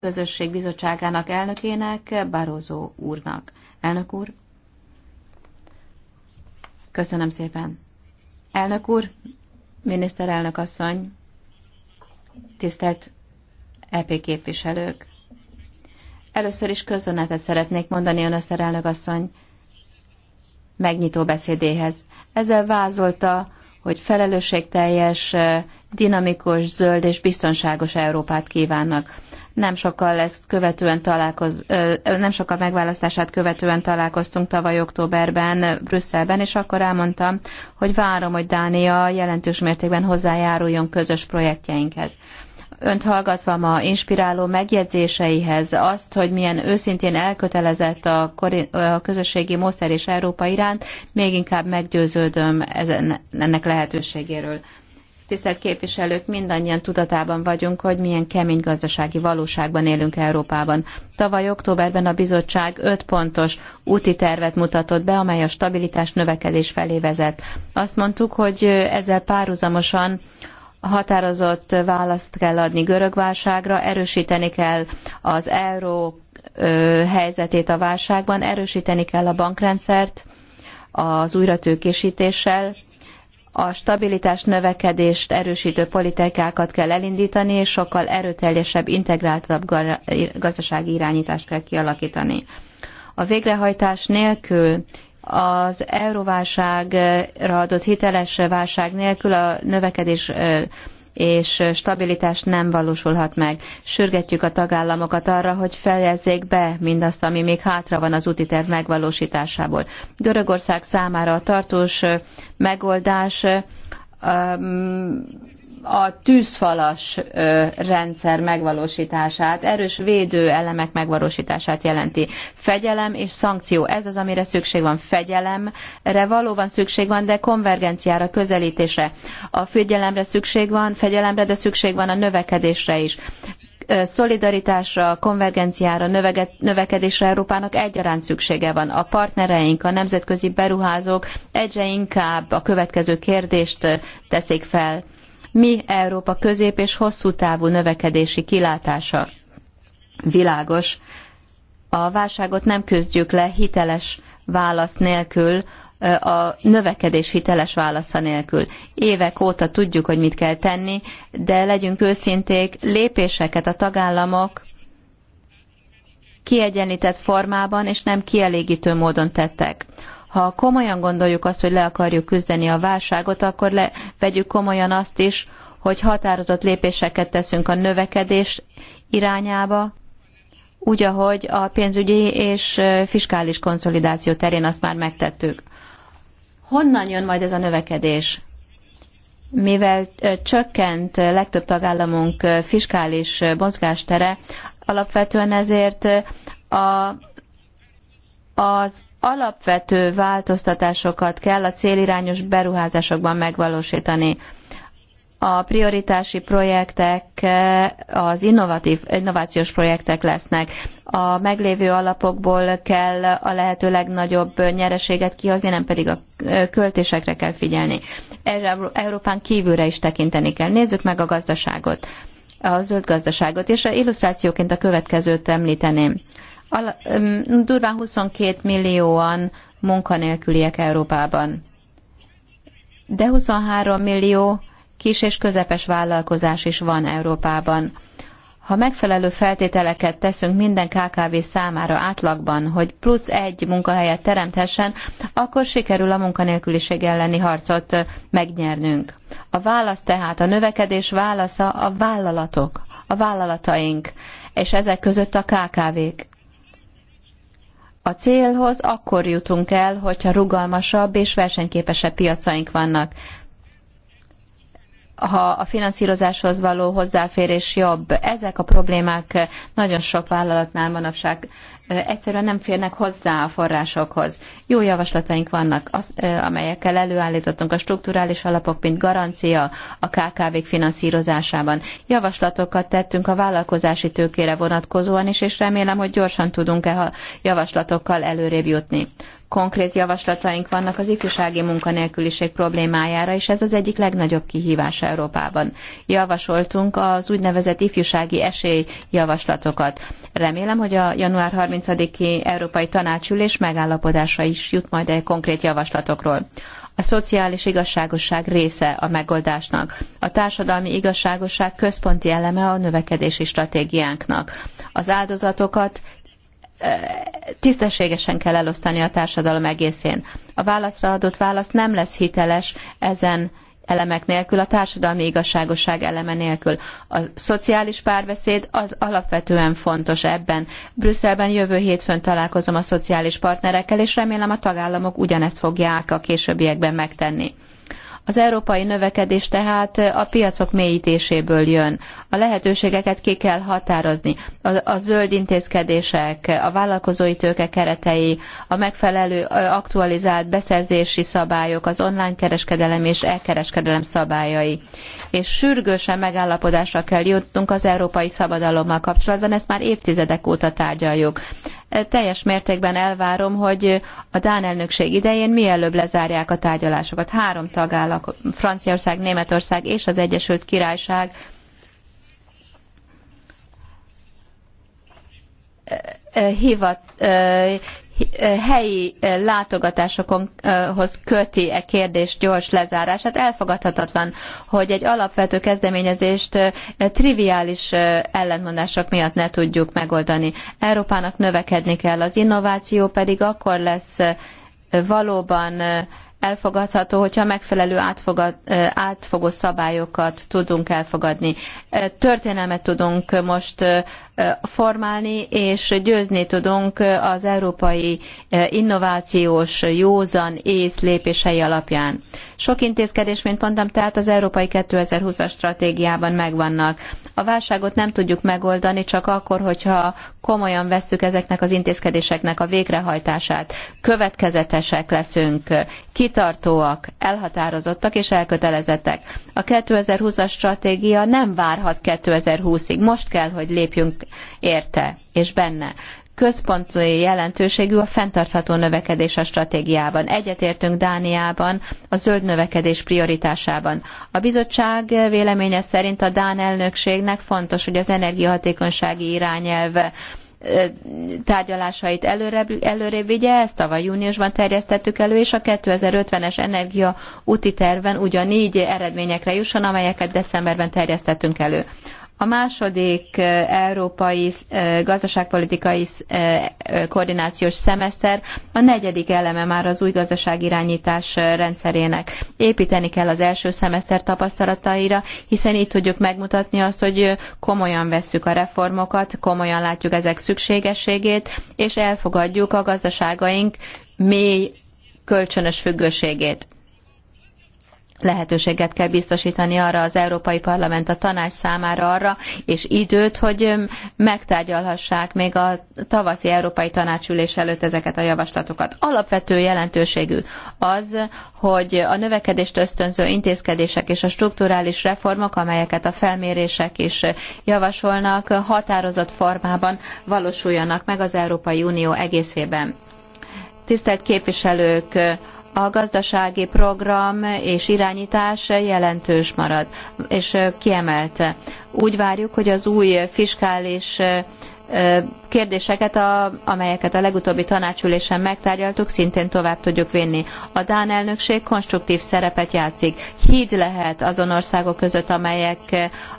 közösség bizottságának elnökének, Barozó úrnak. Elnök úr, köszönöm szépen. Elnök úr, miniszterelnök asszony, tisztelt EP képviselők. Először is köszönetet szeretnék mondani önöszter elnök asszony megnyitó beszédéhez. Ezzel vázolta, hogy felelősségteljes, dinamikus, zöld és biztonságos Európát kívánnak nem sokkal lesz követően találkoz, nem sokkal megválasztását követően találkoztunk tavaly októberben Brüsszelben, és akkor elmondtam, hogy várom, hogy Dánia jelentős mértékben hozzájáruljon közös projektjeinkhez önt hallgatva ma inspiráló megjegyzéseihez, azt, hogy milyen őszintén elkötelezett a, közösségi módszer és Európa iránt, még inkább meggyőződöm ezen, ennek lehetőségéről. Tisztelt képviselők, mindannyian tudatában vagyunk, hogy milyen kemény gazdasági valóságban élünk Európában. Tavaly októberben a bizottság öt pontos úti tervet mutatott be, amely a stabilitás növekedés felé vezet. Azt mondtuk, hogy ezzel párhuzamosan határozott választ kell adni görög válságra, erősíteni kell az euró helyzetét a válságban, erősíteni kell a bankrendszert az újratőkésítéssel, a stabilitás növekedést erősítő politikákat kell elindítani, és sokkal erőteljesebb, integráltabb gazdasági irányítást kell kialakítani. A végrehajtás nélkül az euróválságra adott hiteles válság nélkül a növekedés és stabilitás nem valósulhat meg. Sürgetjük a tagállamokat arra, hogy fejezzék be mindazt, ami még hátra van az úti terv megvalósításából. Görögország számára a tartós megoldás a tűzfalas rendszer megvalósítását, erős védő elemek megvalósítását jelenti. Fegyelem és szankció, ez az, amire szükség van. Fegyelemre valóban szükség van, de konvergenciára, közelítésre. A fegyelemre szükség van, fegyelemre, de szükség van a növekedésre is szolidaritásra, konvergenciára, növekedésre Európának egyaránt szüksége van. A partnereink, a nemzetközi beruházók egyre inkább a következő kérdést teszik fel mi Európa közép és hosszú távú növekedési kilátása. Világos. A válságot nem küzdjük le hiteles válasz nélkül, a növekedés hiteles válasza nélkül. Évek óta tudjuk, hogy mit kell tenni, de legyünk őszinték, lépéseket a tagállamok kiegyenlített formában és nem kielégítő módon tettek. Ha komolyan gondoljuk azt, hogy le akarjuk küzdeni a válságot, akkor le, vegyük komolyan azt is, hogy határozott lépéseket teszünk a növekedés irányába, úgy, ahogy a pénzügyi és fiskális konszolidáció terén azt már megtettük. Honnan jön majd ez a növekedés? Mivel csökkent legtöbb tagállamunk fiskális mozgástere, alapvetően ezért a, az alapvető változtatásokat kell a célirányos beruházásokban megvalósítani. A prioritási projektek eh, az innovatív, innovációs projektek lesznek. A meglévő alapokból kell a lehető legnagyobb nyereséget kihozni, nem pedig a eh, költésekre kell figyelni. Európán kívülre is tekinteni kell. Nézzük meg a gazdaságot, a zöld gazdaságot, és a illusztrációként a következőt említeném. Al, durván 22 millióan munkanélküliek Európában, de 23 millió kis és közepes vállalkozás is van Európában. Ha megfelelő feltételeket teszünk minden KKV számára átlagban, hogy plusz egy munkahelyet teremthessen, akkor sikerül a munkanélküliség elleni harcot megnyernünk. A válasz tehát, a növekedés válasza a vállalatok, a vállalataink, és ezek között a KKV-k a célhoz akkor jutunk el, hogyha rugalmasabb és versenyképesebb piacaink vannak. Ha a finanszírozáshoz való hozzáférés jobb, ezek a problémák nagyon sok vállalatnál manapság egyszerűen nem férnek hozzá a forrásokhoz. Jó javaslataink vannak, az, amelyekkel előállítottunk a strukturális alapok, mint garancia a KKV-k finanszírozásában. Javaslatokat tettünk a vállalkozási tőkére vonatkozóan is, és remélem, hogy gyorsan tudunk-e javaslatokkal előrébb jutni. Konkrét javaslataink vannak az ifjúsági munkanélküliség problémájára, és ez az egyik legnagyobb kihívás Európában. Javasoltunk az úgynevezett ifjúsági esély javaslatokat. Remélem, hogy a január 30-i Európai Tanácsülés megállapodásra is jut majd egy konkrét javaslatokról. A szociális igazságosság része a megoldásnak. A társadalmi igazságosság központi eleme a növekedési stratégiánknak. Az áldozatokat tisztességesen kell elosztani a társadalom egészén. A válaszra adott válasz nem lesz hiteles ezen elemek nélkül, a társadalmi igazságosság eleme nélkül. A szociális párbeszéd az alapvetően fontos ebben. Brüsszelben jövő hétfőn találkozom a szociális partnerekkel, és remélem a tagállamok ugyanezt fogják a későbbiekben megtenni. Az európai növekedés tehát a piacok mélyítéséből jön. A lehetőségeket ki kell határozni. A, a zöld intézkedések, a vállalkozói tőke keretei, a megfelelő aktualizált beszerzési szabályok, az online kereskedelem és elkereskedelem szabályai. És sürgősen megállapodásra kell jutnunk az európai szabadalommal kapcsolatban, ezt már évtizedek óta tárgyaljuk teljes mértékben elvárom, hogy a Dán elnökség idején mielőbb lezárják a tárgyalásokat. Három tagállam, Franciaország, Németország és az Egyesült Királyság hivat, helyi látogatásokhoz köti e kérdés gyors lezárását. Elfogadhatatlan, hogy egy alapvető kezdeményezést triviális ellentmondások miatt ne tudjuk megoldani. Európának növekedni kell, az innováció pedig akkor lesz valóban elfogadható, hogyha megfelelő átfogad, átfogó szabályokat tudunk elfogadni. Történelmet tudunk most formálni, és győzni tudunk az európai innovációs józan ész lépései alapján. Sok intézkedés, mint mondtam, tehát az Európai 2020-as stratégiában megvannak. A válságot nem tudjuk megoldani csak akkor, hogyha komolyan vesszük ezeknek az intézkedéseknek a végrehajtását. Következetesek leszünk, kitartóak, elhatározottak és elkötelezettek. A 2020-as stratégia nem várhat 2020-ig. Most kell, hogy lépjünk érte és benne központi jelentőségű a fenntartható növekedés a stratégiában. Egyetértünk Dániában a zöld növekedés prioritásában. A bizottság véleménye szerint a Dán elnökségnek fontos, hogy az energiahatékonysági irányelv tárgyalásait előre, előrébb vigye, ezt tavaly júniusban terjesztettük elő, és a 2050-es energia úti terven ugyanígy eredményekre jusson, amelyeket decemberben terjesztettünk elő. A második eh, európai eh, gazdaságpolitikai eh, koordinációs szemeszter a negyedik eleme már az új gazdaságirányítás rendszerének. Építeni kell az első szemeszter tapasztalataira, hiszen itt tudjuk megmutatni azt, hogy komolyan vesszük a reformokat, komolyan látjuk ezek szükségességét, és elfogadjuk a gazdaságaink mély kölcsönös függőségét lehetőséget kell biztosítani arra az Európai Parlament a tanács számára arra, és időt, hogy megtárgyalhassák még a tavaszi Európai Tanácsülés előtt ezeket a javaslatokat. Alapvető jelentőségű az, hogy a növekedést ösztönző intézkedések és a strukturális reformok, amelyeket a felmérések is javasolnak, határozott formában valósuljanak meg az Európai Unió egészében. Tisztelt képviselők, a gazdasági program és irányítás jelentős marad, és kiemelt. Úgy várjuk, hogy az új fiskális kérdéseket, a, amelyeket a legutóbbi tanácsülésen megtárgyaltuk, szintén tovább tudjuk vinni. A Dán elnökség konstruktív szerepet játszik. Híd lehet azon országok között, amelyek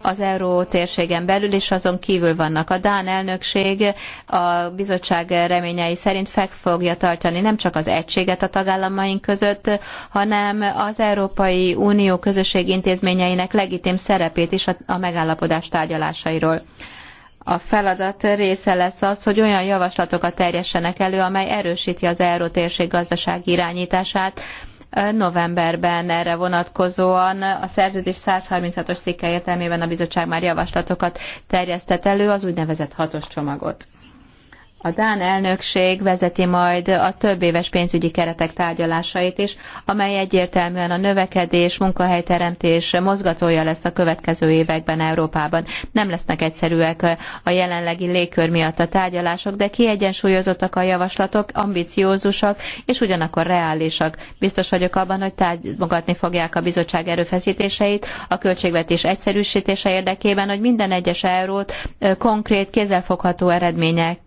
az euró térségen belül és azon kívül vannak. A Dán elnökség a bizottság reményei szerint fel fogja tartani nem csak az egységet a tagállamaink között, hanem az Európai Unió közösség intézményeinek legitim szerepét is a, a megállapodás tárgyalásairól a feladat része lesz az, hogy olyan javaslatokat terjessenek elő, amely erősíti az eurótérség gazdasági irányítását, novemberben erre vonatkozóan a szerződés 136-os cikke értelmében a bizottság már javaslatokat terjesztett elő, az úgynevezett hatos csomagot. A Dán elnökség vezeti majd a több éves pénzügyi keretek tárgyalásait is, amely egyértelműen a növekedés, munkahelyteremtés mozgatója lesz a következő években Európában. Nem lesznek egyszerűek a jelenlegi légkör miatt a tárgyalások, de kiegyensúlyozottak a javaslatok, ambiciózusak és ugyanakkor reálisak. Biztos vagyok abban, hogy támogatni fogják a bizottság erőfeszítéseit a költségvetés egyszerűsítése érdekében, hogy minden egyes eurót konkrét, kézzelfogható eredmények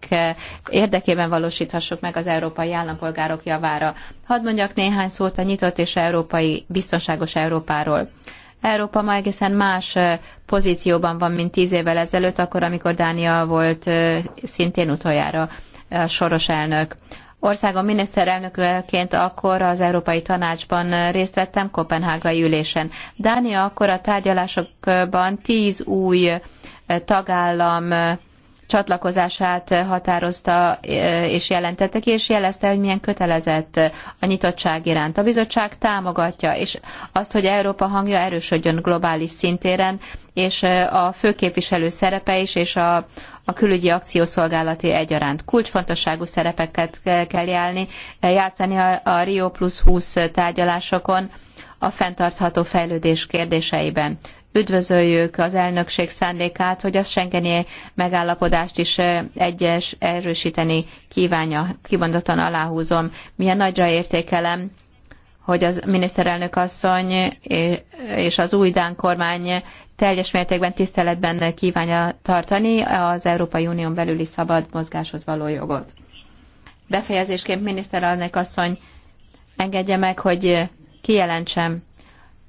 érdekében valósíthassuk meg az európai állampolgárok javára. Hadd mondjak néhány szót a nyitott és európai biztonságos Európáról. Európa ma egészen más pozícióban van, mint tíz évvel ezelőtt, akkor, amikor Dánia volt szintén utoljára a soros elnök. Országom miniszterelnökként akkor az Európai Tanácsban részt vettem Kopenhágai ülésen. Dánia akkor a tárgyalásokban tíz új tagállam csatlakozását határozta és jelentette ki, és jelezte, hogy milyen kötelezett a nyitottság iránt. A bizottság támogatja, és azt, hogy Európa hangja erősödjön globális szintéren, és a főképviselő szerepe is, és a, a külügyi akciószolgálati egyaránt. Kulcsfontosságú szerepeket kell járni, játszani a, a Rio plusz 20 tárgyalásokon, a fenntartható fejlődés kérdéseiben üdvözöljük az elnökség szándékát, hogy a Schengeni megállapodást is egyes erősíteni kívánja. kimondottan aláhúzom, milyen nagyra értékelem, hogy az miniszterelnök asszony és az új Dán kormány teljes mértékben tiszteletben kívánja tartani az Európai Unión belüli szabad mozgáshoz való jogot. Befejezésként miniszterelnök asszony engedje meg, hogy kijelentsem,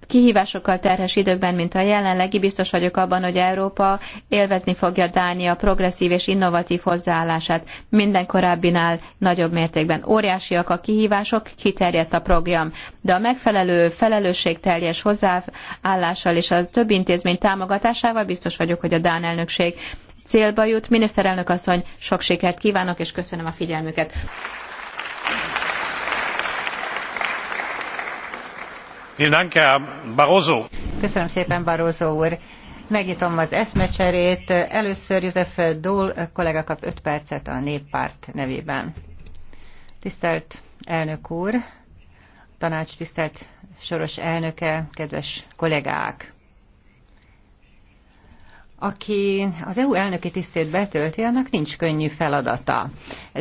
kihívásokkal terhes időkben, mint a jelenlegi, biztos vagyok abban, hogy Európa élvezni fogja Dánia progresszív és innovatív hozzáállását minden korábbinál nagyobb mértékben. Óriásiak a kihívások, kiterjedt a program, de a megfelelő felelősségteljes hozzáállással és a több intézmény támogatásával biztos vagyok, hogy a Dán elnökség célba jut. Miniszterelnök asszony, sok sikert kívánok, és köszönöm a figyelmüket. Köszönöm szépen, Barroso úr. Megnyitom az eszmecserét. Először József Dól kollega kap öt percet a néppárt nevében. Tisztelt elnök úr, tanács tisztelt soros elnöke, kedves kollégák! aki az EU elnöki tisztét betölti, annak nincs könnyű feladata.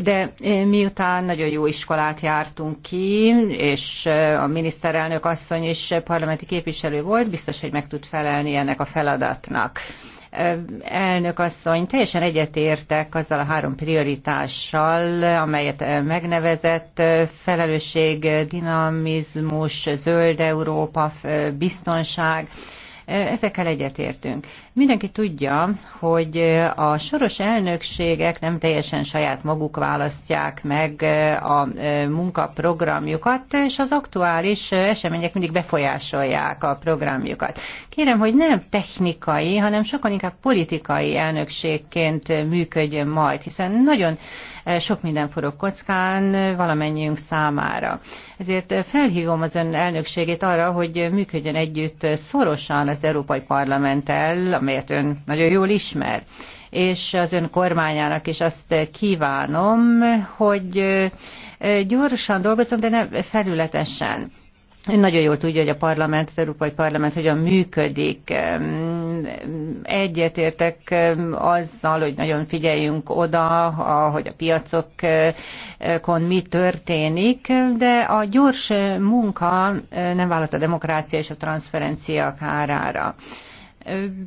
De e, miután nagyon jó iskolát jártunk ki, és e, a miniszterelnök asszony is parlamenti képviselő volt, biztos, hogy meg tud felelni ennek a feladatnak e, elnök asszony, teljesen egyetértek azzal a három prioritással, amelyet megnevezett, felelősség, dinamizmus, zöld Európa, biztonság, ezekkel egyetértünk. Mindenki tudja, hogy a soros elnökségek nem teljesen saját maguk választják meg a munkaprogramjukat, és az aktuális események mindig befolyásolják a programjukat. Kérem, hogy nem technikai, hanem sokkal inkább politikai elnökségként működjön majd, hiszen nagyon sok minden forog kockán valamennyiünk számára. Ezért felhívom az ön elnökségét arra, hogy működjön együtt szorosan az Európai Parlamenttel, amelyet ön nagyon jól ismer. És az ön kormányának is azt kívánom, hogy gyorsan dolgozzon, de nem felületesen. Ön nagyon jól tudja, hogy a parlament, az Európai Parlament hogyan működik. Egyetértek azzal, hogy nagyon figyeljünk oda, hogy a piacokon mi történik, de a gyors munka nem vállalt a demokrácia és a transferencia kárára.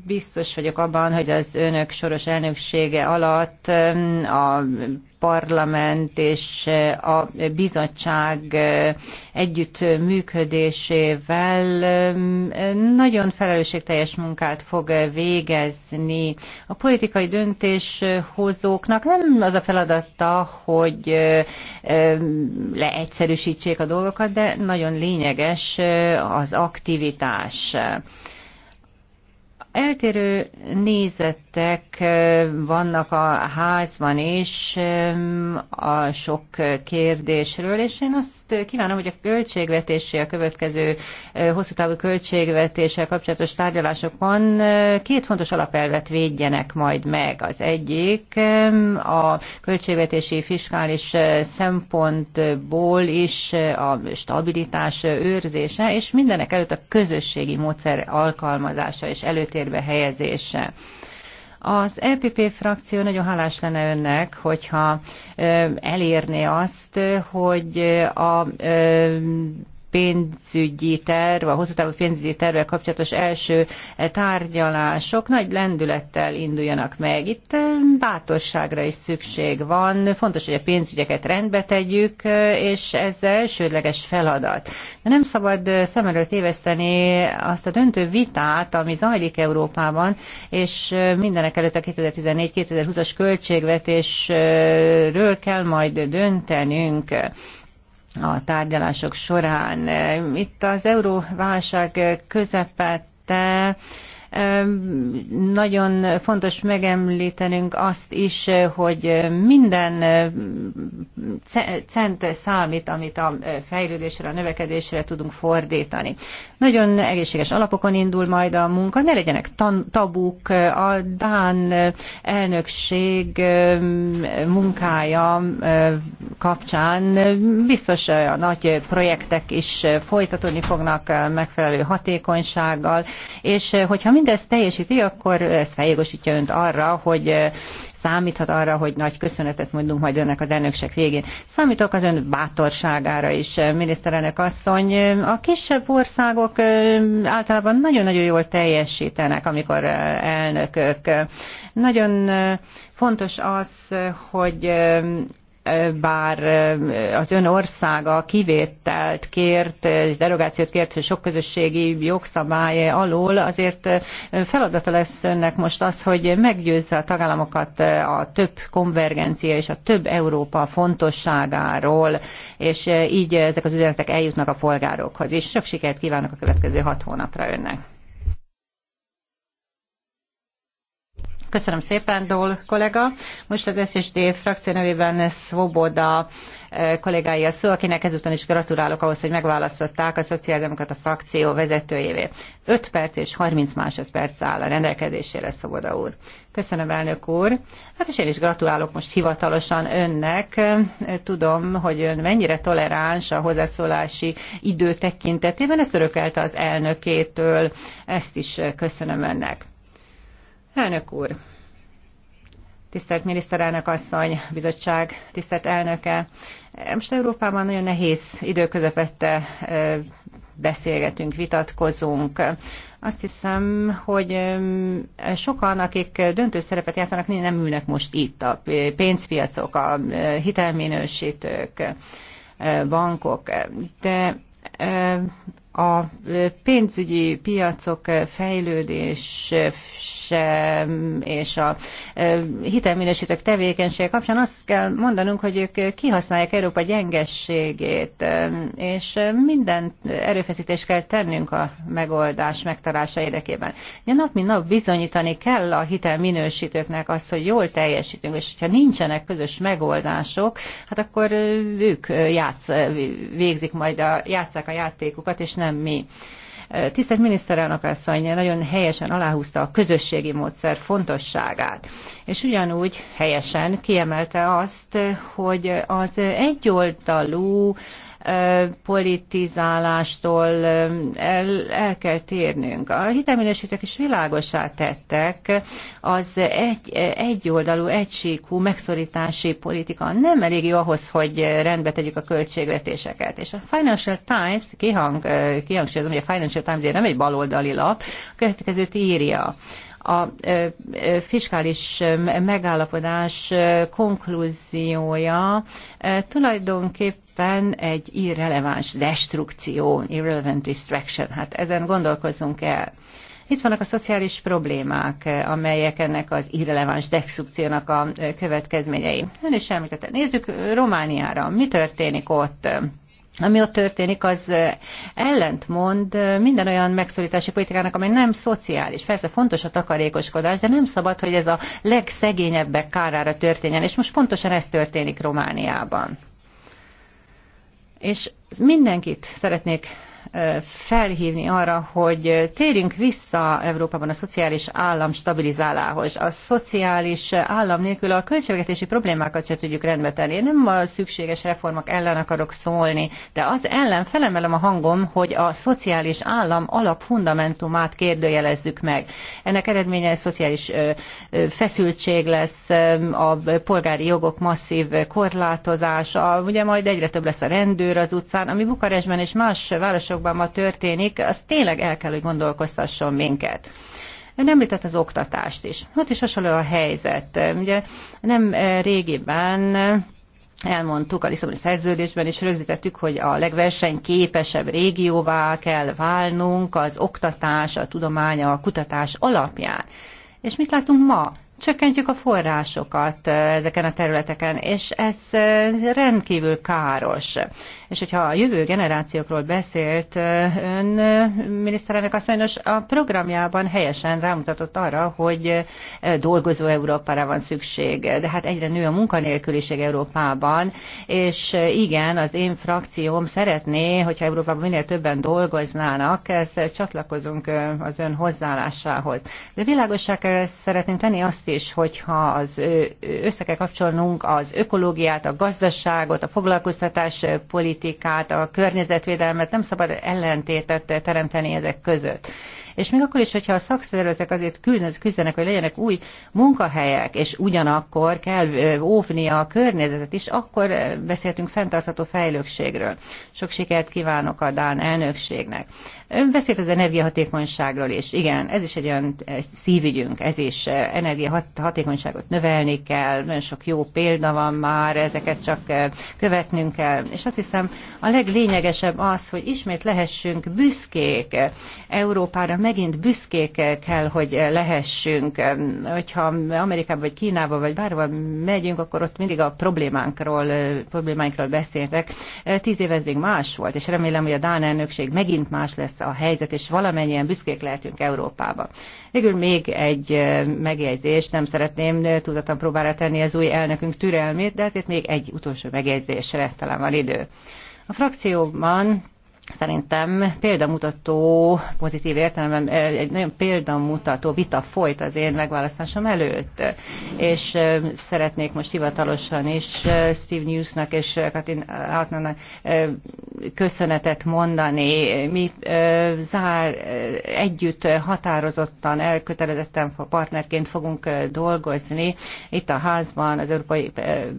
Biztos vagyok abban, hogy az önök soros elnöksége alatt a parlament és eh, a bizottság eh, együttműködésével nagyon felelősségteljes munkát fog végezni. A politikai döntéshozóknak nem az a feladata, hogy eh, leegyszerűsítsék a dolgokat, de nagyon lényeges az aktivitás. Eltérő nézet esetek vannak a házban is a sok kérdésről, és én azt kívánom, hogy a költségvetési, a következő hosszú távú költségvetéssel kapcsolatos tárgyalásokon két fontos alapelvet védjenek majd meg. Az egyik a költségvetési fiskális szempontból is a stabilitás őrzése, és mindenek előtt a közösségi módszer alkalmazása és előtérbe helyezése. Az EPP frakció nagyon hálás lenne önnek, hogyha elérné azt, hogy a pénzügyi terv, a hosszú távú pénzügyi tervvel kapcsolatos első eh, tárgyalások nagy lendülettel induljanak meg. Itt eh, bátorságra is szükség van. Fontos, hogy a pénzügyeket rendbe tegyük, eh, és ez elsődleges feladat. De nem szabad szem előtt éveszteni azt a döntő vitát, ami zajlik Európában, és mindenek előtt a 2014-2020-as költségvetésről kell majd döntenünk a tárgyalások során. Itt az euróválság közepette nagyon fontos megemlítenünk azt is, eh, hogy eh, minden eh, cent számít, amit a fejlődésre, a növekedésre tudunk fordítani. Nagyon egészséges alapokon indul majd a munka, ne legyenek tabuk, a Dán elnökség munkája kapcsán biztos a nagy projektek is folytatódni fognak megfelelő hatékonysággal, és hogyha minden mindezt teljesíti, akkor ez feljogosítja önt arra, hogy számíthat arra, hogy nagy köszönetet mondunk majd önnek az elnökség végén. Számítok az ön bátorságára is, miniszterelnök asszony. A kisebb országok általában nagyon-nagyon jól teljesítenek, amikor elnökök. Nagyon fontos az, hogy bár az ön országa kivételt kért, és derogációt kért sok közösségi jogszabály alól, azért feladata lesz önnek most az, hogy meggyőzze a tagállamokat a több konvergencia és a több Európa fontosságáról, és így ezek az üzenetek eljutnak a polgárokhoz. És sok sikert kívánok a következő hat hónapra önnek. Köszönöm szépen, Dól kollega. Most az SSD frakció nevében Svoboda eh, a szó, akinek ezúton is gratulálok ahhoz, hogy megválasztották a Szociáldemokrata frakció vezetőjévé. 5 perc és 30 másodperc áll a rendelkezésére, Szoboda úr. Köszönöm, elnök úr. Hát és én is gratulálok most hivatalosan önnek. Eh, tudom, hogy ön mennyire toleráns a hozzászólási idő tekintetében. Ezt örökelte az elnökétől. Ezt is eh, köszönöm önnek. Elnök úr, tisztelt miniszterelnök asszony, bizottság, tisztelt elnöke. Most Európában nagyon nehéz időközepette beszélgetünk, vitatkozunk. Azt hiszem, hogy sokan, akik döntő szerepet játszanak, nem ülnek most itt a pénzpiacok, a hitelminősítők, bankok, de a pénzügyi piacok fejlődése és a e, hitelminősítők tevékenysége kapcsán azt kell mondanunk, hogy ők kihasználják Európa gyengességét, e, és minden erőfeszítést kell tennünk a megoldás megtalálása érdekében. Ja, nap mint nap bizonyítani kell a hitelminősítőknek azt, hogy jól teljesítünk, és hogyha nincsenek közös megoldások, hát akkor e, ők játsz, végzik majd a, játszák a játékukat, és nem nem mi. Tisztelt miniszterelnök asszony nagyon helyesen aláhúzta a közösségi módszer fontosságát, és ugyanúgy helyesen kiemelte azt, hogy az egyoldalú politizálástól el, el kell térnünk. A hitelminősítők is világosá tettek, az egy, egyoldalú, egysíkú megszorítási politika nem elég jó ahhoz, hogy rendbe tegyük a költségvetéseket. És a Financial Times kihang, kihangsúlyozom, hogy a Financial Times nem egy baloldali lap, a következőt írja a fiskális megállapodás konklúziója tulajdonképpen egy irreleváns destrukció, irrelevant distraction. Hát ezen gondolkozzunk el. Itt vannak a szociális problémák, amelyek ennek az irreleváns destrukciónak a következményei. Ön is említette. Nézzük Romániára. Mi történik ott? ami ott történik, az ellentmond minden olyan megszorítási politikának, amely nem szociális. Persze fontos a takarékoskodás, de nem szabad, hogy ez a legszegényebbek kárára történjen, és most pontosan ez történik Romániában. És mindenkit szeretnék felhívni arra, hogy térjünk vissza Európában a szociális állam stabilizálához. A szociális állam nélkül a költségvetési problémákat se tudjuk rendbe tenni. Én nem a szükséges reformok ellen akarok szólni, de az ellen felemelem a hangom, hogy a szociális állam alapfundamentumát kérdőjelezzük meg. Ennek eredménye szociális feszültség lesz, a polgári jogok masszív korlátozása, ugye majd egyre több lesz a rendőr az utcán, ami Bukarestben és más városokban országokban ma történik, az tényleg el kell, hogy gondolkoztasson minket. Ön említett az oktatást is. Ott is hasonló a helyzet. Ugye nem eh, régiben elmondtuk a Lisszaboni szerződésben, és rögzítettük, hogy a legversenyképesebb régióvá kell válnunk az oktatás, a tudomány, a kutatás alapján. És mit látunk ma? csökkentjük a forrásokat ezeken a területeken, és ez rendkívül káros. És hogyha a jövő generációkról beszélt ön, miniszterelnök asszony, nos, a programjában helyesen rámutatott arra, hogy dolgozó Európára van szükség, de hát egyre nő a munkanélküliség Európában, és igen, az én frakcióm szeretné, hogyha Európában minél többen dolgoznának, ez csatlakozunk az ön hozzáállásához. De világosság szeretném tenni azt és hogyha az össze kell kapcsolnunk az ökológiát, a gazdaságot, a foglalkoztatás politikát, a környezetvédelmet, nem szabad ellentétet teremteni ezek között. És még akkor is, hogyha a szakszervezetek azért küldenek, küzdenek, hogy legyenek új munkahelyek, és ugyanakkor kell óvni a környezetet is, akkor beszéltünk fenntartható fejlőségről. Sok sikert kívánok a Dán elnökségnek. Ön beszélt az energiahatékonyságról, és igen, ez is egy olyan szívügyünk, ez is energiahatékonyságot növelni kell, nagyon sok jó példa van már, ezeket csak eh, követnünk kell. És azt hiszem, a leglényegesebb az, hogy ismét lehessünk büszkék, Európára megint büszkék kell, hogy lehessünk. Hogyha Amerikába, vagy Kínába, vagy bárhova megyünk, akkor ott mindig a problémánkról, problémáinkról beszéltek. Tíz év ez még más volt, és remélem, hogy a Dán elnökség megint más lesz, lesz a helyzet, és valamennyien büszkék lehetünk Európába. Végül még egy megjegyzés, nem szeretném tudatlan próbára tenni az új elnökünk türelmét, de azért még egy utolsó megjegyzésre talán van idő. A frakcióban Szerintem példamutató, pozitív értelemben egy nagyon példamutató vita folyt az én megválasztásom előtt, és szeretnék most hivatalosan is Steve Newsnak és Katin Altnának köszönetet mondani. Mi zár, együtt határozottan, elkötelezetten partnerként fogunk dolgozni itt a házban, az Európai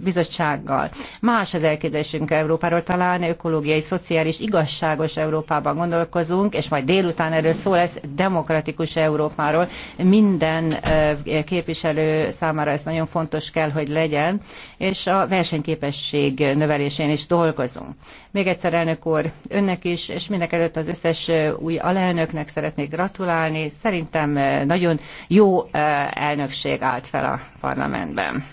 Bizottsággal. Más az elképzelésünk Európáról talán, ökológiai, szociális, igazság országos Európában gondolkozunk, és majd délután erről szó lesz demokratikus Európáról. Minden eh, képviselő számára ez nagyon fontos kell, hogy legyen, és a versenyképesség növelésén is dolgozunk. Még egyszer, elnök úr, önnek is, és mindenek előtt az összes eh, új alelnöknek szeretnék gratulálni. Szerintem eh, nagyon jó elnökség állt fel a parlamentben.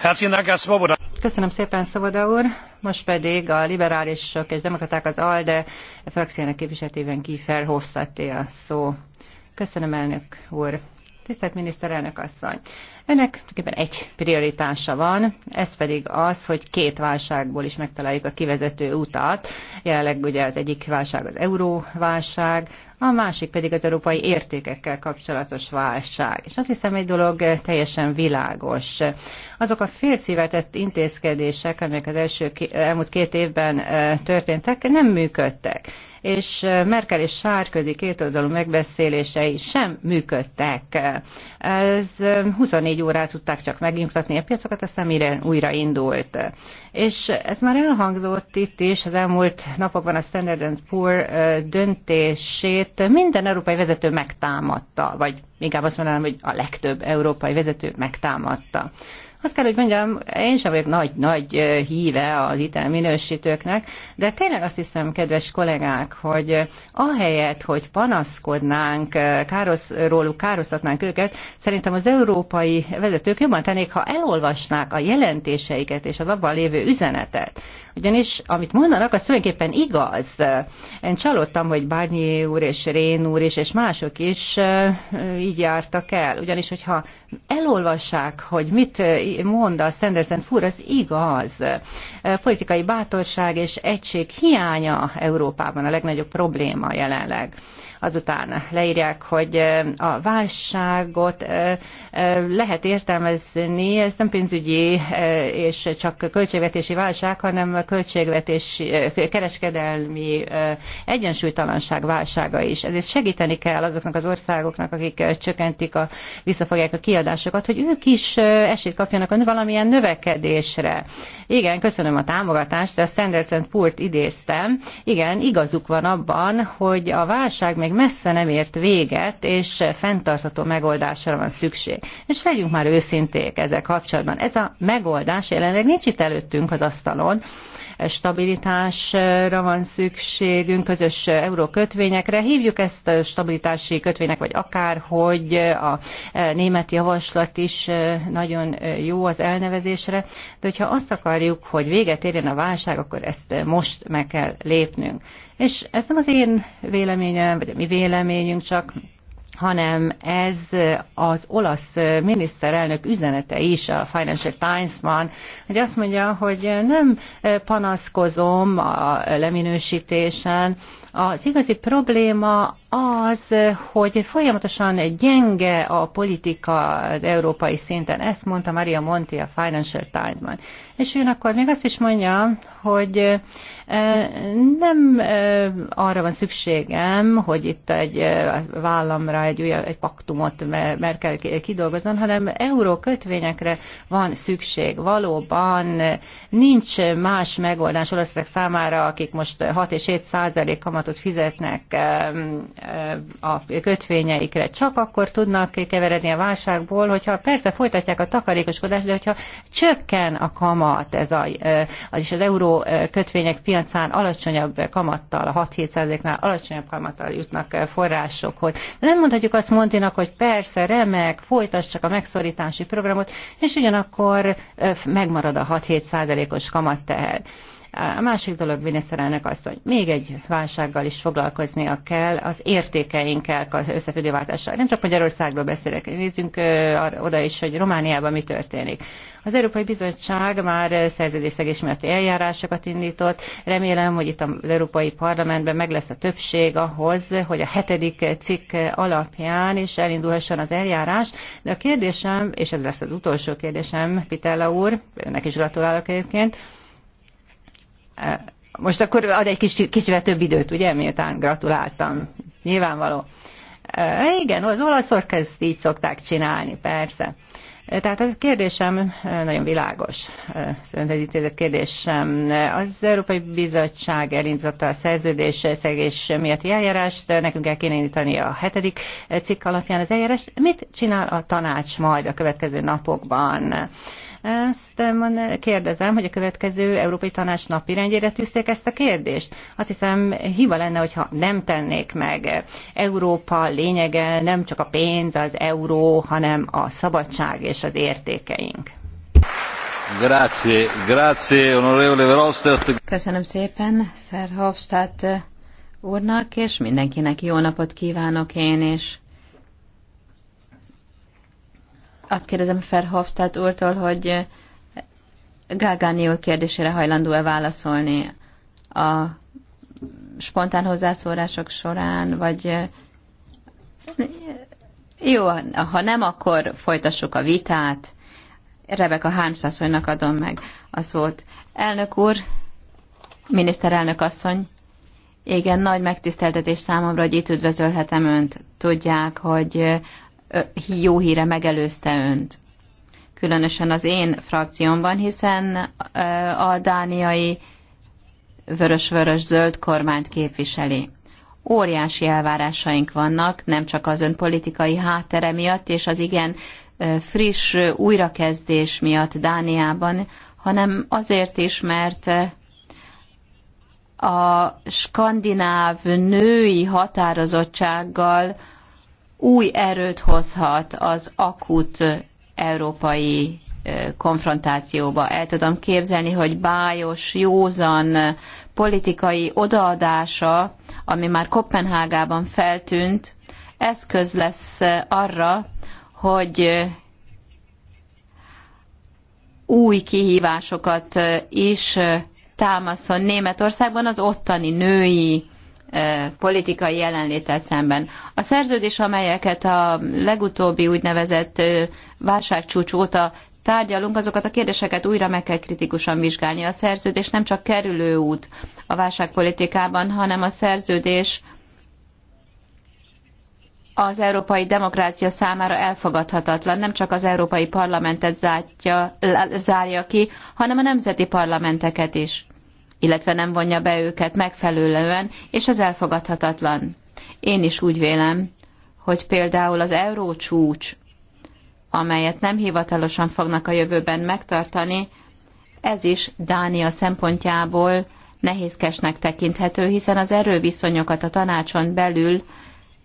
Herzlichen Dank, Herr Svoboda. Köszönöm szépen, Szoboda úr. Most pedig a liberálisok és demokraták az ALDE frakciának képviseletében Kiefer Hosszatté a szó. Köszönöm, elnök úr. Tisztelt miniszterelnök asszony, önnek tulajdonképpen egy prioritása van, ez pedig az, hogy két válságból is megtaláljuk a kivezető utat. Jelenleg ugye az egyik válság az euróválság, a másik pedig az európai értékekkel kapcsolatos válság. És azt hiszem, egy dolog teljesen világos. Azok a félszívetett intézkedések, amelyek az első elmúlt két évben eh, történtek, nem működtek és Merkel és Sárközi kétoldalú megbeszélései sem működtek. Ez 24 órát tudták csak megnyugtatni a piacokat, aztán mire újra indult. És ez már elhangzott itt is, az elmúlt napokban a Standard Poor döntését minden európai vezető megtámadta, vagy inkább azt mondanám, hogy a legtöbb európai vezető megtámadta. Azt kell, hogy mondjam, én sem vagyok nagy-nagy híve az hitelminősítőknek, de tényleg azt hiszem, kedves kollégák, hogy ahelyett, hogy panaszkodnánk, károsz, róluk károsztatnánk őket, szerintem az európai vezetők jobban tennék, ha elolvasnák a jelentéseiket és az abban lévő üzenetet ugyanis amit mondanak, az tulajdonképpen igaz. Én csalódtam, hogy Barnier úr és Rén úr is, és mások is így jártak el, ugyanis hogyha elolvassák, hogy mit mond a Sanderson fúr, az igaz. Eh, politikai bátorság és egység hiánya Európában a legnagyobb probléma jelenleg. Azután leírják, hogy eh, a válságot eh, lehet értelmezni, ez nem pénzügyi és csak költségvetési válság, hanem költségvetési kereskedelmi egyensúlytalanság válsága is. Ezért segíteni kell azoknak az országoknak, akik csökkentik a, visszafogják a kiadásokat, hogy ők is esélyt kapjanak valamilyen növekedésre. Igen, köszönöm köszönöm a támogatást, de a Poor-t idéztem. Igen, igazuk van abban, hogy a válság még messze nem ért véget, és fenntartható megoldásra van szükség. És legyünk már őszinték ezzel kapcsolatban. Ez a megoldás jelenleg nincs itt előttünk az asztalon, stabilitásra van szükségünk, közös eurókötvényekre. Hívjuk ezt a stabilitási kötvénynek, vagy akár, hogy a német javaslat is nagyon jó az elnevezésre, de hogyha azt akarjuk, hogy véget érjen a válság, akkor ezt most meg kell lépnünk. És ez nem az én véleményem, vagy a mi véleményünk, csak hanem ez az olasz miniszterelnök üzenete is a Financial Times-ban, hogy azt mondja, hogy nem panaszkozom a leminősítésen, az igazi probléma az, hogy folyamatosan gyenge a politika az európai szinten. Ezt mondta Maria Monti a Financial Times-ban. És ő akkor még azt is mondja, hogy nem arra van szükségem, hogy itt egy vállamra egy, újabb, egy paktumot mer kell kidolgoznom, hanem euró kötvényekre van szükség. Valóban nincs más megoldás olaszok számára, akik most 6 és 7 százalék kamatot fizetnek a kötvényeikre. Csak akkor tudnak keveredni a válságból, hogyha persze folytatják a takarékoskodást, de hogyha csökken a kamat, ez a, az is az euró euró kötvények piacán alacsonyabb kamattal, 6-7%-nál alacsonyabb kamattal jutnak forrásokhoz. De nem mondhatjuk azt Montinak, hogy persze, remek, folytass csak a megszorítási programot, és ugyanakkor megmarad a 6-7%-os kamatteher. A másik dolog, miniszterelnök hogy még egy válsággal is foglalkoznia kell, az értékeinkkel az összefüggő váltással. Nem csak Magyarországról beszélek, nézzünk oda is, hogy Romániában mi történik. Az Európai Bizottság már szerződésszegés miatt eljárásokat indított. Remélem, hogy itt az Európai Parlamentben meg lesz a többség ahhoz, hogy a hetedik cikk alapján is elindulhasson az eljárás. De a kérdésem, és ez lesz az utolsó kérdésem, Pitella úr, önnek is gratulálok egyébként, most akkor ad egy kis kicsivel több időt, ugye, miután gratuláltam. Nyilvánvaló. Igen, az olaszok ezt így szokták csinálni, persze. Tehát a kérdésem nagyon világos, szöntetítélet kérdésem. Az Európai Bizottság elindította a szerződés szegés miatti eljárást, nekünk el kéne indítani a hetedik cikk alapján az eljárást. Mit csinál a tanács majd a következő napokban? Ezt eh, kérdezem, hogy a következő Európai Tanács rendjére tűzték ezt a kérdést. Azt hiszem, hiba lenne, hogyha nem tennék meg. Európa lényege nem csak a pénz, az euró, hanem a szabadság és az értékeink. Grazie, grazie, onorevole Verhofstadt. Köszönöm szépen Verhofstadt eh, úrnak, és mindenkinek jó napot kívánok én is azt kérdezem Ferhofstadt úrtól, hogy Gágáni úr kérdésére hajlandó-e válaszolni a spontán hozzászólások során, vagy jó, ha nem, akkor folytassuk a vitát. Rebek a asszonynak adom meg a szót. Elnök úr, miniszterelnök asszony, igen, nagy megtiszteltetés számomra, hogy itt üdvözölhetem Önt. Tudják, hogy jó híre megelőzte önt. Különösen az én frakciómban, hiszen a dániai vörös-vörös-zöld kormányt képviseli. Óriási elvárásaink vannak, nem csak az ön politikai háttere miatt, és az igen friss újrakezdés miatt Dániában, hanem azért is, mert a skandináv női határozottsággal új erőt hozhat az akut európai konfrontációba. El tudom képzelni, hogy bájos, józan politikai odaadása, ami már Kopenhágában feltűnt, eszköz lesz arra, hogy új kihívásokat is támaszon Németországban az ottani női politikai jelenlétel szemben. A szerződés, amelyeket a legutóbbi úgynevezett válságcsúcs óta tárgyalunk, azokat a kérdéseket újra meg kell kritikusan vizsgálni. A szerződés nem csak kerülő út a válságpolitikában, hanem a szerződés az európai demokrácia számára elfogadhatatlan, nem csak az európai parlamentet zárja, zárja ki, hanem a nemzeti parlamenteket is illetve nem vonja be őket megfelelően, és ez elfogadhatatlan. Én is úgy vélem, hogy például az eurócsúcs, amelyet nem hivatalosan fognak a jövőben megtartani, ez is Dánia szempontjából nehézkesnek tekinthető, hiszen az erőviszonyokat a tanácson belül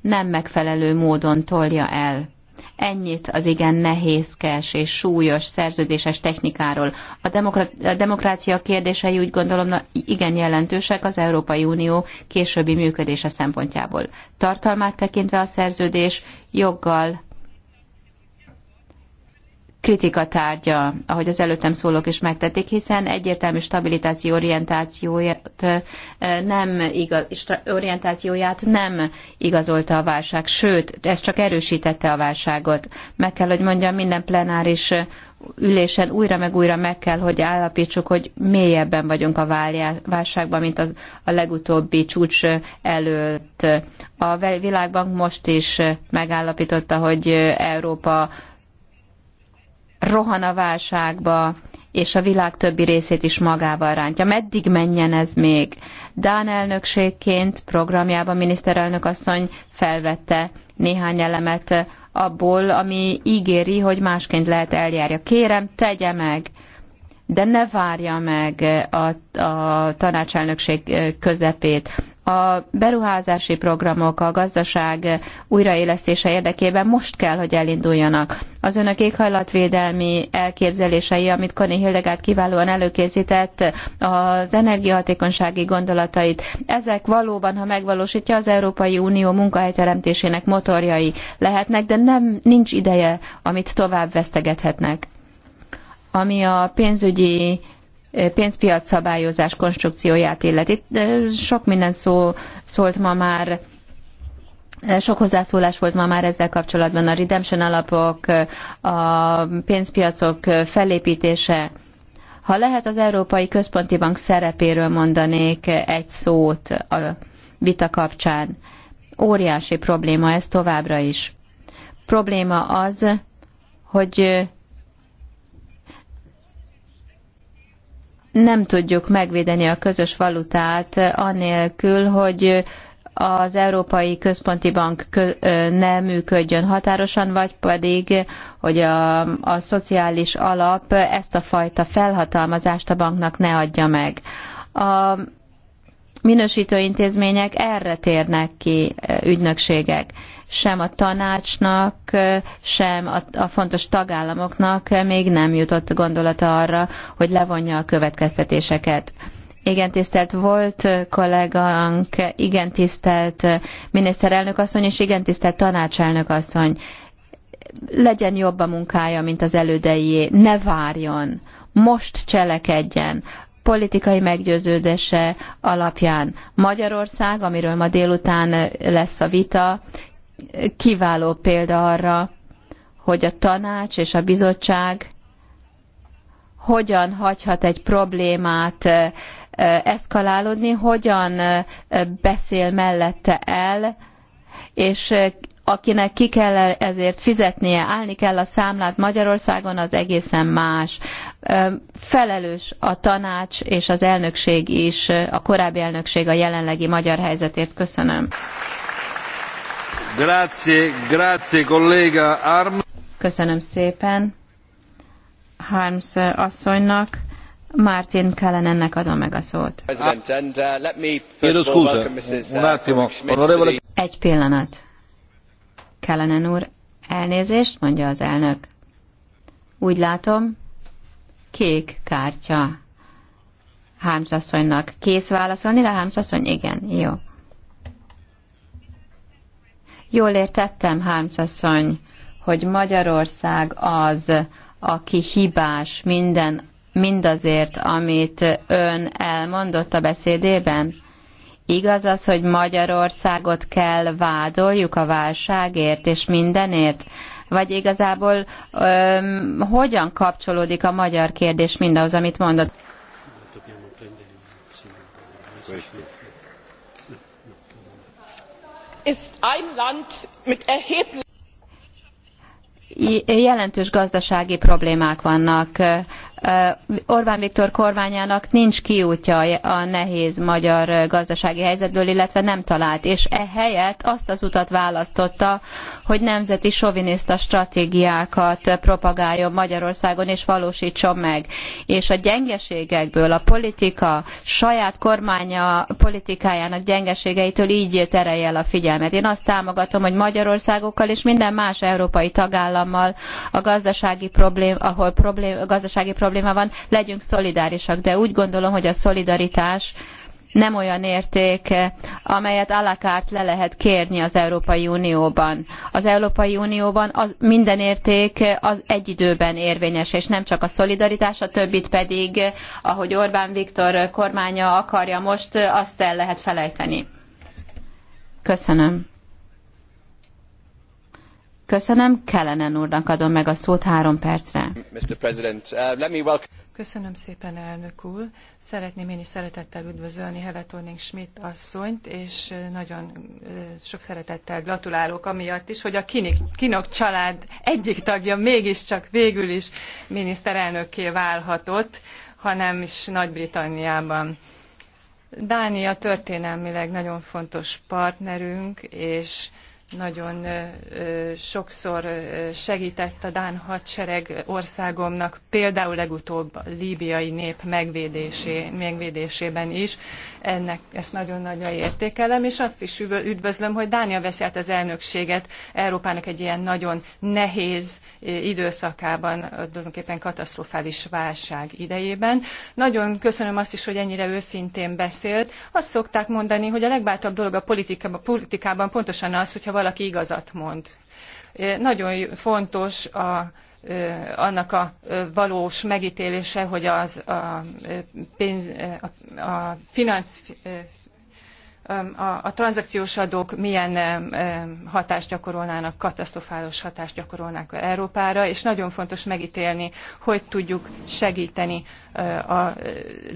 nem megfelelő módon tolja el. Ennyit az igen nehézkes és súlyos szerződéses technikáról. A, demokra- a demokrácia kérdései úgy gondolom na, igen jelentősek az Európai Unió későbbi működése szempontjából. Tartalmát tekintve a szerződés joggal kritika tárgya, ahogy az előttem szólók is megtették, hiszen egyértelmű stabilitáció orientációját nem igaz, orientációját nem igazolta a válság, sőt, ez csak erősítette a válságot. Meg kell, hogy mondjam, minden plenáris ülésen újra meg újra meg kell, hogy állapítsuk, hogy mélyebben vagyunk a válságban, mint az, a legutóbbi csúcs előtt. A Világbank most is megállapította, hogy Európa rohan a válságba, és a világ többi részét is magával rántja. Meddig menjen ez még? Dán elnökségként programjában miniszterelnök asszony felvette néhány elemet abból, ami ígéri, hogy másként lehet eljárja. Kérem, tegye meg, de ne várja meg a, a tanácselnökség közepét. A beruházási programok, a gazdaság újraélesztése érdekében most kell, hogy elinduljanak. Az önök éghajlatvédelmi elképzelései, amit Koni Hildegárd kiválóan előkészített, az energiahatékonysági gondolatait, ezek valóban, ha megvalósítja, az Európai Unió munkahelyteremtésének motorjai lehetnek, de nem nincs ideje, amit tovább vesztegethetnek. Ami a pénzügyi pénzpiac szabályozás konstrukcióját illeti. Sok minden szó szólt ma már sok hozzászólás volt ma már ezzel kapcsolatban a redemption alapok, a pénzpiacok felépítése. Ha lehet az Európai Központi Bank szerepéről mondanék egy szót a vita kapcsán. Óriási probléma ez továbbra is. Probléma az, hogy nem tudjuk megvédeni a közös valutát eh, anélkül, hogy eh, az Európai Központi Bank eh, ne működjön határosan, vagy pedig, hogy a, a szociális alap ezt a fajta felhatalmazást a banknak ne adja meg. A minősítő intézmények erre térnek ki ügynökségek sem a tanácsnak, sem a, a fontos tagállamoknak még nem jutott gondolata arra, hogy levonja a következtetéseket. Igen, tisztelt volt kollégánk, igen, tisztelt miniszterelnök asszony, és igen, tisztelt tanácselnök asszony. Legyen jobb a munkája, mint az elődeié. Ne várjon. Most cselekedjen politikai meggyőződése alapján. Magyarország, amiről ma délután lesz a vita, kiváló példa arra, hogy a tanács és a bizottság hogyan hagyhat egy problémát eszkalálódni, hogyan beszél mellette el, és akinek ki kell ezért fizetnie, állni kell a számlát Magyarországon, az egészen más. Felelős a tanács és az elnökség is, a korábbi elnökség a jelenlegi magyar helyzetért. Köszönöm. Grazie, grazie, Arm. Köszönöm szépen Harms eh, asszonynak. Martin Kellenennek adom meg a szót. Uh, uh, Egy pillanat. Kellenen úr, elnézést, mondja az elnök. Úgy látom, kék kártya. asszonynak kész válaszolni rá, asszony, Igen, jó. Jól értettem, Harms asszony, hogy Magyarország az, aki hibás minden, mindazért, amit ön elmondott a beszédében? Igaz az, hogy Magyarországot kell vádoljuk a válságért és mindenért? Vagy igazából öm, hogyan kapcsolódik a magyar kérdés mindahhoz, amit mondott? Köszönöm ist ein Land mit erheblichen jelentős gazdasági problémák vannak. Orbán Viktor kormányának nincs kiútja a nehéz magyar gazdasági helyzetből, illetve nem talált, és ehelyett azt az utat választotta, hogy nemzeti soviniszta stratégiákat propagáljon Magyarországon és valósítson meg. És a gyengeségekből, a politika saját kormánya politikájának gyengeségeitől így terelje el a figyelmet. Én azt támogatom, hogy Magyarországokkal és minden más európai tagállammal a gazdasági problém, ahol problém, gazdasági problém probléma van, legyünk szolidárisak, de úgy gondolom, hogy a szolidaritás nem olyan érték, amelyet alakárt le lehet kérni az Európai Unióban. Az Európai Unióban az minden érték az egy időben érvényes, és nem csak a szolidaritás, a többit pedig, ahogy Orbán Viktor kormánya akarja most, azt el lehet felejteni. Köszönöm. Köszönöm, Kellenen úrnak adom meg a szót három percre. Uh, Köszönöm szépen, elnök úr. Szeretném én is szeretettel üdvözölni Heletorning Schmidt asszonyt, és uh, nagyon uh, sok szeretettel gratulálok amiatt is, hogy a Kinik, Kinok család egyik tagja mégiscsak végül is miniszterelnökké válhatott, hanem is Nagy-Britanniában. Dánia történelmileg nagyon fontos partnerünk, és nagyon sokszor segített a Dán hadsereg országomnak, például legutóbb a líbiai nép megvédésé, megvédésében is. Ennek ezt nagyon-nagyon értékelem, és azt is üdvözlöm, hogy Dánia veszi át az elnökséget Európának egy ilyen nagyon nehéz időszakában, tulajdonképpen katasztrofális válság idejében. Nagyon köszönöm azt is, hogy ennyire őszintén beszélt. Azt szokták mondani, hogy a legbátrabb dolog a politikában, politikában pontosan az, hogyha valaki valaki igazat mond. Nagyon fontos a, annak a valós megítélése, hogy az a, pénz, a, a finansz, a, a tranzakciós adók milyen hatást gyakorolnának, katasztrofális hatást gyakorolnák Európára, és nagyon fontos megítélni, hogy tudjuk segíteni a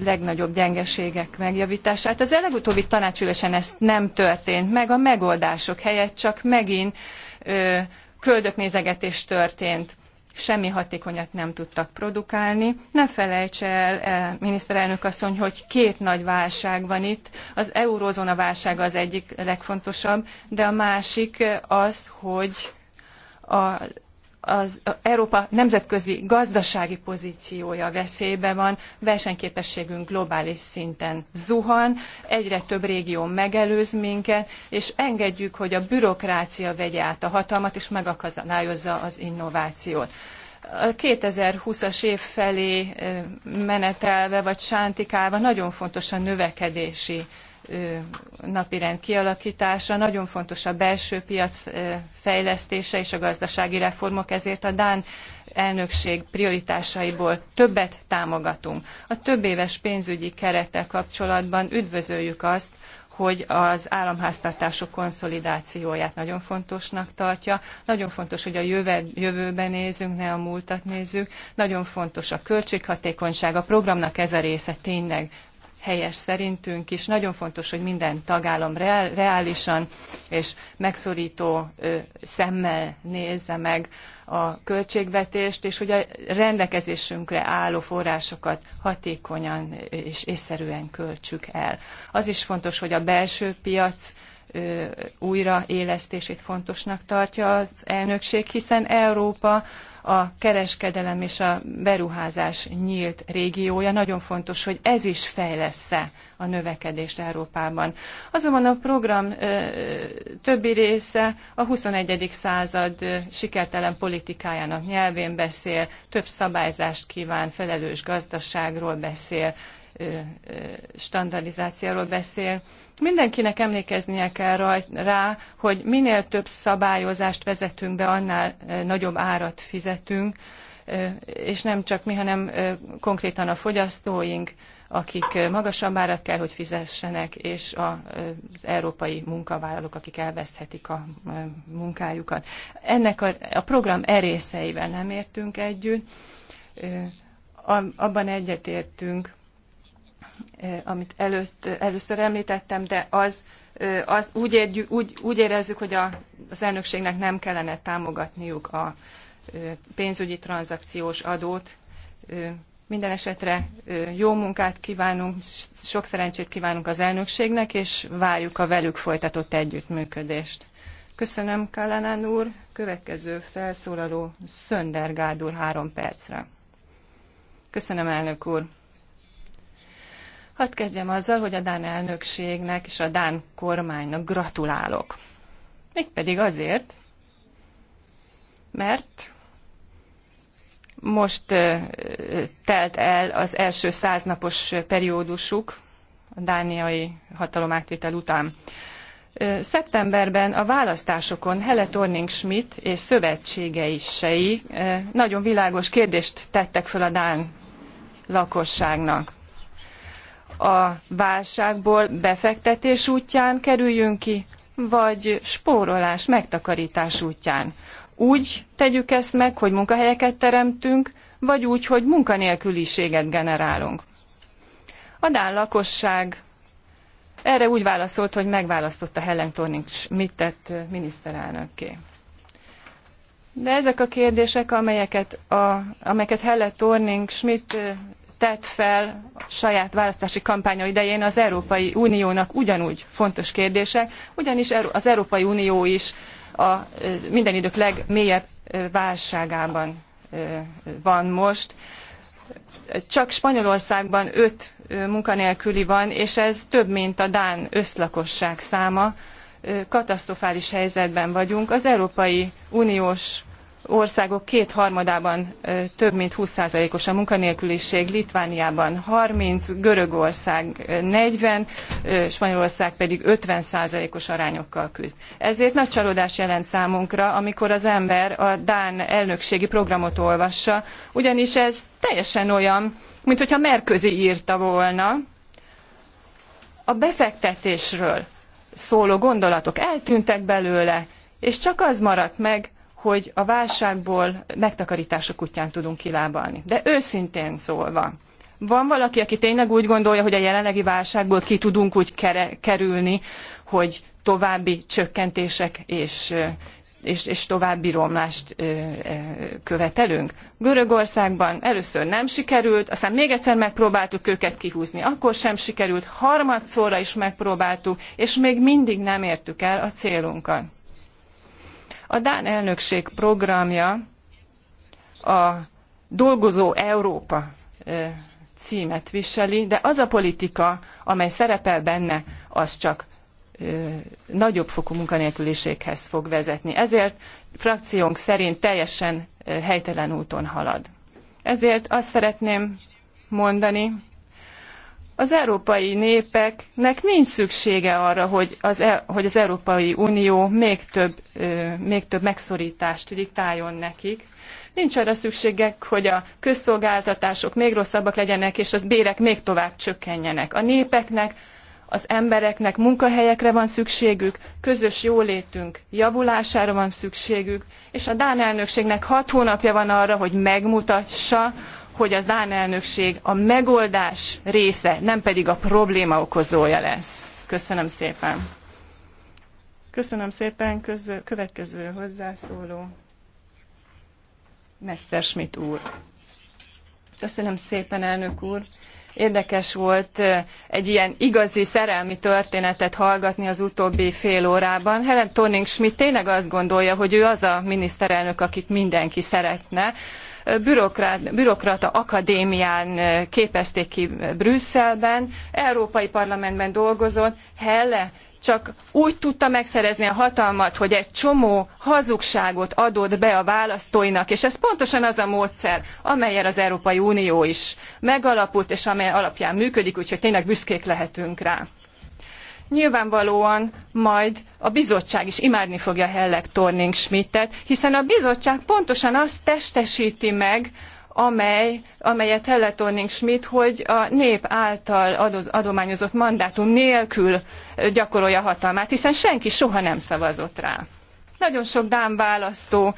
legnagyobb gyengeségek megjavítását. Az legutóbbi tanácsülésen ezt nem történt meg, a megoldások helyett csak megint köldöknézegetés történt semmi hatékonyat nem tudtak produkálni. Ne felejts el, eh, miniszterelnök asszony, hogy két nagy válság van itt. Az eurózóna válsága az egyik legfontosabb, de a másik eh, az, hogy a az Európa nemzetközi gazdasági pozíciója veszélyben van, versenyképességünk globális szinten zuhan, egyre több régió megelőz minket, és engedjük, hogy a bürokrácia vegye át a hatalmat, és megakadályozza az innovációt. A 2020-as év felé menetelve, vagy sántikálva nagyon fontos a növekedési napirend kialakítása, nagyon fontos a belső piac fejlesztése és a gazdasági reformok, ezért a Dán elnökség prioritásaiból többet támogatunk. A többéves pénzügyi kerettel kapcsolatban üdvözöljük azt, hogy az államháztartások konszolidációját nagyon fontosnak tartja. Nagyon fontos, hogy a jövőben jövőbe ne a múltat nézzük. Nagyon fontos a költséghatékonyság. A programnak ez a része tényleg helyes szerintünk is. Nagyon fontos, hogy minden tagállam reálisan és megszorító szemmel nézze meg a költségvetést, és hogy a rendelkezésünkre álló forrásokat hatékonyan és észszerűen költsük el. Az is fontos, hogy a belső piac újraélesztését fontosnak tartja az elnökség, hiszen Európa a kereskedelem és a beruházás nyílt régiója. Nagyon fontos, hogy ez is fejlesz-e a növekedést Európában. Azonban a program többi része a 21. század sikertelen politikájának nyelvén beszél, több szabályzást kíván, felelős gazdaságról beszél, standardizációról beszél. Mindenkinek emlékeznie kell rá, hogy minél több szabályozást vezetünk be, annál nagyobb árat fizetünk, és nem csak mi, hanem konkrétan a fogyasztóink, akik magasabb árat kell, hogy fizessenek, és az európai munkavállalók, akik elveszthetik a munkájukat. Ennek a, a program erészeivel nem értünk együtt, abban egyetértünk, Eh, amit előtt, eh, először említettem, de az, eh, az úgy, érjük, úgy, úgy érezzük, hogy a, az elnökségnek nem kellene támogatniuk a pénzügyi tranzakciós adót. Minden esetre jó munkát kívánunk, sok szerencsét kívánunk az elnökségnek, és várjuk a velük folytatott együttműködést. Köszönöm, Kallanán úr. Következő felszólaló Szöndergárd három percre. Köszönöm, elnök úr. Hadd kezdjem azzal, hogy a Dán elnökségnek és a Dán kormánynak gratulálok. Mégpedig azért, mert most telt el az első száznapos periódusuk a dániai hatalomátvétel után. Szeptemberben a választásokon Hele Torning Schmidt és szövetségeisei nagyon világos kérdést tettek föl a Dán lakosságnak a válságból befektetés útján kerüljünk ki, vagy spórolás, megtakarítás útján. Úgy tegyük ezt meg, hogy munkahelyeket teremtünk, vagy úgy, hogy munkanélküliséget generálunk. A Dán lakosság erre úgy válaszolt, hogy megválasztotta Helen Thorning Schmidtet miniszterelnökké. De ezek a kérdések, amelyeket, a, amelyeket Helle Thorning Schmidt tett fel a saját választási kampánya idején az Európai Uniónak ugyanúgy fontos kérdések, ugyanis az Európai Unió is a minden idők legmélyebb válságában van most. Csak Spanyolországban öt munkanélküli van, és ez több, mint a Dán összlakosság száma. Katasztrofális helyzetben vagyunk. Az Európai Uniós országok kétharmadában több mint 20%-os a munkanélküliség, Litvániában 30, Görögország 40, Spanyolország pedig 50%-os arányokkal küzd. Ezért nagy csalódás jelent számunkra, amikor az ember a Dán elnökségi programot olvassa, ugyanis ez teljesen olyan, mint hogyha Merközi írta volna, a befektetésről szóló gondolatok eltűntek belőle, és csak az maradt meg, hogy a válságból megtakarítások útján tudunk kilábalni. De őszintén szólva, van valaki, aki tényleg úgy gondolja, hogy a jelenlegi válságból ki tudunk úgy kerülni, hogy további csökkentések és, és, és további romlást követelünk? Görögországban először nem sikerült, aztán még egyszer megpróbáltuk őket kihúzni, akkor sem sikerült, harmadszorra is megpróbáltuk, és még mindig nem értük el a célunkat a Dán elnökség programja a Dolgozó Európa címet viseli, de az a politika, amely szerepel benne, az csak nagyobb fokú munkanélküliséghez fog vezetni. Ezért frakciónk szerint teljesen helytelen úton halad. Ezért azt szeretném mondani, az európai népeknek nincs szüksége arra, hogy az, e, hogy az Európai Unió még több, még több megszorítást diktáljon nekik. Nincs arra szükségek, hogy a közszolgáltatások még rosszabbak legyenek, és az bérek még tovább csökkenjenek. A népeknek, az embereknek munkahelyekre van szükségük, közös jólétünk javulására van szükségük, és a Dán elnökségnek hat hónapja van arra, hogy megmutassa, hogy az Dán elnökség a megoldás része, nem pedig a probléma okozója lesz. Köszönöm szépen. Köszönöm szépen. Közö, következő hozzászóló. Schmidt úr. Köszönöm szépen, elnök úr. Érdekes volt egy ilyen igazi szerelmi történetet hallgatni az utóbbi fél órában. Helen Thorning Schmidt tényleg azt gondolja, hogy ő az a miniszterelnök, akit mindenki szeretne bürokrata akadémián eh, képezték ki Brüsszelben, Európai Parlamentben dolgozott, Helle csak úgy tudta megszerezni a hatalmat, hogy egy csomó hazugságot adott be a választóinak, és ez pontosan az a módszer, amellyel az Európai Unió is megalapult, és amely alapján működik, úgyhogy tényleg büszkék lehetünk rá nyilvánvalóan majd a bizottság is imádni fogja Hellek Torning Schmidtet, hiszen a bizottság pontosan azt testesíti meg, amely, amelyet Helle Torning Schmidt, hogy a nép által adoz, adományozott mandátum nélkül gyakorolja hatalmát, hiszen senki soha nem szavazott rá. Nagyon sok dán választó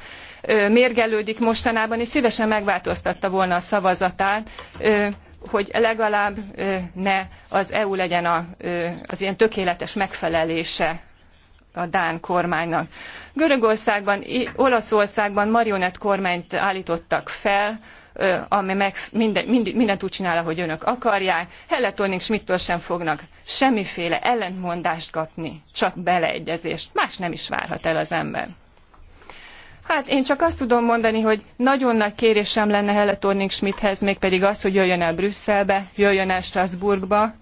mérgelődik mostanában, és szívesen megváltoztatta volna a szavazatát, hogy legalább ne az EU legyen a, az ilyen tökéletes megfelelése a Dán kormánynak. Görögországban, Olaszországban marionett kormányt állítottak fel, ami meg minden, mind, mindent úgy csinál, ahogy önök akarják. Helletorning Schmidtől sem fognak semmiféle ellentmondást kapni, csak beleegyezést. Más nem is várhat el az ember. Hát én csak azt tudom mondani, hogy nagyon nagy kérésem lenne Helle Torning Schmidthez, mégpedig az, hogy jöjjön el Brüsszelbe, jöjjön el Strasbourgba,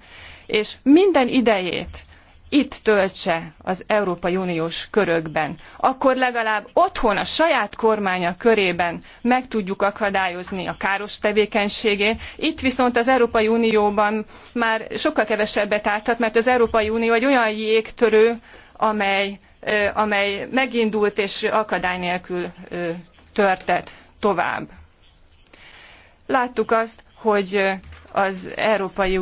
és minden idejét itt töltse az Európai Uniós körökben. Akkor legalább otthon a saját kormánya körében meg tudjuk akadályozni a káros tevékenységét. Itt viszont az Európai Unióban már sokkal kevesebbet áthat, mert az Európai Unió egy olyan jégtörő, amely amely megindult és akadály nélkül törtet tovább. Láttuk azt, hogy az Európai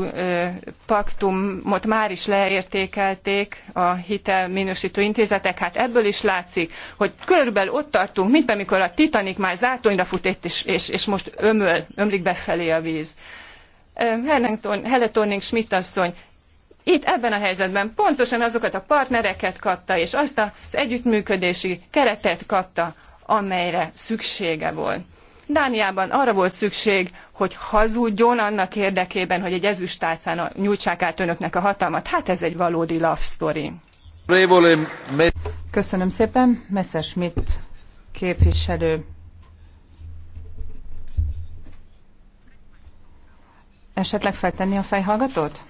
Paktumot már is leértékelték a hitelminősítő intézetek. Hát ebből is látszik, hogy körülbelül ott tartunk, mint amikor a Titanic már zátonyra fut és, és, és most ömöl, ömlik befelé a víz. Helle thorning Schmidt asszony itt ebben a helyzetben pontosan azokat a partnereket kapta, és azt az együttműködési keretet kapta, amelyre szüksége volt. Dániában arra volt szükség, hogy hazudjon annak érdekében, hogy egy ezüstálcán nyújtsák át önöknek a hatalmat. Hát ez egy valódi love story. Köszönöm szépen. Messerschmidt képviselő. Esetleg feltenni a fejhallgatót?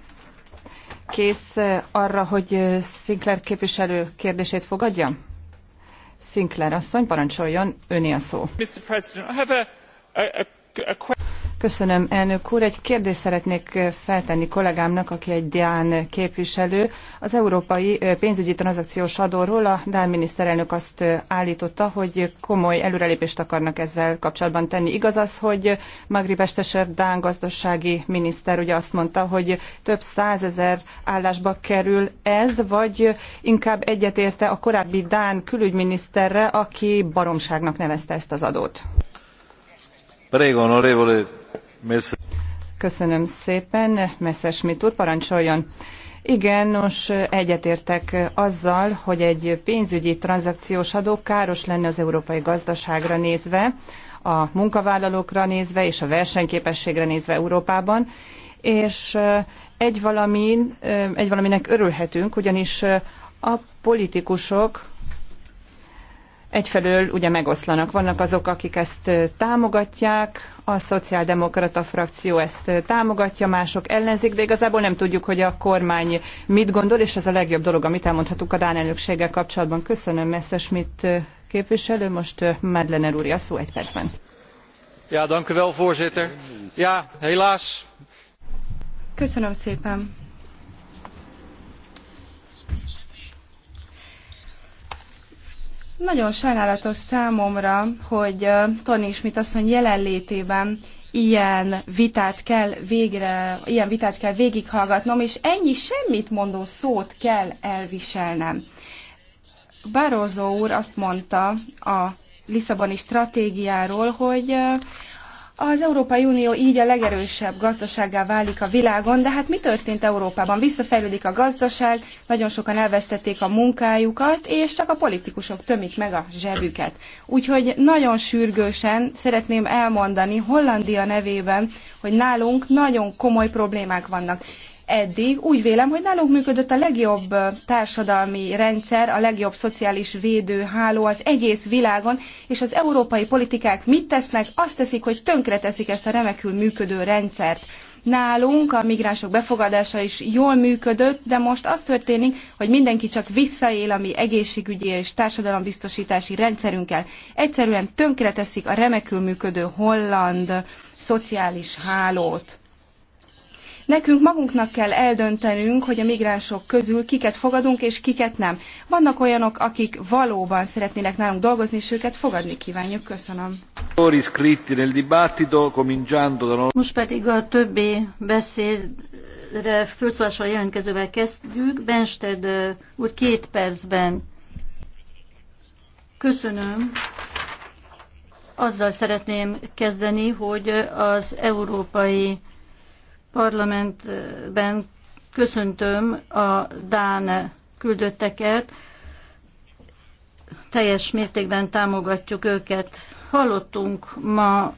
kész arra, hogy Sinclair képviselő kérdését fogadja? Sinclair asszony, parancsoljon, öné a szó. Mr. President, I have a, a, a Köszönöm, elnök úr. Egy kérdést szeretnék feltenni kollégámnak, aki egy Dán képviselő. Az európai pénzügyi tranzakciós adóról a Dán miniszterelnök azt állította, hogy komoly előrelépést akarnak ezzel kapcsolatban tenni. Igaz az, hogy Magri Besteser Dán gazdasági miniszter ugye azt mondta, hogy több százezer állásba kerül ez, vagy inkább egyetérte a korábbi Dán külügyminiszterre, aki baromságnak nevezte ezt az adót? Köszönöm szépen, parancsoljon. Igen, nos, egyetértek azzal, hogy egy pénzügyi tranzakciós adó káros lenne az európai gazdaságra nézve, a munkavállalókra nézve és a versenyképességre nézve Európában, és egy, valamin, egy valaminek örülhetünk, ugyanis a politikusok Egyfelől ugye megoszlanak. Vannak azok, akik ezt támogatják, a szociáldemokrata frakció ezt támogatja, mások ellenzik, de igazából nem tudjuk, hogy a kormány mit gondol, és ez a legjobb dolog, amit elmondhatunk a Dán elnökséggel kapcsolatban. Köszönöm, mit képviselő. Most Madlener úr, a szó egy percben. Ja, dank u wel, voorzitter. Ja, helaas. Köszönöm szépen. Nagyon sajnálatos számomra, hogy Tony Schmidt asszony jelenlétében ilyen vitát kell végre, ilyen vitát kell végighallgatnom, és ennyi semmit mondó szót kell elviselnem. Barroso úr azt mondta a Lisszaboni stratégiáról, hogy az Európai Unió így a legerősebb gazdasággá válik a világon, de hát mi történt Európában? Visszafejlődik a gazdaság, nagyon sokan elvesztették a munkájukat, és csak a politikusok tömik meg a zsebüket. Úgyhogy nagyon sürgősen szeretném elmondani Hollandia nevében, hogy nálunk nagyon komoly problémák vannak eddig úgy vélem, hogy nálunk működött a legjobb társadalmi rendszer, a legjobb szociális védőháló az egész világon, és az európai politikák mit tesznek? Azt teszik, hogy tönkreteszik ezt a remekül működő rendszert. Nálunk a migránsok befogadása is jól működött, de most az történik, hogy mindenki csak visszaél a mi egészségügyi és társadalombiztosítási rendszerünkkel. Egyszerűen tönkreteszik a remekül működő holland szociális hálót. Nekünk magunknak kell eldöntenünk, hogy a migránsok közül kiket fogadunk és kiket nem. Vannak olyanok, akik valóban szeretnének nálunk dolgozni, és őket fogadni kívánjuk. Köszönöm. Most pedig a többi beszédre főszólással jelentkezővel kezdjük. Bensted úr két percben. Köszönöm. Azzal szeretném kezdeni, hogy az európai parlamentben köszöntöm a Dán küldötteket, teljes mértékben támogatjuk őket. Hallottunk ma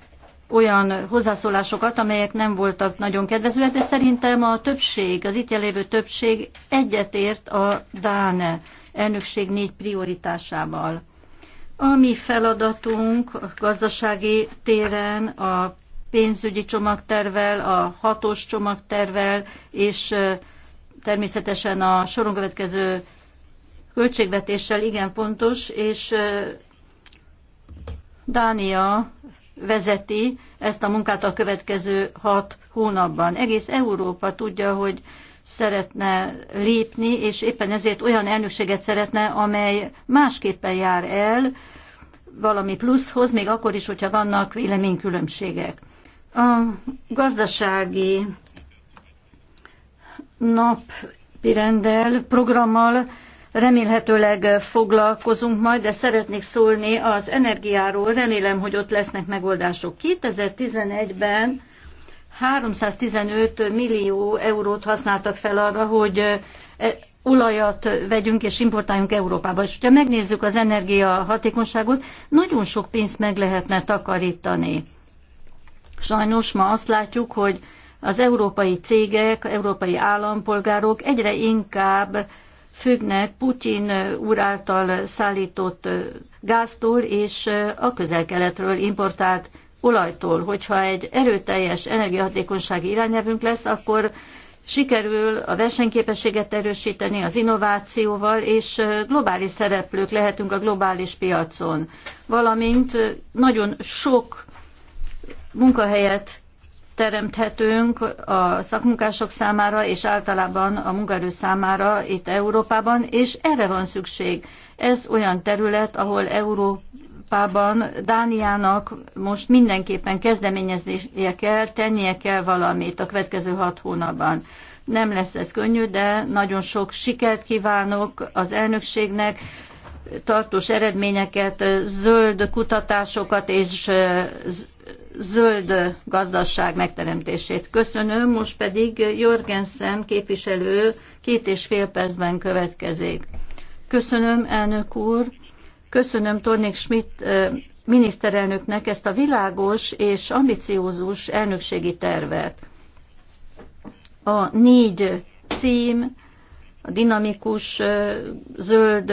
olyan hozzászólásokat, amelyek nem voltak nagyon kedvezőek, de szerintem a többség, az itt jelévő többség egyetért a Dán elnökség négy prioritásával. A mi feladatunk a gazdasági téren, a pénzügyi csomagtervel, a hatos csomagtervel, és természetesen a soron következő költségvetéssel igen fontos, és Dánia vezeti ezt a munkát a következő hat hónapban. Egész Európa tudja, hogy szeretne lépni, és éppen ezért olyan elnökséget szeretne, amely másképpen jár el, valami pluszhoz, még akkor is, hogyha vannak véleménykülönbségek. A gazdasági napirendel, programmal remélhetőleg foglalkozunk majd, de szeretnék szólni az energiáról. Remélem, hogy ott lesznek megoldások. 2011-ben 315 millió eurót használtak fel arra, hogy e, olajat vegyünk és importáljunk Európába. És ha megnézzük az energia hatékonyságot, nagyon sok pénzt meg lehetne takarítani. Sajnos ma azt látjuk, hogy az európai cégek, európai állampolgárok egyre inkább függnek Putyin úr által szállított gáztól és a közel-keletről importált olajtól. Hogyha egy erőteljes energiahatékonysági irányelvünk lesz, akkor sikerül a versenyképességet erősíteni az innovációval, és globális szereplők lehetünk a globális piacon. Valamint nagyon sok munkahelyet teremthetünk a szakmunkások számára és általában a munkaerő számára itt Európában, és erre van szükség. Ez olyan terület, ahol Európában Dániának most mindenképpen kezdeményeznie kell, tennie kell valamit a következő hat hónapban. Nem lesz ez könnyű, de nagyon sok sikert kívánok az elnökségnek, tartós eredményeket, zöld kutatásokat és zöld gazdaság megteremtését. Köszönöm, most pedig Jorgensen képviselő két és fél percben következik. Köszönöm, elnök úr, köszönöm Tornik Schmidt miniszterelnöknek ezt a világos és ambiciózus elnökségi tervet. A négy cím, a dinamikus zöld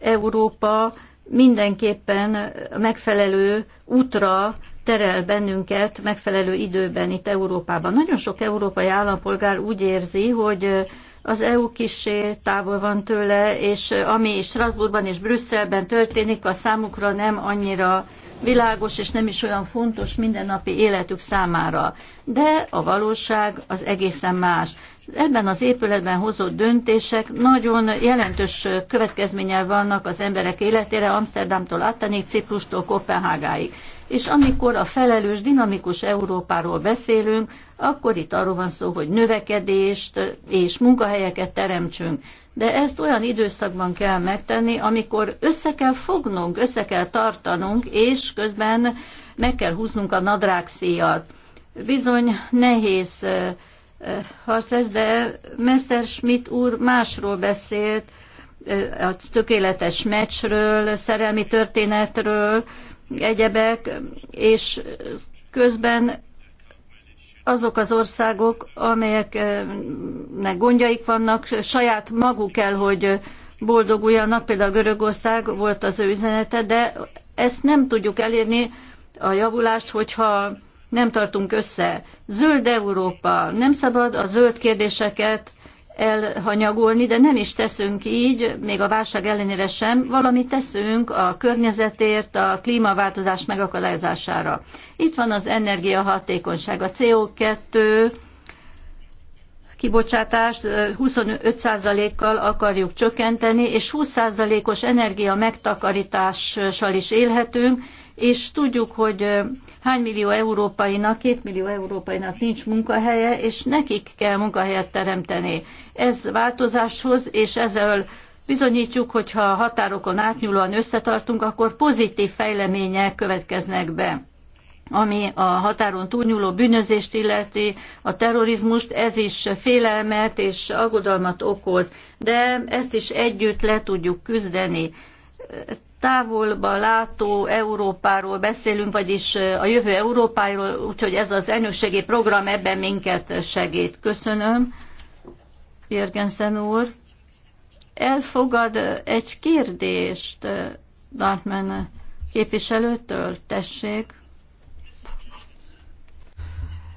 Európa mindenképpen megfelelő útra terel bennünket megfelelő időben itt Európában. Nagyon sok európai állampolgár úgy érzi, hogy az EU kissé távol van tőle, és ami Strasbourgban és Brüsszelben történik, a számukra nem annyira világos, és nem is olyan fontos mindennapi életük számára. De a valóság az egészen más. Ebben az épületben hozott döntések nagyon jelentős következménnyel vannak az emberek életére Amsterdamtól Attanig, Ciprustól Kopenhágáig és amikor a felelős, dinamikus Európáról beszélünk, akkor itt arról van szó, hogy növekedést és munkahelyeket teremtsünk. De ezt olyan időszakban kell megtenni, amikor össze kell fognunk, össze kell tartanunk, és közben meg kell húznunk a nadrág szíjat. Bizony nehéz harc ez, de Schmidt úr másról beszélt, a tökéletes meccsről, szerelmi történetről, egyebek, és közben azok az országok, amelyeknek gondjaik vannak, saját maguk kell, hogy boldoguljanak, például Görögország volt az ő üzenete, de ezt nem tudjuk elérni, a javulást, hogyha nem tartunk össze. Zöld Európa, nem szabad a zöld kérdéseket elhanyagolni, de nem is teszünk így, még a válság ellenére sem, valamit teszünk a környezetért, a klímaváltozás megakadályozására. Itt van az energiahatékonyság, a CO2 kibocsátást 25%-kal akarjuk csökkenteni, és 20%-os energia megtakarítással is élhetünk, és tudjuk, hogy hány millió európainak, két millió európainak nincs munkahelye, és nekik kell munkahelyet teremteni. Ez változáshoz, és ezzel bizonyítjuk, hogy ha határokon átnyúlóan összetartunk, akkor pozitív fejlemények következnek be ami a határon túlnyúló bűnözést illeti, a terrorizmust, ez is félelmet és aggodalmat okoz, de ezt is együtt le tudjuk küzdeni távolba látó Európáról beszélünk, vagyis a jövő Európáról, úgyhogy ez az elnökségi program ebben minket segít. Köszönöm, Jörgensen úr. Elfogad egy kérdést Dartman képviselőtől, tessék.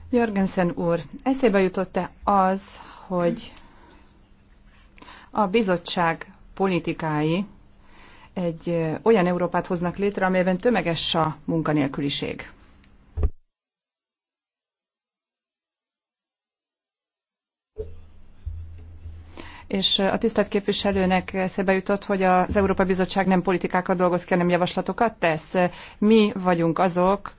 Jörgensen úr, eszébe jutott-e az, hogy a bizottság politikái egy olyan Európát hoznak létre, amelyben tömeges a munkanélküliség. és a tisztelt képviselőnek eszébe jutott, hogy az Európa Bizottság nem politikákat dolgoz ki, hanem javaslatokat tesz. Mi vagyunk azok,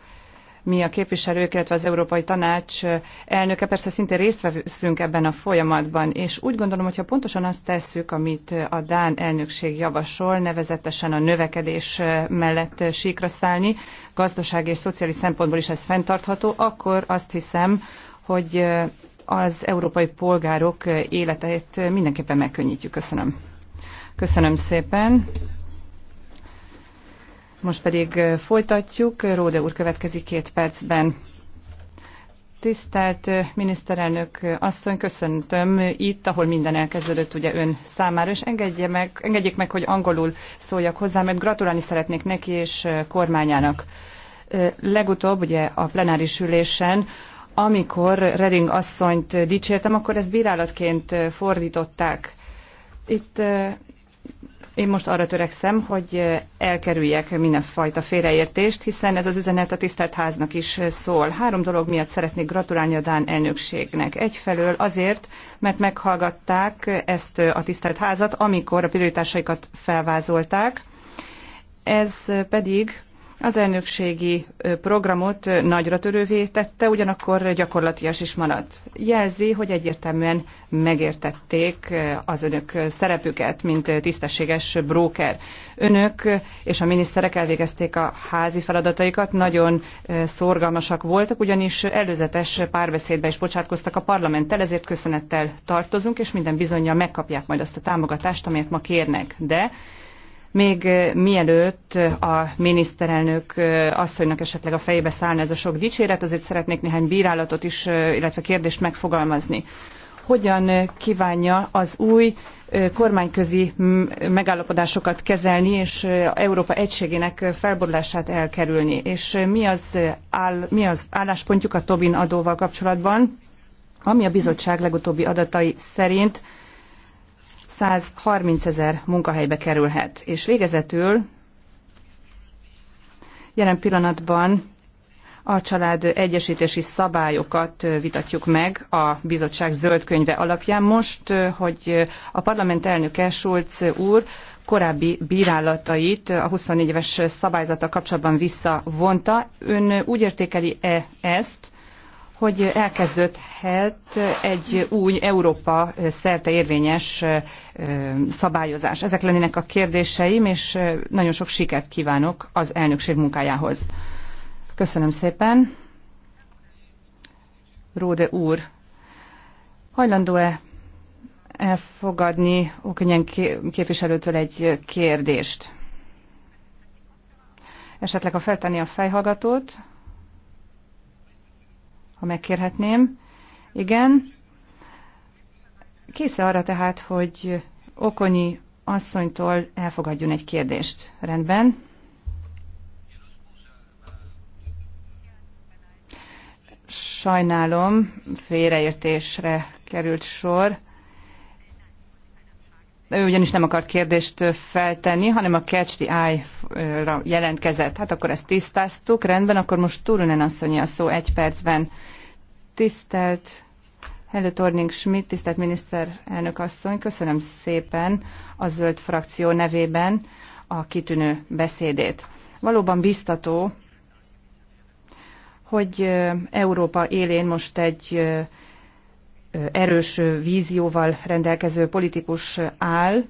mi a képviselők, illetve az Európai Tanács elnöke persze szintén részt veszünk ebben a folyamatban, és úgy gondolom, hogyha pontosan azt tesszük, amit a Dán elnökség javasol, nevezetesen a növekedés mellett síkra szállni, gazdasági és szociális szempontból is ez fenntartható, akkor azt hiszem, hogy az európai polgárok életét mindenképpen megkönnyítjük. Köszönöm. Köszönöm szépen. Most pedig folytatjuk. Róde úr következik két percben. Tisztelt miniszterelnök asszony, köszöntöm itt, ahol minden elkezdődött ugye ön számára, és engedje meg, engedjék meg, hogy angolul szóljak hozzá, mert gratulálni szeretnék neki és kormányának. Legutóbb ugye a plenáris ülésen amikor Reding asszonyt dicsértem, akkor ezt bírálatként fordították. Itt én most arra törekszem, hogy elkerüljek mindenfajta félreértést, hiszen ez az üzenet a tisztelt háznak is szól. Három dolog miatt szeretnék gratulálni a Dán elnökségnek. Egyfelől azért, mert meghallgatták ezt a tisztelt házat, amikor a prioritásaikat felvázolták. Ez pedig az elnökségi programot nagyra törővé tette, ugyanakkor gyakorlatias is maradt. Jelzi, hogy egyértelműen megértették az önök szerepüket, mint tisztességes bróker. Önök és a miniszterek elvégezték a házi feladataikat, nagyon szorgalmasak voltak, ugyanis előzetes párbeszédbe is bocsátkoztak a parlamenttel, ezért köszönettel tartozunk, és minden bizonyja megkapják majd azt a támogatást, amelyet ma kérnek. De még mielőtt a miniszterelnök asszonynak esetleg a fejébe szállna ez a sok dicséret, azért szeretnék néhány bírálatot is, illetve kérdést megfogalmazni. Hogyan kívánja az új kormányközi megállapodásokat kezelni, és Európa egységének felborulását elkerülni? És mi az, áll, mi az álláspontjuk a Tobin adóval kapcsolatban, ami a bizottság legutóbbi adatai szerint 130 ezer munkahelybe kerülhet. És végezetül jelen pillanatban a család egyesítési szabályokat vitatjuk meg a bizottság zöld könyve alapján. Most, hogy a parlament elnöke Schulz úr korábbi bírálatait a 24 éves szabályzata kapcsolatban visszavonta, ön úgy értékeli-e ezt, hogy elkezdődhet egy új Európa szerte érvényes szabályozás. Ezek lennének a kérdéseim, és nagyon sok sikert kívánok az elnökség munkájához. Köszönöm szépen. Róde úr, hajlandó-e elfogadni Okenyen képviselőtől egy kérdést? Esetleg a feltenni a fejhallgatót ha megkérhetném. Igen. Késze arra tehát, hogy Okonyi asszonytól elfogadjon egy kérdést. Rendben. Sajnálom, félreértésre került sor ő ugyanis nem akart kérdést feltenni, hanem a Catch the Eye-ra jelentkezett. Hát akkor ezt tisztáztuk, rendben, akkor most Turunen asszonyi a szó egy percben. Tisztelt Hello Torning Schmidt, tisztelt miniszterelnök asszony, köszönöm szépen a zöld frakció nevében a kitűnő beszédét. Valóban biztató, hogy Európa élén most egy erős vízióval rendelkező politikus áll.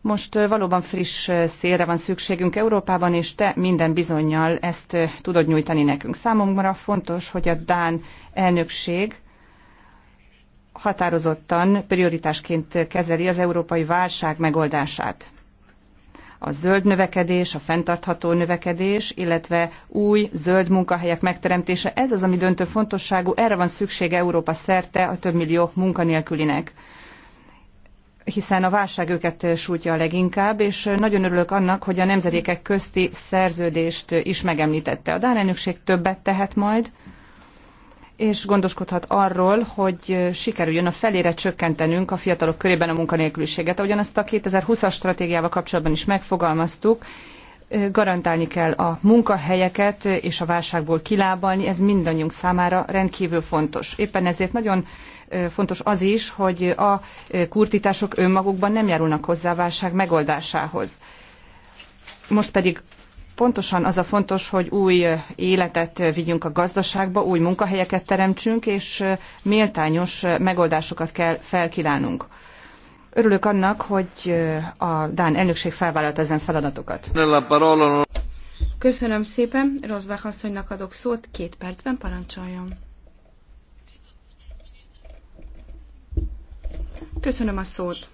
Most valóban friss szélre van szükségünk Európában, és te minden bizonyal ezt tudod nyújtani nekünk. Számomra fontos, hogy a Dán elnökség határozottan prioritásként kezeli az európai válság megoldását a zöld növekedés, a fenntartható növekedés, illetve új zöld munkahelyek megteremtése. Ez az, ami döntő fontosságú, erre van szükség Európa szerte a több millió munkanélkülinek hiszen a válság őket sújtja a leginkább, és nagyon örülök annak, hogy a nemzedékek közti szerződést is megemlítette. A Dán elnökség többet tehet majd, és gondoskodhat arról, hogy sikerüljön a felére csökkentenünk a fiatalok körében a munkanélküliséget. Ahogyan ezt a 2020-as stratégiával kapcsolatban is megfogalmaztuk, garantálni kell a munkahelyeket és a válságból kilábalni, ez mindannyiunk számára rendkívül fontos. Éppen ezért nagyon fontos az is, hogy a kurtítások önmagukban nem járulnak hozzá a válság megoldásához. Most pedig pontosan az a fontos, hogy új életet vigyünk a gazdaságba, új munkahelyeket teremtsünk, és méltányos megoldásokat kell felkínálnunk. Örülök annak, hogy a Dán elnökség felvállalta ezen feladatokat. Köszönöm szépen. Rosbach asszonynak adok szót. Két percben parancsoljon. Köszönöm a szót.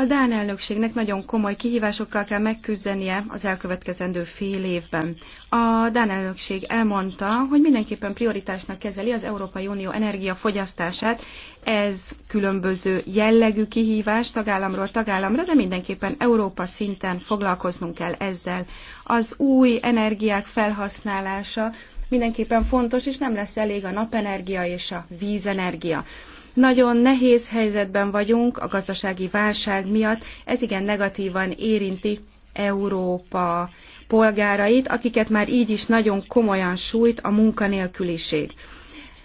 A Dán elnökségnek nagyon komoly kihívásokkal kell megküzdenie az elkövetkezendő fél évben. A Dán elnökség elmondta, hogy mindenképpen prioritásnak kezeli az Európai Unió energiafogyasztását. Ez különböző jellegű kihívás tagállamról tagállamra, de mindenképpen Európa szinten foglalkoznunk kell ezzel. Az új energiák felhasználása mindenképpen fontos, és nem lesz elég a napenergia és a vízenergia. Nagyon nehéz helyzetben vagyunk a gazdasági válság miatt, ez igen negatívan érinti Európa polgárait, akiket már így is nagyon komolyan sújt a munkanélküliség.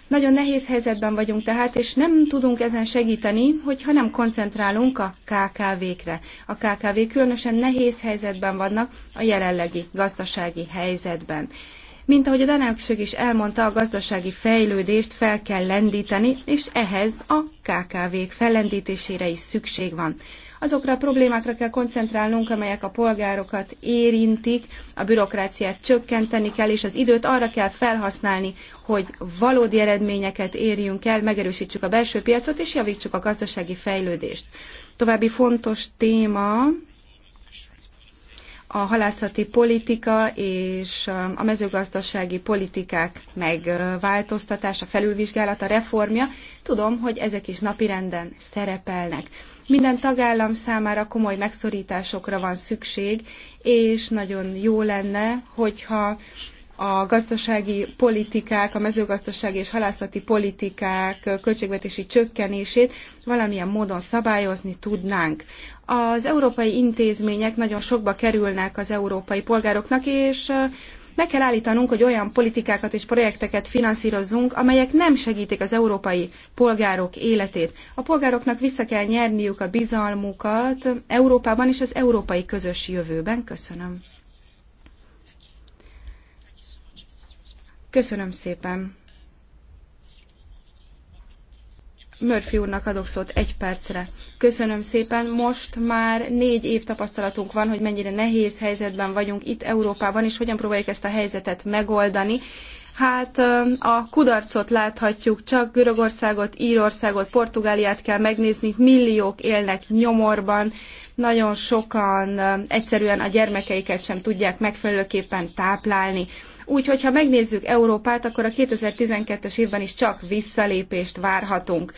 Nagyon nehéz helyzetben vagyunk tehát, és nem tudunk ezen segíteni, hogyha nem koncentrálunk a KKV-kre. A KKV különösen nehéz helyzetben vannak a jelenlegi gazdasági helyzetben. Mint ahogy a Danákség is elmondta, a gazdasági fejlődést fel kell lendíteni, és ehhez a KKV-k fellendítésére is szükség van. Azokra a problémákra kell koncentrálnunk, amelyek a polgárokat érintik, a bürokráciát csökkenteni kell, és az időt arra kell felhasználni, hogy valódi eredményeket érjünk el, megerősítsük a belső piacot, és javítsuk a gazdasági fejlődést. További fontos téma a halászati politika és a mezőgazdasági politikák megváltoztatása, felülvizsgálata, reformja. Tudom, hogy ezek is napirenden szerepelnek. Minden tagállam számára komoly megszorításokra van szükség, és nagyon jó lenne, hogyha a gazdasági politikák, a mezőgazdasági és halászati politikák költségvetési csökkenését valamilyen módon szabályozni tudnánk. Az európai intézmények nagyon sokba kerülnek az európai polgároknak, és meg kell állítanunk, hogy olyan politikákat és projekteket finanszírozzunk, amelyek nem segítik az európai polgárok életét. A polgároknak vissza kell nyerniük a bizalmukat Európában és az európai közös jövőben. Köszönöm. Köszönöm szépen. Murphy úrnak adok szót egy percre. Köszönöm szépen. Most már négy év tapasztalatunk van, hogy mennyire nehéz helyzetben vagyunk itt Európában, és hogyan próbáljuk ezt a helyzetet megoldani. Hát a kudarcot láthatjuk, csak Görögországot, Írországot, Portugáliát kell megnézni, milliók élnek nyomorban, nagyon sokan egyszerűen a gyermekeiket sem tudják megfelelőképpen táplálni. Úgyhogy, ha megnézzük Európát, akkor a 2012-es évben is csak visszalépést várhatunk.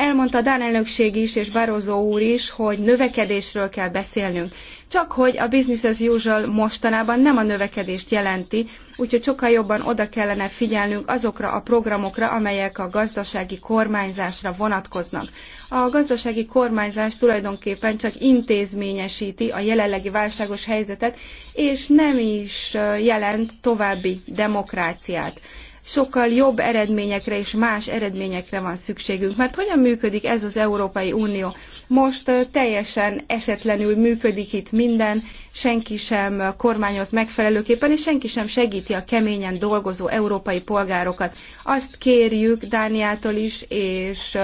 Elmondta Dán elnökség is, és Barozó úr is, hogy növekedésről kell beszélnünk. Csak hogy a business as usual mostanában nem a növekedést jelenti, úgyhogy sokkal jobban oda kellene figyelnünk azokra a programokra, amelyek a gazdasági kormányzásra vonatkoznak. A gazdasági kormányzás tulajdonképpen csak intézményesíti a jelenlegi válságos helyzetet, és nem is jelent további demokráciát sokkal jobb eredményekre és más eredményekre van szükségünk. Mert hogyan működik ez az Európai Unió? Most teljesen eszetlenül működik itt minden, senki sem kormányoz megfelelőképpen, és senki sem segíti a keményen dolgozó európai polgárokat. Azt kérjük Dániától is, és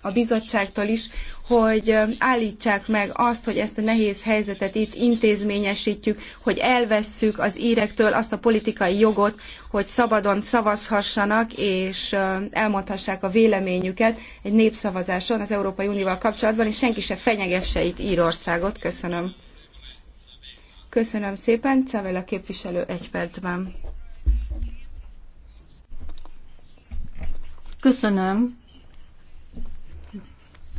a bizottságtól is, hogy állítsák meg azt, hogy ezt a nehéz helyzetet itt intézményesítjük, hogy elvesszük az írektől azt a politikai jogot, hogy szabadon szavazhassanak és elmondhassák a véleményüket egy népszavazáson az Európai Unióval kapcsolatban, és senki se fenyegesse itt Írországot. Köszönöm. Köszönöm szépen, Cavella képviselő egy percben. Köszönöm.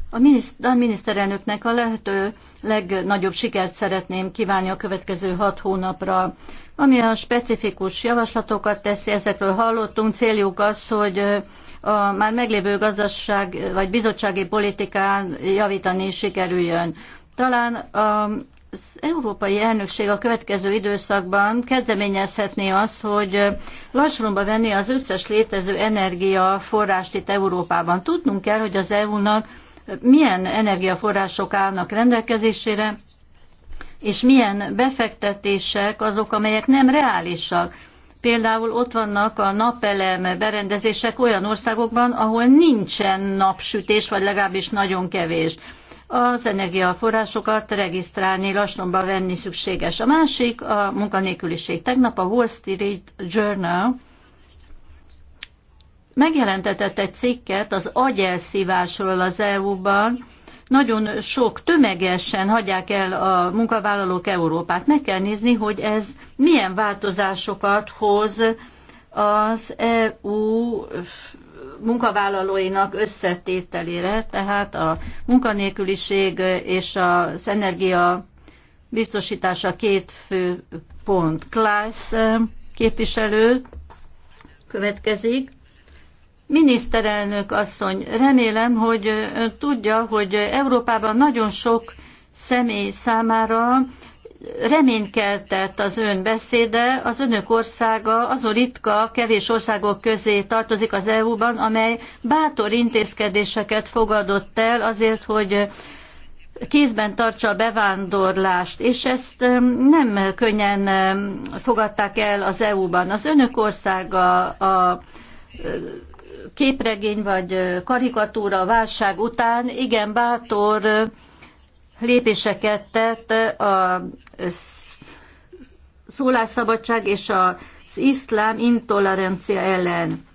A miniszter, miniszterelnöknek a lehető legnagyobb sikert szeretném kívánni a következő hat hónapra. Ami a specifikus javaslatokat teszi, ezekről hallottunk, céljuk az, hogy a már meglévő gazdaság vagy bizottsági politikán javítani sikerüljön. Talán az európai elnökség a következő időszakban kezdeményezhetné azt, hogy lassulomba venni az összes létező energiaforrást itt Európában. Tudnunk kell, hogy az EU-nak milyen energiaforrások állnak rendelkezésére, és milyen befektetések azok, amelyek nem reálisak. Például ott vannak a napelem berendezések olyan országokban, ahol nincsen napsütés, vagy legalábbis nagyon kevés. Az energiaforrásokat regisztrálni, lassanba venni szükséges. A másik a munkanélküliség. Tegnap a Wall Street Journal megjelentetett egy cikket az agyelszívásról az EU-ban, nagyon sok tömegesen hagyják el a munkavállalók Európát. Meg kell nézni, hogy ez milyen változásokat hoz az EU munkavállalóinak összetételére, tehát a munkanélküliség és az energia biztosítása két fő pont. Klász képviselő következik. Miniszterelnök asszony, remélem, hogy ön tudja, hogy Európában nagyon sok személy számára reménykeltett az ön beszéde, az önök országa azon ritka, kevés országok közé tartozik az EU-ban, amely bátor intézkedéseket fogadott el azért, hogy kézben tartsa a bevándorlást, és ezt nem könnyen fogadták el az EU-ban. Az önök országa a képregény vagy karikatúra válság után igen bátor lépéseket tett a szólásszabadság és az iszlám intolerancia ellen.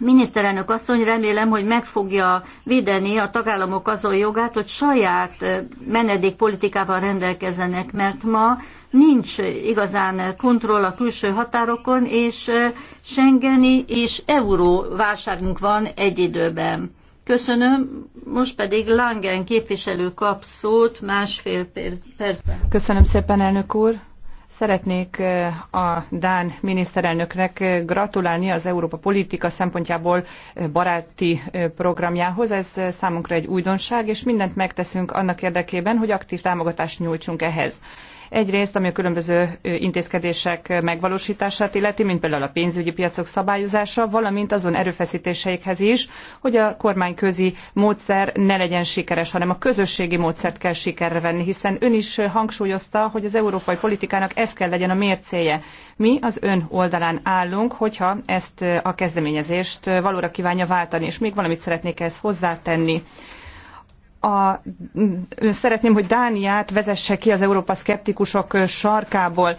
Miniszterelnök asszony, remélem, hogy meg fogja védeni a tagállamok azon jogát, hogy saját menedékpolitikával rendelkezzenek, mert ma nincs igazán kontroll a külső határokon, és Schengeni és euró válságunk van egy időben. Köszönöm, most pedig Langen képviselő kap szót másfél percben. Köszönöm szépen, elnök úr. Szeretnék a Dán miniszterelnöknek gratulálni az Európa politika szempontjából baráti programjához. Ez számunkra egy újdonság, és mindent megteszünk annak érdekében, hogy aktív támogatást nyújtsunk ehhez. Egyrészt, ami a különböző intézkedések megvalósítását illeti, mint például a pénzügyi piacok szabályozása, valamint azon erőfeszítéseikhez is, hogy a kormányközi módszer ne legyen sikeres, hanem a közösségi módszert kell sikerre venni, hiszen ön is hangsúlyozta, hogy az európai politikának ez kell legyen a mércéje. Mi az ön oldalán állunk, hogyha ezt a kezdeményezést valóra kívánja váltani, és még valamit szeretnék ezt hozzátenni a, szeretném, hogy Dániát vezesse ki az európa szkeptikusok sarkából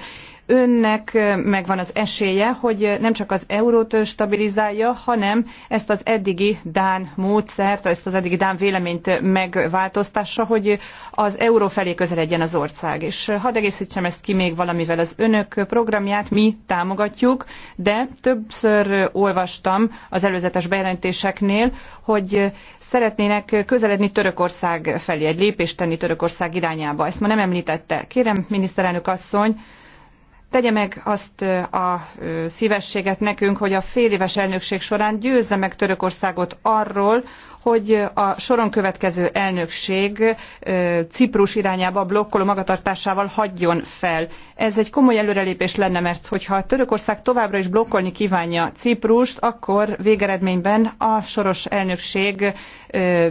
önnek megvan az esélye, hogy nem csak az eurót stabilizálja, hanem ezt az eddigi Dán módszert, ezt az eddigi Dán véleményt megváltoztassa, hogy az euró felé közeledjen az ország. És hadd egészítsem ezt ki még valamivel az önök programját, mi támogatjuk, de többször olvastam az előzetes bejelentéseknél, hogy szeretnének közeledni Törökország felé, egy lépést tenni Törökország irányába. Ezt ma nem említette. Kérem, miniszterelnök asszony, tegye meg azt a szívességet nekünk, hogy a féléves elnökség során győzze meg Törökországot arról, hogy a soron következő elnökség Ciprus irányába blokkoló magatartásával hagyjon fel. Ez egy komoly előrelépés lenne, mert hogyha Törökország továbbra is blokkolni kívánja Ciprust, akkor végeredményben a soros elnökség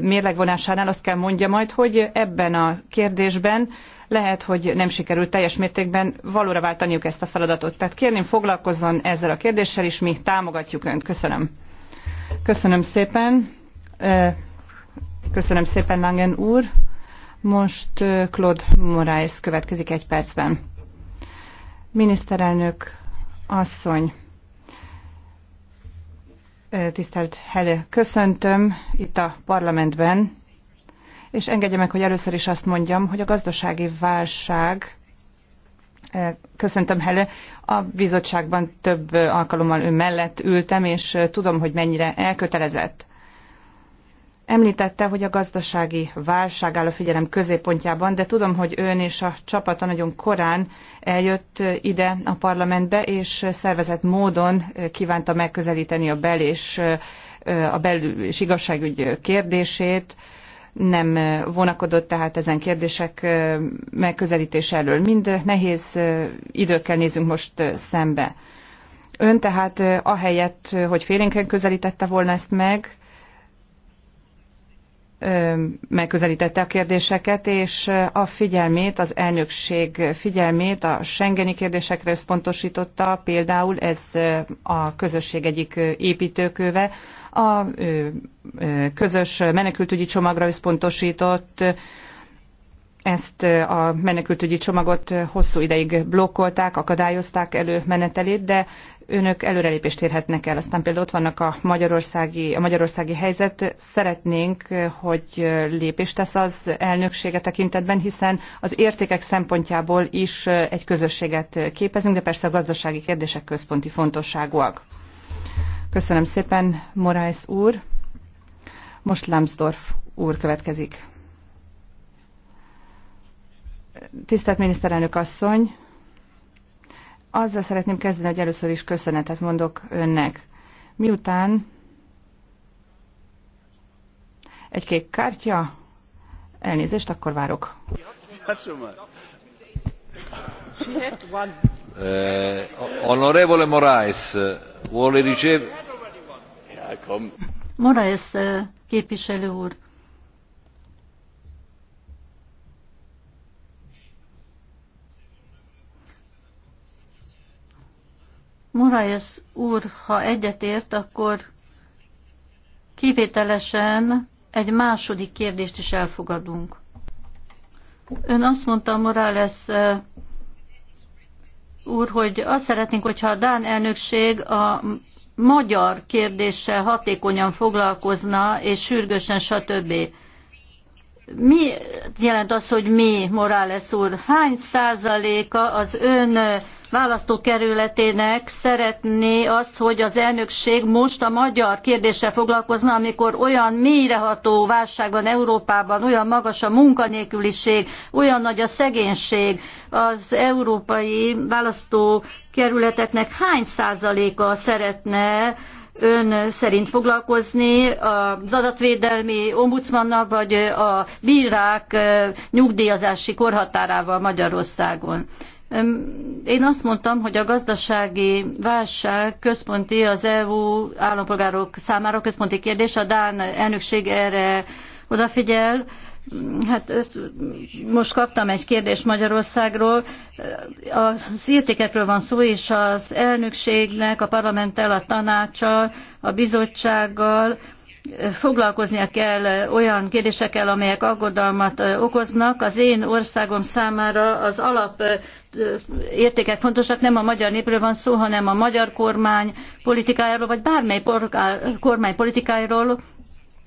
mérlegvonásánál azt kell mondja majd, hogy ebben a kérdésben lehet, hogy nem sikerült teljes mértékben valóra váltaniuk ezt a feladatot. Tehát kérném foglalkozzon ezzel a kérdéssel, és mi támogatjuk Önt. Köszönöm. Köszönöm szépen. Köszönöm szépen, Langen úr. Most Claude Moraes következik egy percben. Miniszterelnök asszony, tisztelt Helle, köszöntöm itt a parlamentben és engedje meg, hogy először is azt mondjam, hogy a gazdasági válság eh, Köszöntöm, Hele. A bizottságban több eh, alkalommal ő mellett ültem, és eh, tudom, hogy mennyire elkötelezett. Említette, hogy a gazdasági válság áll a figyelem középpontjában, de tudom, hogy ön és a csapata nagyon korán eljött ide a parlamentbe, és szervezett módon kívánta megközelíteni a bel és, a bel és igazságügy kérdését, nem vonakodott tehát ezen kérdések megközelítés elől. Mind nehéz időkkel nézünk most szembe. Ön tehát ahelyett, hogy félénken közelítette volna ezt meg, megközelítette a kérdéseket, és a figyelmét, az elnökség figyelmét a Schengeni kérdésekre összpontosította, például ez a közösség egyik építőköve, a közös menekültügyi csomagra összpontosított, ezt a menekültügyi csomagot hosszú ideig blokkolták, akadályozták menetelét, de önök előrelépést érhetnek el. Aztán például ott vannak a magyarországi, a magyarországi helyzet. Szeretnénk, hogy lépést tesz az elnöksége tekintetben, hiszen az értékek szempontjából is egy közösséget képezünk, de persze a gazdasági kérdések központi fontosságúak. Köszönöm szépen, Moraes úr. Most Lambsdorff úr következik. Tisztelt miniszterelnök asszony, azzal szeretném kezdeni, hogy először is köszönetet mondok önnek. Miután egy kék kártya, elnézést, akkor várok. Uh, onorevole Moraes, vuole ricevere... Moraes képviselő úr. Moraes úr, ha egyetért, akkor kivételesen egy második kérdést is elfogadunk. Ön azt mondta, Morales úr, hogy azt szeretnénk, hogyha a Dán elnökség a magyar kérdéssel hatékonyan foglalkozna, és sürgősen, stb. Mi jelent az, hogy mi, Morales úr? Hány százaléka az ön választókerületének szeretné az, hogy az elnökség most a magyar kérdéssel foglalkozna, amikor olyan mélyreható válság van Európában, olyan magas a munkanélküliség, olyan nagy a szegénység, az európai választókerületeknek hány százaléka szeretne ön szerint foglalkozni az adatvédelmi ombudsmannal, vagy a bírák nyugdíjazási korhatárával Magyarországon. Én azt mondtam, hogy a gazdasági válság központi az EU állampolgárok számára központi kérdés. A Dán elnökség erre odafigyel. Hát most kaptam egy kérdést Magyarországról. Az értékekről van szó, és az elnökségnek, a parlamenttel, a tanácsal a bizottsággal, foglalkoznia kell olyan kérdésekkel, amelyek aggodalmat okoznak. Az én országom számára az alap értékek fontosak, nem a magyar népről van szó, hanem a magyar kormány politikájáról, vagy bármely kormány politikájáról,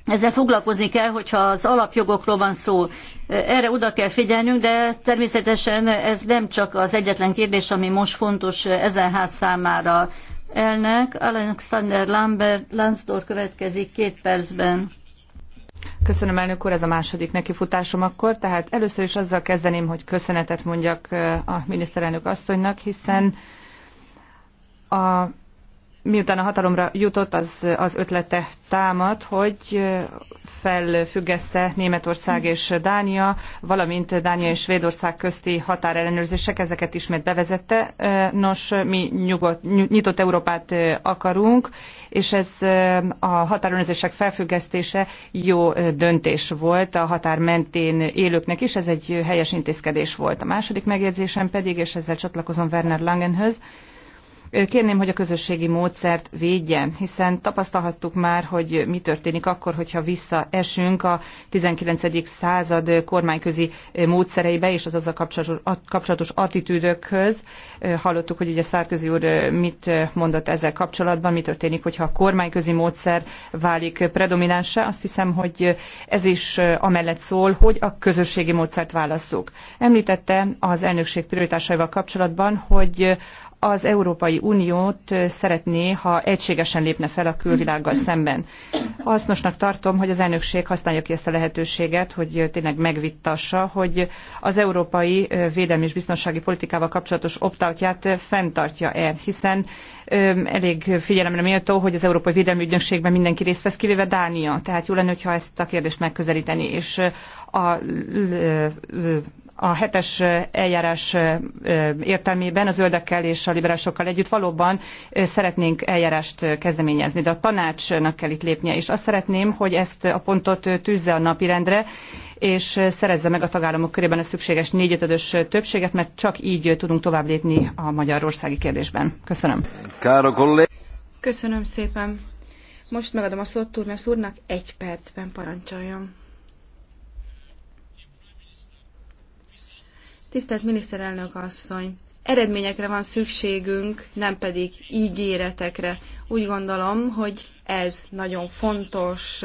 ezzel foglalkozni kell, hogyha az alapjogokról van szó. Erre oda kell figyelnünk, de természetesen ez nem csak az egyetlen kérdés, ami most fontos ezen ház számára elnök. Alexander Lambert Lansdor következik két percben. Köszönöm, elnök úr, ez a második nekifutásom akkor. Tehát először is azzal kezdeném, hogy köszönetet mondjak eh, a miniszterelnök asszonynak, hiszen a miután a hatalomra jutott, az, az ötlete támad, hogy felfüggesse Németország és Dánia, valamint Dánia és Svédország közti határellenőrzések, ezeket ismét bevezette. Nos, mi nyugodt, nyitott Európát akarunk, és ez a határellenőrzések felfüggesztése jó döntés volt a határ mentén élőknek is, ez egy helyes intézkedés volt. A második megjegyzésem pedig, és ezzel csatlakozom Werner Langenhöz, Kérném, hogy a közösségi módszert védje, hiszen tapasztalhattuk már, hogy mi történik akkor, hogyha visszaesünk a 19. század kormányközi módszereibe és az azzal kapcsolatos attitűdökhöz. Hallottuk, hogy ugye Szárközi úr mit mondott ezzel kapcsolatban, mi történik, hogyha a kormányközi módszer válik predominánsá. Azt hiszem, hogy ez is amellett szól, hogy a közösségi módszert válasszuk. Említette az elnökség prioritásaival kapcsolatban, hogy az Európai Uniót szeretné, ha egységesen lépne fel a külvilággal szemben. Hasznosnak tartom, hogy az elnökség használja ki ezt a lehetőséget, hogy tényleg megvittassa, hogy az európai védelmi és biztonsági politikával kapcsolatos optautját fenntartja-e, hiszen elég figyelemre méltó, hogy az Európai Védelmi Ügynökségben mindenki részt vesz, kivéve Dánia. Tehát jó lenne, hogyha ezt a kérdést megközelíteni, és a a hetes eljárás értelmében a zöldekkel és a liberálisokkal együtt valóban szeretnénk eljárást kezdeményezni, de a tanácsnak kell itt lépnie, és azt szeretném, hogy ezt a pontot tűzze a napirendre, és szerezze meg a tagállamok körében a szükséges négyötödös többséget, mert csak így tudunk tovább lépni a magyarországi kérdésben. Köszönöm. Köszönöm szépen. Most megadom a szót Turmes úrnak, egy percben parancsoljon. Tisztelt miniszterelnök asszony! Eredményekre van szükségünk, nem pedig ígéretekre. Úgy gondolom, hogy ez nagyon fontos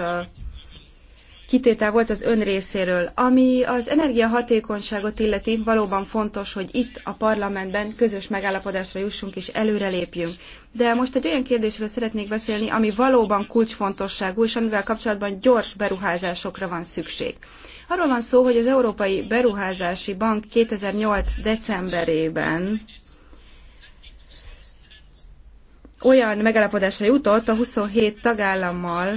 kitétel volt az ön részéről. Ami az energiahatékonyságot illeti, valóban fontos, hogy itt a parlamentben közös megállapodásra jussunk és előrelépjünk. De most egy olyan kérdésről szeretnék beszélni, ami valóban kulcsfontosságú, és amivel kapcsolatban gyors beruházásokra van szükség. Arról van szó, hogy az Európai Beruházási Bank 2008. decemberében olyan megállapodásra jutott a 27 tagállammal,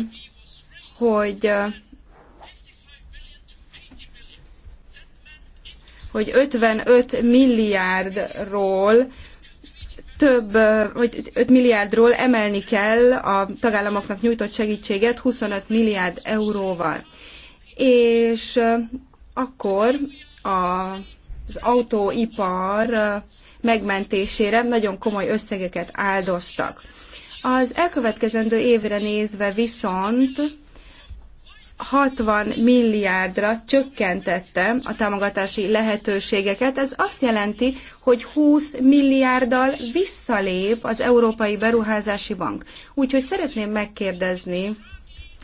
hogy hogy 55 milliárdról több, hogy 5 milliárdról emelni kell a tagállamoknak nyújtott segítséget 25 milliárd euróval. És akkor a, az autóipar megmentésére nagyon komoly összegeket áldoztak. Az elkövetkezendő évre nézve viszont 60 milliárdra csökkentette a támogatási lehetőségeket. Ez azt jelenti, hogy 20 milliárddal visszalép az Európai Beruházási Bank. Úgyhogy szeretném megkérdezni,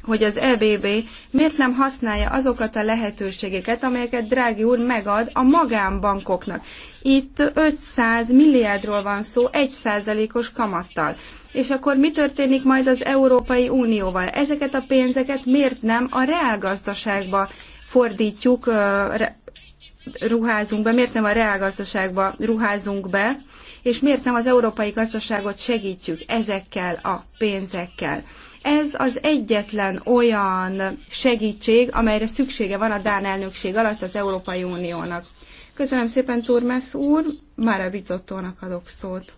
hogy az EBB miért nem használja azokat a lehetőségeket, amelyeket Drági úr megad a magánbankoknak. Itt 500 milliárdról van szó, 1%-os kamattal. És akkor mi történik majd az Európai Unióval? Ezeket a pénzeket miért nem a reálgazdaságba fordítjuk, ruházunk be, miért nem a reálgazdaságba ruházunk be, és miért nem az európai gazdaságot segítjük ezekkel a pénzekkel. Ez az egyetlen olyan segítség, amelyre szüksége van a Dán elnökség alatt az Európai Uniónak. Köszönöm szépen Turmes úr, a Bizottónak adok szót.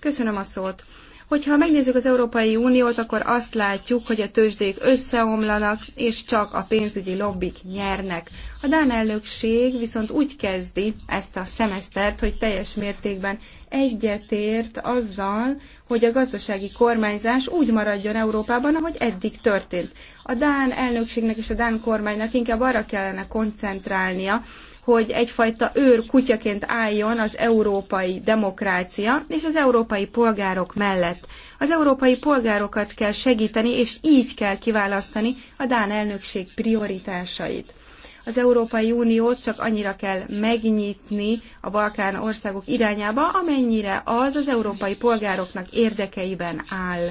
Köszönöm a szót. Hogyha megnézzük az Európai Uniót, akkor azt látjuk, hogy a tőzsdék összeomlanak, és csak a pénzügyi lobbik nyernek. A Dán elnökség viszont úgy kezdi ezt a szemesztert, hogy teljes mértékben egyetért azzal, hogy a gazdasági kormányzás úgy maradjon Európában, ahogy eddig történt. A Dán elnökségnek és a Dán kormánynak inkább arra kellene koncentrálnia, hogy egyfajta őr kutyaként álljon az európai demokrácia és az európai polgárok mellett. Az európai polgárokat kell segíteni, és így kell kiválasztani a Dán elnökség prioritásait. Az Európai Uniót csak annyira kell megnyitni a Balkán országok irányába, amennyire az az európai polgároknak érdekeiben áll.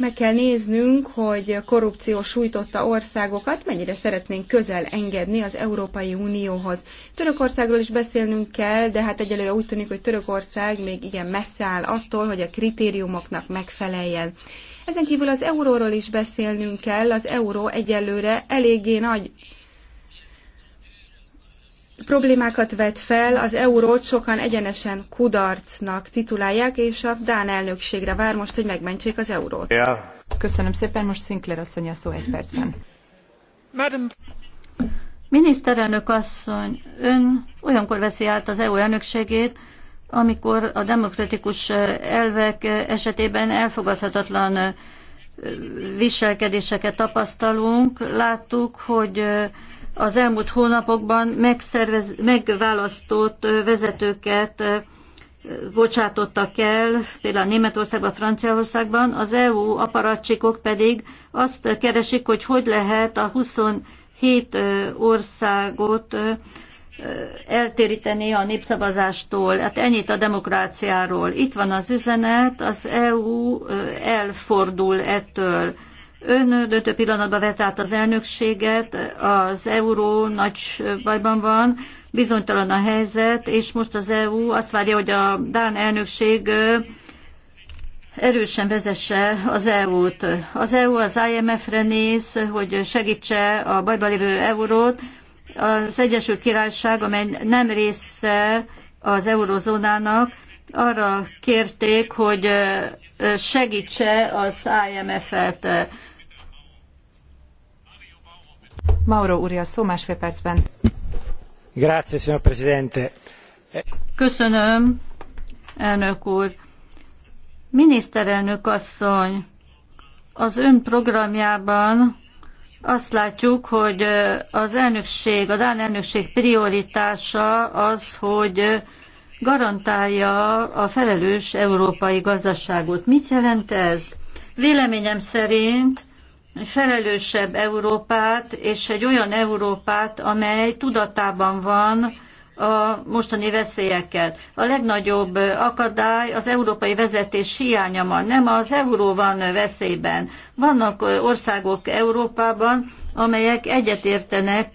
Meg kell néznünk, hogy korrupció sújtotta országokat mennyire szeretnénk közel engedni az Európai Unióhoz. Törökországról is beszélnünk kell, de hát egyelőre úgy tűnik, hogy Törökország még igen messze áll attól, hogy a kritériumoknak megfeleljen. Ezen kívül az euróról is beszélnünk kell, az euró egyelőre eléggé nagy problémákat vet fel, az eurót sokan egyenesen kudarcnak titulálják, és a Dán elnökségre vár most, hogy megmentsék az eurót. Yeah. Köszönöm szépen, most Sinclair asszony a szó egy percben. Madam... Miniszterelnök asszony, ön olyankor veszi át az EU elnökségét, amikor a demokratikus elvek esetében elfogadhatatlan viselkedéseket tapasztalunk. Láttuk, hogy az elmúlt hónapokban megszervez, megválasztott vezetőket bocsátottak el, például Németországban, Franciaországban, az EU aparatcsikok pedig azt keresik, hogy hogy lehet a 27 országot eltéríteni a népszavazástól. Hát ennyit a demokráciáról. Itt van az üzenet, az EU elfordul ettől. Ön döntő pillanatban vett át az elnökséget, az euró nagy bajban van, bizonytalan a helyzet, és most az EU azt várja, hogy a Dán elnökség erősen vezesse az EU-t. Az EU az IMF-re néz, hogy segítse a bajban lévő eurót. Az Egyesült Királyság, amely nem része az eurozónának, arra kérték, hogy segítse az IMF-et. Mauro úr, szó másfél percben. Grazie, signor Presidente. Köszönöm, elnök úr. Miniszterelnök asszony, az ön programjában azt látjuk, hogy az elnökség, a Dán elnökség prioritása az, hogy garantálja a felelős európai gazdaságot. Mit jelent ez? Véleményem szerint egy felelősebb Európát, és egy olyan Európát, amely tudatában van a mostani veszélyeket. A legnagyobb akadály az európai vezetés hiánya van. Nem az euró van veszélyben. Vannak országok Európában, amelyek egyetértenek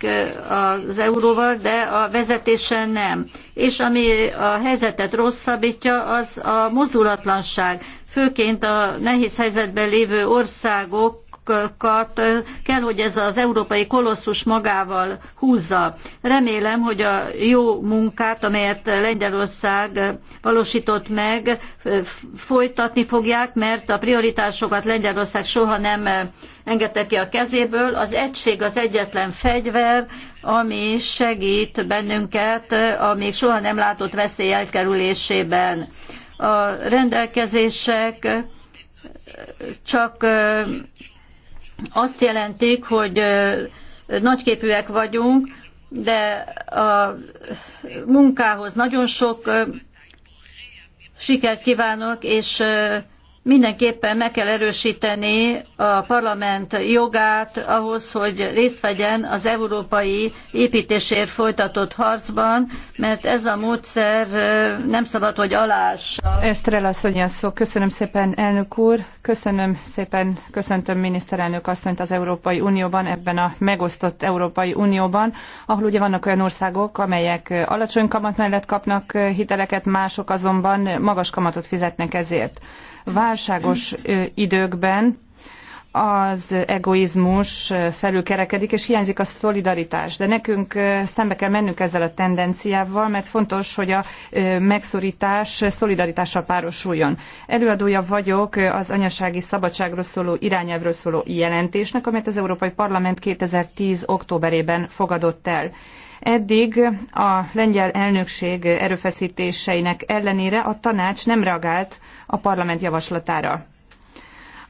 az euróval, de a vezetésen nem. És ami a helyzetet rosszabbítja, az a mozdulatlanság. Főként a nehéz helyzetben lévő országok kutatásokat kell, hogy ez az európai kolosszus magával húzza. Remélem, hogy a jó munkát, amelyet Lengyelország valósított meg, folytatni fogják, mert a prioritásokat Lengyelország soha nem engedte ki a kezéből. Az egység az egyetlen fegyver, ami segít bennünket a még soha nem látott veszély elkerülésében. A rendelkezések csak azt jelentik, hogy nagyképűek vagyunk, de a munkához nagyon sok sikert kívánok, és Mindenképpen meg kell erősíteni a parlament jogát ahhoz, hogy részt vegyen az európai építésért folytatott harcban, mert ez a módszer nem szabad, hogy alássa. Estrela szó. Köszönöm szépen, elnök úr. Köszönöm szépen, köszöntöm miniszterelnök asszonyt az Európai Unióban, ebben a megosztott Európai Unióban, ahol ugye vannak olyan országok, amelyek alacsony kamat mellett kapnak hiteleket, mások azonban magas kamatot fizetnek ezért. Vár válságos időkben az egoizmus felülkerekedik, és hiányzik a szolidaritás. De nekünk szembe kell mennünk ezzel a tendenciával, mert fontos, hogy a megszorítás szolidaritással párosuljon. Előadója vagyok az anyasági szabadságról szóló irányelvről szóló jelentésnek, amelyet az Európai Parlament 2010. októberében fogadott el. Eddig a lengyel elnökség erőfeszítéseinek ellenére a tanács nem reagált a parlament javaslatára.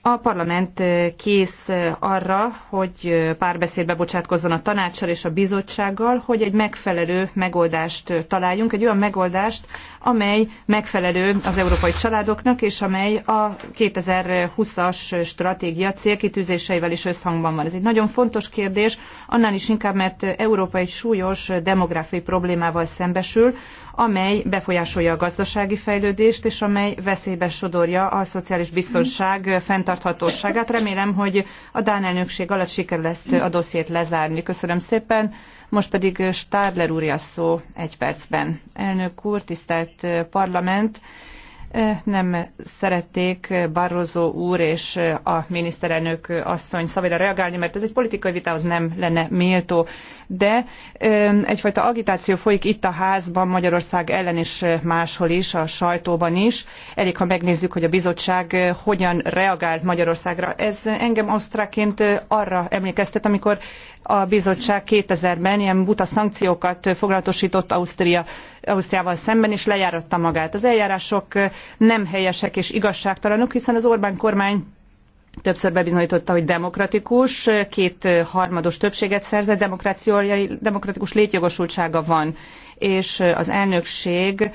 A parlament kész arra, hogy párbeszédbe bocsátkozzon a tanácssal és a bizottsággal, hogy egy megfelelő megoldást találjunk, egy olyan megoldást, amely megfelelő az európai családoknak, és amely a 2020-as stratégia célkitűzéseivel is összhangban van. Ez egy nagyon fontos kérdés, annál is inkább, mert Európa egy súlyos demográfiai problémával szembesül, amely befolyásolja a gazdasági fejlődést, és amely veszélybe sodorja a szociális biztonság fenntarthatóságát. Remélem, hogy a Dán elnökség alatt sikerül ezt a dossziét lezárni. Köszönöm szépen. Most pedig Stadler úr szó egy percben. Elnök úr, tisztelt parlament! nem szerették Barroso úr és a miniszterelnök asszony szavára reagálni, mert ez egy politikai vitához nem lenne méltó. De egyfajta agitáció folyik itt a házban, Magyarország ellen és máshol is, a sajtóban is. Elég, ha megnézzük, hogy a bizottság hogyan reagált Magyarországra. Ez engem osztráként arra emlékeztet, amikor a bizottság 2000-ben ilyen buta szankciókat foglalatosított Ausztria, Ausztriával szemben, és lejáratta magát. Az eljárások nem helyesek és igazságtalanok, hiszen az Orbán kormány többször bebizonyította, hogy demokratikus, két harmados többséget szerzett, demokratikus létjogosultsága van, és az elnökség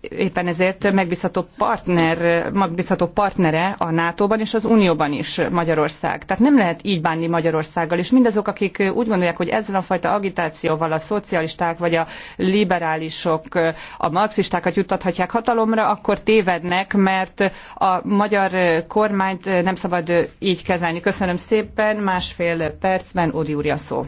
éppen ezért megbízható, partner, megbízható partnere a NATO-ban és az Unióban is Magyarország. Tehát nem lehet így bánni Magyarországgal, és mindazok, akik úgy gondolják, hogy ezzel a fajta agitációval a szocialisták vagy a liberálisok, a marxistákat juttathatják hatalomra, akkor tévednek, mert a magyar kormányt nem szabad így kezelni. Köszönöm szépen, másfél percben Odi úr a szó.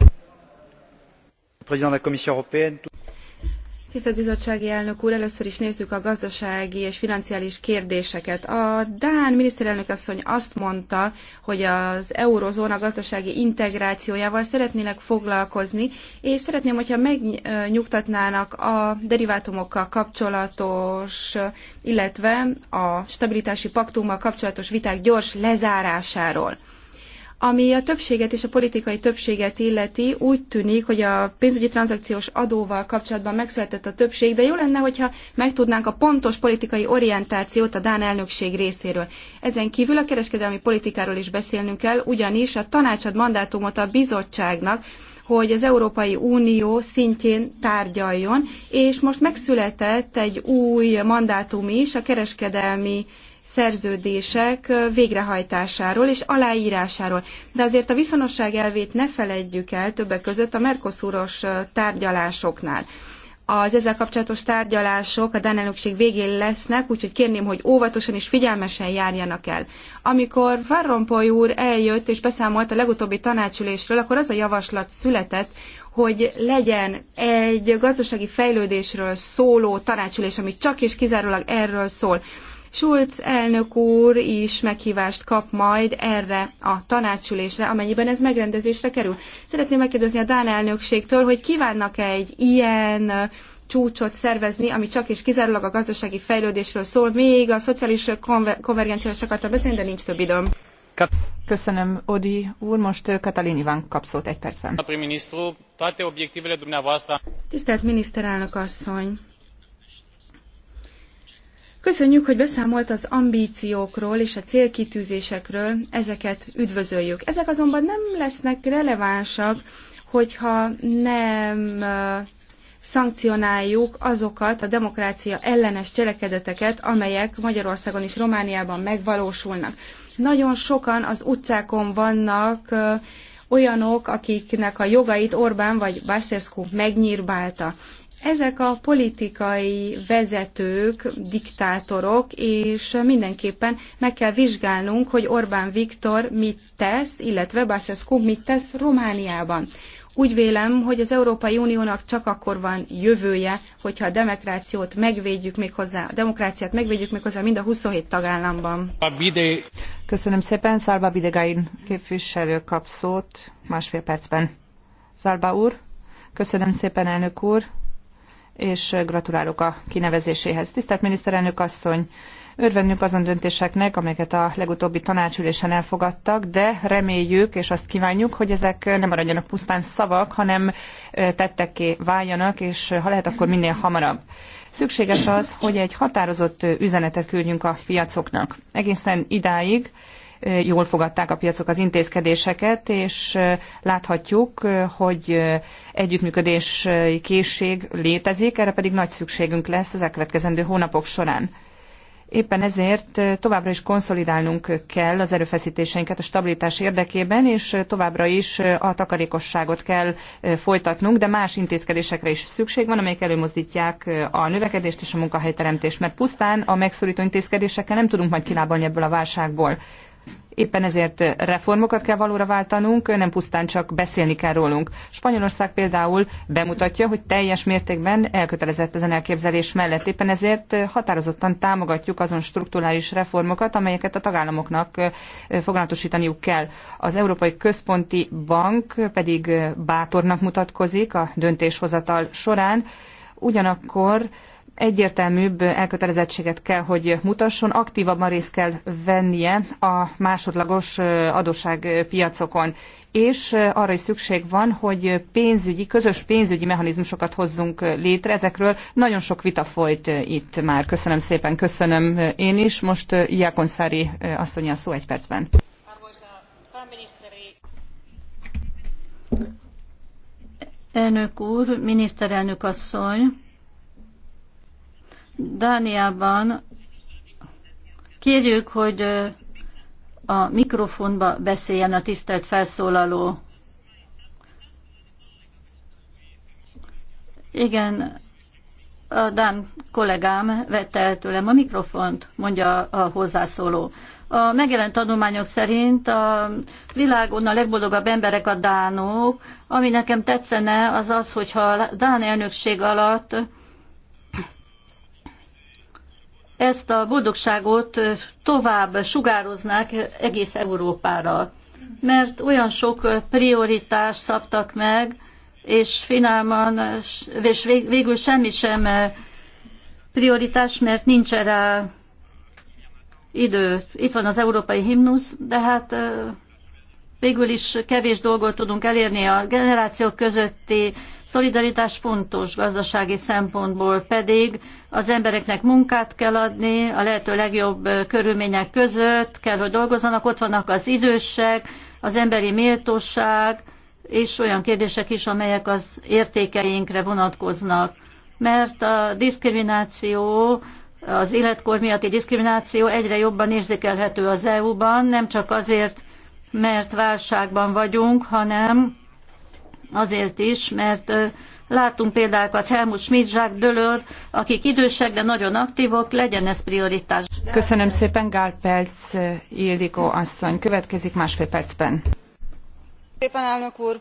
Tisztelt bizottsági elnök úr, először is nézzük a gazdasági és financiális kérdéseket. A Dán miniszterelnök asszony azt mondta, hogy az eurozóna gazdasági integrációjával szeretnének foglalkozni, és szeretném, hogyha megnyugtatnának a derivátumokkal kapcsolatos, illetve a stabilitási paktummal kapcsolatos viták gyors lezárásáról. Ami a többséget és a politikai többséget illeti, úgy tűnik, hogy a pénzügyi tranzakciós adóval kapcsolatban megszületett a többség, de jó lenne, hogyha megtudnánk a pontos politikai orientációt a Dán elnökség részéről. Ezen kívül a kereskedelmi politikáról is beszélnünk kell, ugyanis a tanácsad mandátumot a bizottságnak, hogy az Európai Unió szintjén tárgyaljon, és most megszületett egy új mandátum is a kereskedelmi szerződések végrehajtásáról és aláírásáról. De azért a viszonosság elvét ne feledjük el többek között a Mercosuros tárgyalásoknál az ezzel kapcsolatos tárgyalások a Dán elnökség végén lesznek, úgyhogy kérném, hogy óvatosan és figyelmesen járjanak el. Amikor Van Rompuy úr eljött és beszámolt a legutóbbi tanácsülésről, akkor az a javaslat született, hogy legyen egy gazdasági fejlődésről szóló tanácsülés, ami csak és kizárólag erről szól. Schulz elnök úr is meghívást kap majd erre a tanácsülésre, amennyiben ez megrendezésre kerül. Szeretném megkérdezni a Dán elnökségtől, hogy kívánnak-e egy ilyen csúcsot szervezni, ami csak és kizárólag a gazdasági fejlődésről szól. Még a szociális konvergenciára konvergenciáról is akartam beszélni, de nincs több időm. Köszönöm, Odi úr. Most Katalin Iván kap szót egy percben. Tisztelt miniszterelnök asszony! Köszönjük, hogy beszámolt az ambíciókról és a célkitűzésekről, ezeket üdvözöljük. Ezek azonban nem lesznek relevánsak, hogyha nem szankcionáljuk azokat a demokrácia ellenes cselekedeteket, amelyek Magyarországon és Romániában megvalósulnak. Nagyon sokan az utcákon vannak olyanok, akiknek a jogait Orbán vagy Basescu megnyírbálta. Ezek a politikai vezetők, diktátorok, és mindenképpen meg kell vizsgálnunk, hogy Orbán Viktor mit tesz, illetve Basescu mit tesz Romániában. Úgy vélem, hogy az Európai Uniónak csak akkor van jövője, hogyha a demokrációt megvédjük még hozzá, a demokráciát megvédjük még hozzá mind a 27 tagállamban. Köszönöm szépen, Szálba Bidegain képviselő kap szót másfél percben. Szálba úr, köszönöm szépen, elnök úr és gratulálok a kinevezéséhez. Tisztelt miniszterelnök asszony, örvendünk azon döntéseknek, amelyeket a legutóbbi tanácsülésen elfogadtak, de reméljük és azt kívánjuk, hogy ezek nem maradjanak pusztán szavak, hanem tettekké váljanak, és ha lehet, akkor minél hamarabb. Szükséges az, hogy egy határozott üzenetet küldjünk a piacoknak. Egészen idáig jól fogadták a piacok az intézkedéseket, és láthatjuk, hogy együttműködési készség létezik, erre pedig nagy szükségünk lesz az elkövetkezendő hónapok során. Éppen ezért továbbra is konszolidálnunk kell az erőfeszítéseinket a stabilitás érdekében, és továbbra is a takarékosságot kell folytatnunk, de más intézkedésekre is szükség van, amelyek előmozdítják a növekedést és a munkahelyteremtést, mert pusztán a megszorító intézkedésekkel nem tudunk majd kilábalni ebből a válságból. Éppen ezért reformokat kell valóra váltanunk, nem pusztán csak beszélni kell rólunk. Spanyolország például bemutatja, hogy teljes mértékben elkötelezett ezen elképzelés mellett. Éppen ezért határozottan támogatjuk azon strukturális reformokat, amelyeket a tagállamoknak foglalatosítaniuk kell. Az Európai Központi Bank pedig bátornak mutatkozik a döntéshozatal során, ugyanakkor egyértelműbb elkötelezettséget kell, hogy mutasson, aktívabban részt kell vennie a másodlagos adósságpiacokon. És arra is szükség van, hogy pénzügyi, közös pénzügyi mechanizmusokat hozzunk létre. Ezekről nagyon sok vita folyt itt már. Köszönöm szépen, köszönöm én is. Most Jákonszári asszony a szó egy percben. Elnök úr, miniszterelnök asszony, Dániában kérjük, hogy a mikrofonba beszéljen a tisztelt felszólaló. Igen, a Dán kollégám vette el tőlem a mikrofont, mondja a hozzászóló. A megjelent tanulmányok szerint a világon a legboldogabb emberek a dánok. Ami nekem tetszene, az az, hogyha a dán elnökség alatt ezt a boldogságot tovább sugároznák egész Európára. Mert olyan sok prioritást szabtak meg, és finálman, és végül semmi sem prioritás, mert nincs erre idő. Itt van az európai himnusz, de hát végül is kevés dolgot tudunk elérni a generációk közötti szolidaritás fontos gazdasági szempontból, pedig az embereknek munkát kell adni, a lehető legjobb körülmények között kell, hogy dolgozzanak, ott vannak az idősek, az emberi méltóság, és olyan kérdések is, amelyek az értékeinkre vonatkoznak. Mert a diszkrimináció az életkor miatti diszkrimináció egyre jobban érzékelhető az EU-ban, nem csak azért, mert válságban vagyunk, hanem azért is, mert látunk példákat Helmut Schmidt, Jacques Delors, akik idősek, de nagyon aktívok, legyen ez prioritás. Köszönöm szépen, Gál Pelc, Ildikó asszony. Következik másfél percben. Szépen, elnök úr!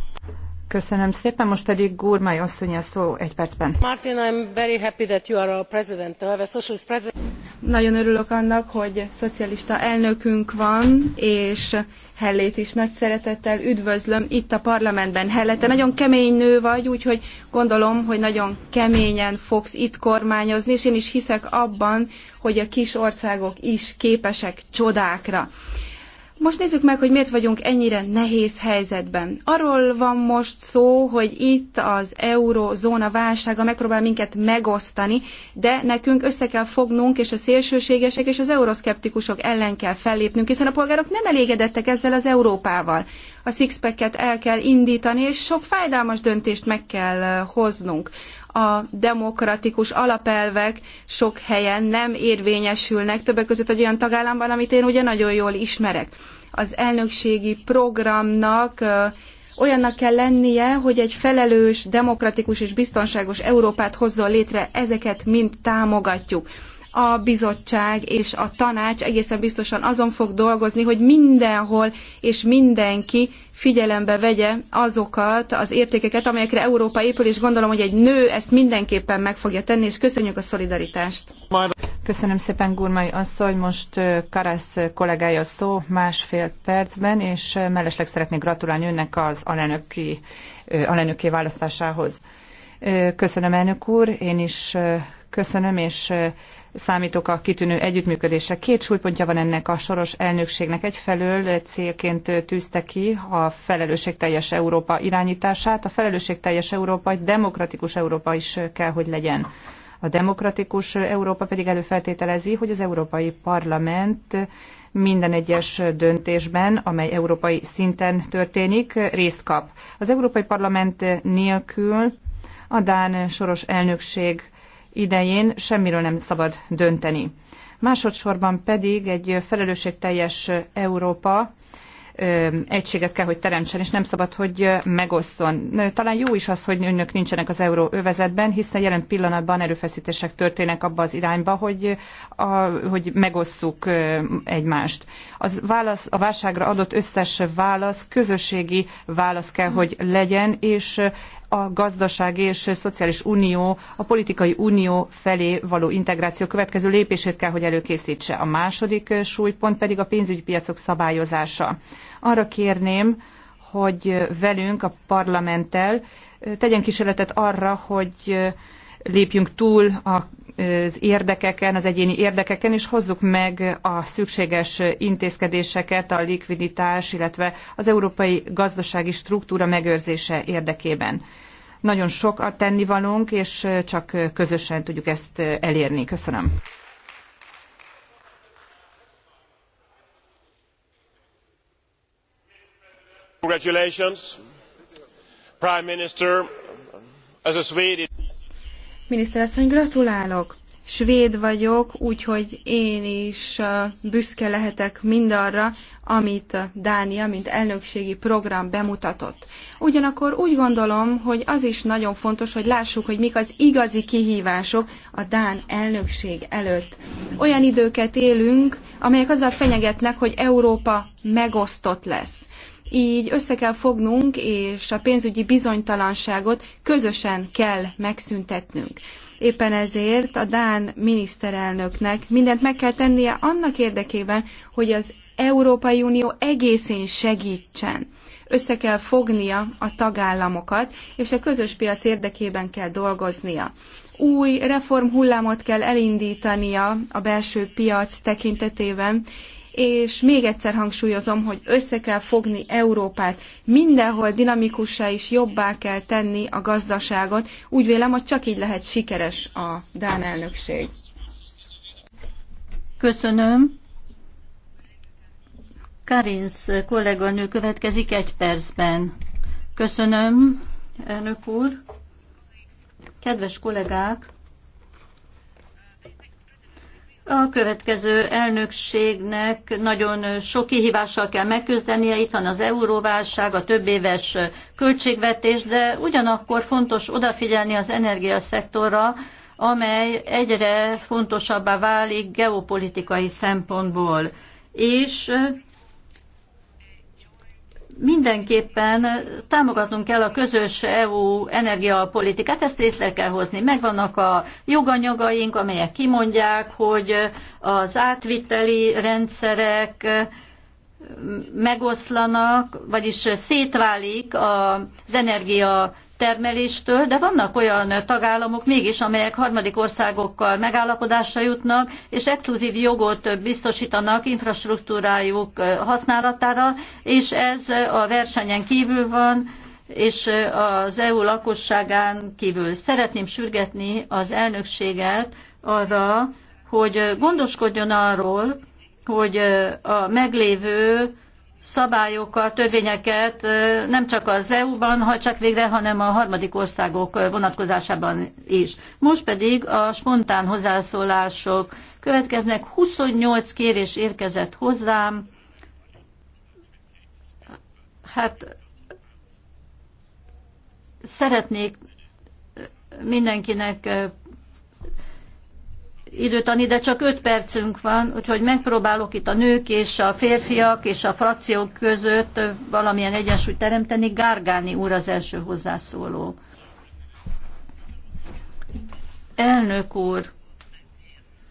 Köszönöm szépen, most pedig Gurmai asszony a szó egy percben. Martin, I'm very happy that you are a president, a socialist president. Nagyon örülök annak, hogy szocialista elnökünk van, és Hellét is nagy szeretettel üdvözlöm itt a parlamentben. Helle, te nagyon kemény nő vagy, úgyhogy gondolom, hogy nagyon keményen fogsz itt kormányozni, és én is hiszek abban, hogy a kis országok is képesek csodákra most nézzük meg, hogy miért vagyunk ennyire nehéz helyzetben. Arról van most szó, hogy itt az eurozóna válsága megpróbál minket megosztani, de nekünk össze kell fognunk, és a szélsőségesek és az euroszkeptikusok ellen kell fellépnünk, hiszen a polgárok nem elégedettek ezzel az Európával. A six el kell indítani, és sok fájdalmas döntést meg kell eh, hoznunk a demokratikus alapelvek sok helyen nem érvényesülnek, többek között egy olyan tagállamban, amit én ugye nagyon jól ismerek. Az elnökségi programnak olyannak kell lennie, hogy egy felelős, demokratikus és biztonságos Európát hozzon létre, ezeket mind támogatjuk a bizottság és a tanács egészen biztosan azon fog dolgozni, hogy mindenhol és mindenki figyelembe vegye azokat az értékeket, amelyekre Európa épül, és gondolom, hogy egy nő ezt mindenképpen meg fogja tenni, és köszönjük a szolidaritást. Köszönöm szépen, Gurmai asszony. Most Karasz kollégája szó másfél percben, és mellesleg szeretnék gratulálni önnek az alelnöki, alelnöki választásához. Köszönöm, elnök úr. Én is köszönöm, és számítok a kitűnő együttműködésre. Két súlypontja van ennek a soros elnökségnek. Egyfelől célként tűzte ki a felelősségteljes Európa irányítását. A felelősségteljes Európa egy demokratikus Európa is kell, hogy legyen. A demokratikus Európa pedig előfeltételezi, hogy az Európai Parlament minden egyes döntésben, amely európai szinten történik, részt kap. Az Európai Parlament nélkül a Dán soros elnökség idején semmiről nem szabad dönteni. Másodszorban pedig egy felelősségteljes Európa egységet kell, hogy teremtsen, és nem szabad, hogy megosszon. Talán jó is az, hogy önök nincsenek az euróövezetben, hiszen jelen pillanatban erőfeszítések történnek abba az irányba, hogy, a, hogy megosszuk egymást. Az válasz, a válságra adott összes válasz közösségi válasz kell, hogy legyen, és a gazdasági és szociális unió, a politikai unió felé való integráció következő lépését kell, hogy előkészítse. A második súlypont pedig a pénzügyi piacok szabályozása. Arra kérném, hogy velünk, a parlamenttel tegyen kísérletet arra, hogy lépjünk túl a az érdekeken, az egyéni érdekeken, és hozzuk meg a szükséges intézkedéseket a likviditás, illetve az európai gazdasági struktúra megőrzése érdekében. Nagyon sok a tennivalónk, és csak közösen tudjuk ezt elérni. Köszönöm. Congratulations, Prime Minister, as a Swede. Miniszterasszony, gratulálok! Svéd vagyok, úgyhogy én is büszke lehetek mindarra, amit Dánia, mint elnökségi program bemutatott. Ugyanakkor úgy gondolom, hogy az is nagyon fontos, hogy lássuk, hogy mik az igazi kihívások a Dán elnökség előtt. Olyan időket élünk, amelyek azzal fenyegetnek, hogy Európa megosztott lesz így össze kell fognunk, és a pénzügyi bizonytalanságot közösen kell megszüntetnünk. Éppen ezért a Dán miniszterelnöknek mindent meg kell tennie annak érdekében, hogy az Európai Unió egészén segítsen. Össze kell fognia a tagállamokat, és a közös piac érdekében kell dolgoznia. Új reformhullámot kell elindítania a belső piac tekintetében, és még egyszer hangsúlyozom, hogy össze kell fogni Európát, mindenhol dinamikussá és jobbá kell tenni a gazdaságot. Úgy vélem, hogy csak így lehet sikeres a Dán elnökség. Köszönöm. Karinsz kolléganő következik egy percben. Köszönöm, elnök úr. Kedves kollégák, a következő elnökségnek nagyon sok kihívással kell megküzdenie, itt van az euróválság, a több éves költségvetés, de ugyanakkor fontos odafigyelni az energiaszektorra, amely egyre fontosabbá válik geopolitikai szempontból. És mindenképpen támogatnunk kell a közös EU energiapolitikát, ezt észre kell hozni. Megvannak a joganyagaink, amelyek kimondják, hogy az átviteli rendszerek megoszlanak, vagyis szétválik az energia termeléstől, de vannak olyan tagállamok mégis, amelyek harmadik országokkal megállapodásra jutnak, és exkluzív jogot biztosítanak infrastruktúrájuk használatára, és ez a versenyen kívül van, és az EU lakosságán kívül. Szeretném sürgetni az elnökséget arra, hogy gondoskodjon arról, hogy a meglévő szabályokat, törvényeket nem csak az EU-ban hajtsák végre, hanem a harmadik országok vonatkozásában is. Most pedig a spontán hozzászólások következnek. 28 kérés érkezett hozzám. Hát szeretnék mindenkinek időt adni, de csak 5 percünk van, úgyhogy megpróbálok itt a nők és a férfiak és a frakciók között valamilyen egyensúlyt teremteni. Gárgáni úr az első hozzászóló. Elnök úr,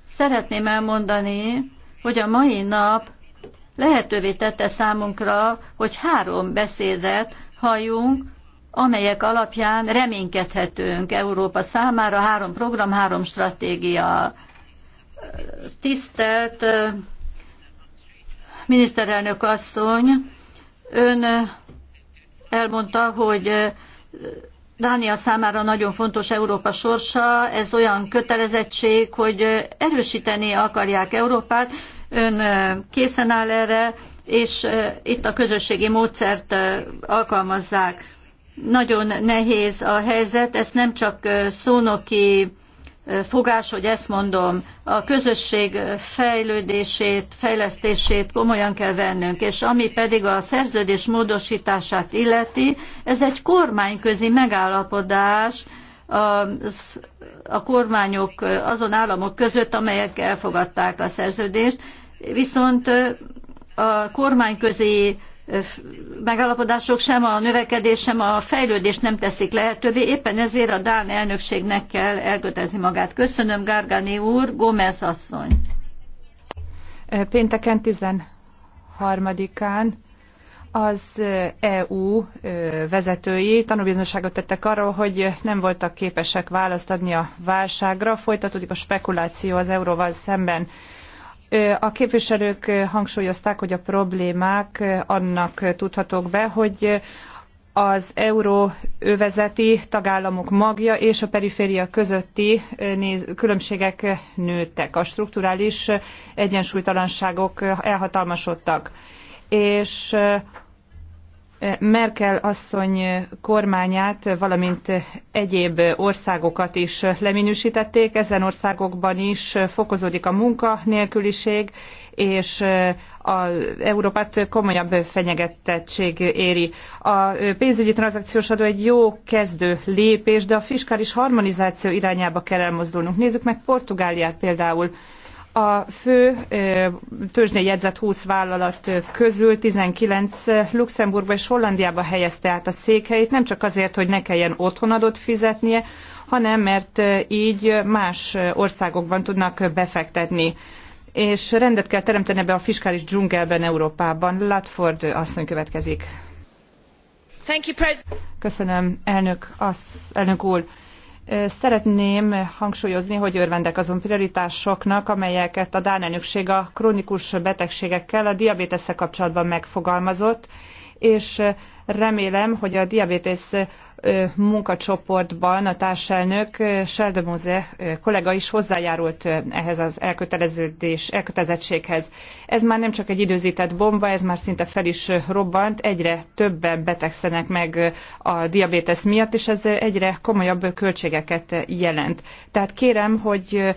szeretném elmondani, hogy a mai nap lehetővé tette számunkra, hogy három beszédet halljunk, amelyek alapján reménykedhetünk Európa számára három program, három stratégia. Tisztelt miniszterelnök asszony, ön elmondta, hogy Dánia számára nagyon fontos Európa sorsa, ez olyan kötelezettség, hogy erősíteni akarják Európát, ön készen áll erre, és itt a közösségi módszert alkalmazzák. Nagyon nehéz a helyzet, ezt nem csak szónoki fogás, hogy ezt mondom, a közösség fejlődését, fejlesztését komolyan kell vennünk, és ami pedig a szerződés módosítását illeti, ez egy kormányközi megállapodás a, a kormányok azon államok között, amelyek elfogadták a szerződést, viszont a kormányközi megállapodások sem a növekedés, sem a fejlődés nem teszik lehetővé. Éppen ezért a Dán elnökségnek kell elkötelezni magát. Köszönöm, Gárgani úr, Gómez asszony. Pénteken 13-án az EU vezetői tanúbizonyságot tettek arról, hogy nem voltak képesek választ adni a válságra, folytatódik a spekuláció az euróval szemben a képviselők hangsúlyozták, hogy a problémák annak tudhatók be, hogy az euróövezeti tagállamok magja és a periféria közötti különbségek nőttek. A strukturális egyensúlytalanságok elhatalmasodtak. És Merkel asszony kormányát, valamint egyéb országokat is leminősítették. Ezen országokban is fokozódik a munkanélküliség, és a Európát komolyabb fenyegetettség éri. A pénzügyi tranzakciós adó egy jó kezdő lépés, de a fiskális harmonizáció irányába kell elmozdulnunk. Nézzük meg Portugáliát például a fő tőzsdén jegyzett 20 vállalat közül 19 Luxemburgba és Hollandiába helyezte át a székhelyét, nem csak azért, hogy ne kelljen otthonadót fizetnie, hanem mert így más országokban tudnak befektetni. És rendet kell teremteni be a fiskális dzsungelben Európában. Latford asszony következik. Köszönöm, elnök, az, elnök úr. Szeretném hangsúlyozni, hogy örvendek azon prioritásoknak, amelyeket a Dán elnökség a krónikus betegségekkel, a diabétesszel kapcsolatban megfogalmazott, és remélem, hogy a diabétesz munkacsoportban a társelnök Seldemóze kollega is hozzájárult ehhez az elköteleződés, elkötelezettséghez. Ez már nem csak egy időzített bomba, ez már szinte fel is robbant, egyre többen betegszenek meg a diabétesz miatt, és ez egyre komolyabb költségeket jelent. Tehát kérem, hogy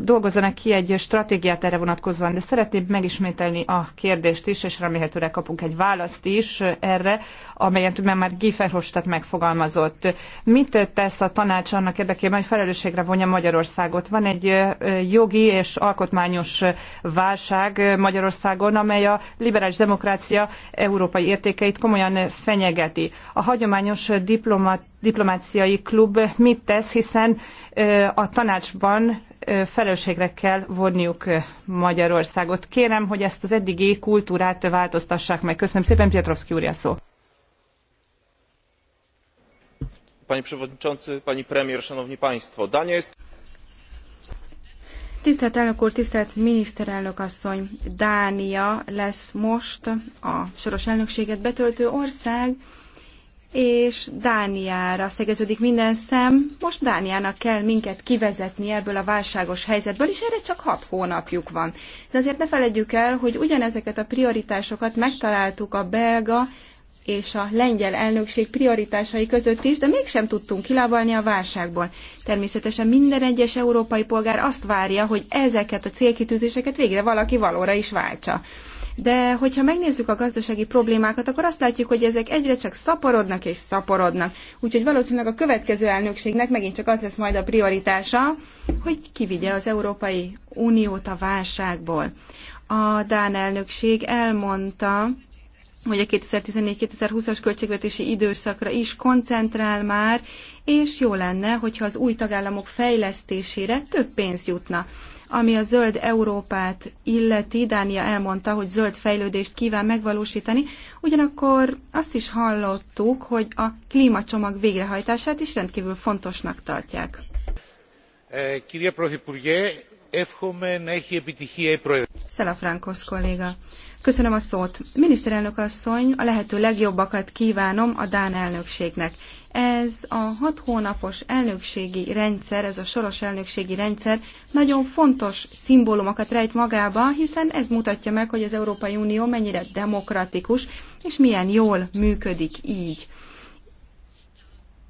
dolgozzanak ki egy stratégiát erre vonatkozóan, de szeretném megismételni a kérdést is, és remélhetőleg kapunk egy választ is erre, amelyen már Giefer Hofstadt megfogalmazott megfogalmazott. Mit tesz a tanács annak érdekében, hogy felelősségre vonja Magyarországot? Van egy jogi és alkotmányos válság Magyarországon, amely a liberális demokrácia európai értékeit komolyan fenyegeti. A hagyományos diplomat, diplomáciai klub mit tesz, hiszen a tanácsban felelősségre kell vonniuk Magyarországot. Kérem, hogy ezt az eddigi kultúrát változtassák meg. Köszönöm szépen, Pietrovszki úr, szó. panie przewodniczący pani premier! dania jest. tisztelt elnök úr tisztelt miniszterelnök asszony! dánia lesz most a soros elnökséget betöltő ország és dániára szegeződik minden szem. most dániának kell minket kivezetni ebből a válságos helyzetből és erre csak hat hónapjuk van. de azért ne feledjük el hogy ugyanezeket a prioritásokat megtaláltuk a belga és a lengyel elnökség prioritásai között is, de mégsem tudtunk kilábalni a válságból. Természetesen minden egyes európai polgár azt várja, hogy ezeket a célkitűzéseket végre valaki valóra is váltsa. De hogyha megnézzük a gazdasági problémákat, akkor azt látjuk, hogy ezek egyre csak szaporodnak és szaporodnak. Úgyhogy valószínűleg a következő elnökségnek megint csak az lesz majd a prioritása, hogy kivigye az Európai Uniót a válságból. A Dán elnökség elmondta, hogy a 2014-2020-as költségvetési időszakra is koncentrál már, és jó lenne, hogyha az új tagállamok fejlesztésére több pénz jutna. Ami a zöld Európát illeti, Dánia elmondta, hogy zöld fejlődést kíván megvalósítani, ugyanakkor azt is hallottuk, hogy a klímacsomag végrehajtását is rendkívül fontosnak tartják. Eh, Szelafránkos kolléga. Köszönöm a szót. Miniszterelnök asszony, a lehető legjobbakat kívánom a Dán elnökségnek. Ez a hat hónapos elnökségi rendszer, ez a soros elnökségi rendszer nagyon fontos szimbólumokat rejt magába, hiszen ez mutatja meg, hogy az Európai Unió mennyire demokratikus, és milyen jól működik így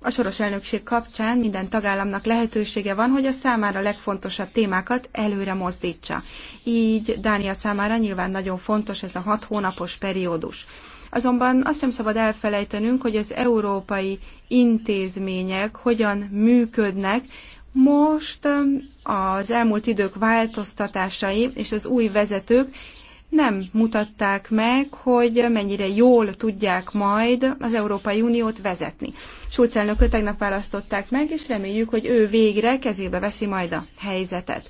a soros elnökség kapcsán minden tagállamnak lehetősége van, hogy a számára legfontosabb témákat előre mozdítsa. Így Dánia számára nyilván nagyon fontos ez a hat hónapos periódus. Azonban azt sem szabad elfelejtenünk, hogy az európai intézmények hogyan működnek, most um, az elmúlt idők változtatásai és az új vezetők nem mutatták meg, hogy mennyire jól tudják majd az Európai Uniót vezetni. Schulz elnököt tegnap választották meg, és reméljük, hogy ő végre kezébe veszi majd a helyzetet.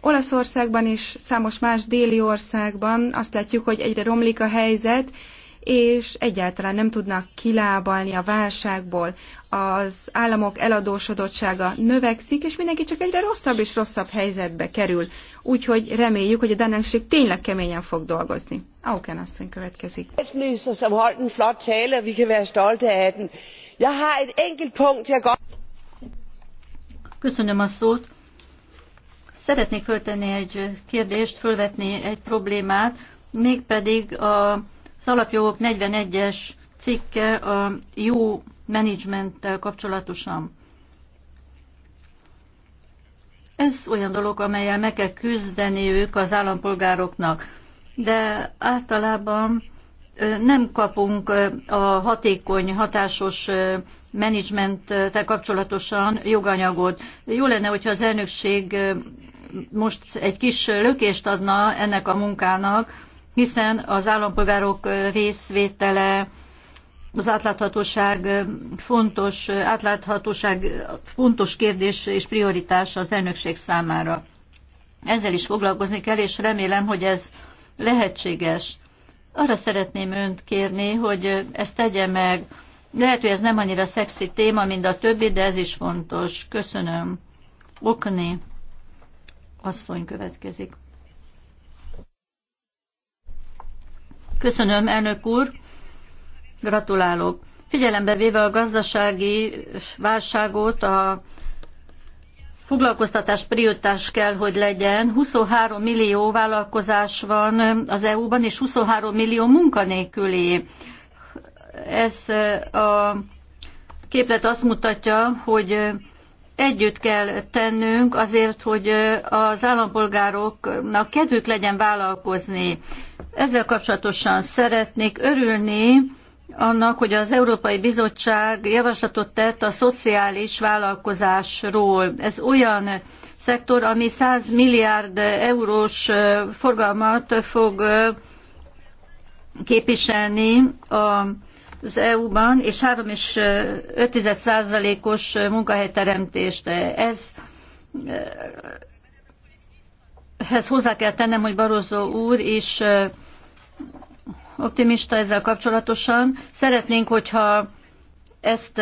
Olaszországban és számos más déli országban azt látjuk, hogy egyre romlik a helyzet, és egyáltalán nem tudnak kilábalni a válságból az államok eladósodottsága növekszik, és mindenki csak egyre rosszabb és rosszabb helyzetbe kerül. Úgyhogy reméljük, hogy a Danenség tényleg keményen fog dolgozni. Auken asszony következik. Köszönöm a szót. Szeretnék föltenni egy kérdést, fölvetni egy problémát, mégpedig az alapjogok 41-es cikke a jó menedzsmenttel kapcsolatosan. Ez olyan dolog, amelyel meg kell küzdeni ők az állampolgároknak, de általában nem kapunk a hatékony, hatásos menedzsmenttel kapcsolatosan joganyagot. Jó lenne, hogyha az elnökség most egy kis lökést adna ennek a munkának, hiszen az állampolgárok részvétele az átláthatóság fontos, átláthatóság fontos kérdés és prioritás az elnökség számára. Ezzel is foglalkozni kell, és remélem, hogy ez lehetséges. Arra szeretném önt kérni, hogy ezt tegye meg. Lehet, hogy ez nem annyira szexi téma, mint a többi, de ez is fontos. Köszönöm. Okni asszony következik. Köszönöm, elnök úr. Gratulálok. Figyelembe véve a gazdasági válságot, a foglalkoztatás prioritás kell, hogy legyen. 23 millió vállalkozás van az EU-ban, és 23 millió munkanélküli. Ez eh, a képlet azt mutatja, hogy eh, együtt kell tennünk azért, hogy eh, az állampolgároknak kedvük legyen vállalkozni. Ezzel kapcsolatosan szeretnék örülni annak, hogy az Európai Bizottság javaslatot tett a szociális vállalkozásról. Ez olyan szektor, ami 100 milliárd eurós forgalmat fog képviselni az EU-ban, és 3,5%-os munkahelyteremtést. Ez ehhez hozzá kell tennem, hogy Barozó úr is optimista ezzel kapcsolatosan. Szeretnénk, hogyha ezt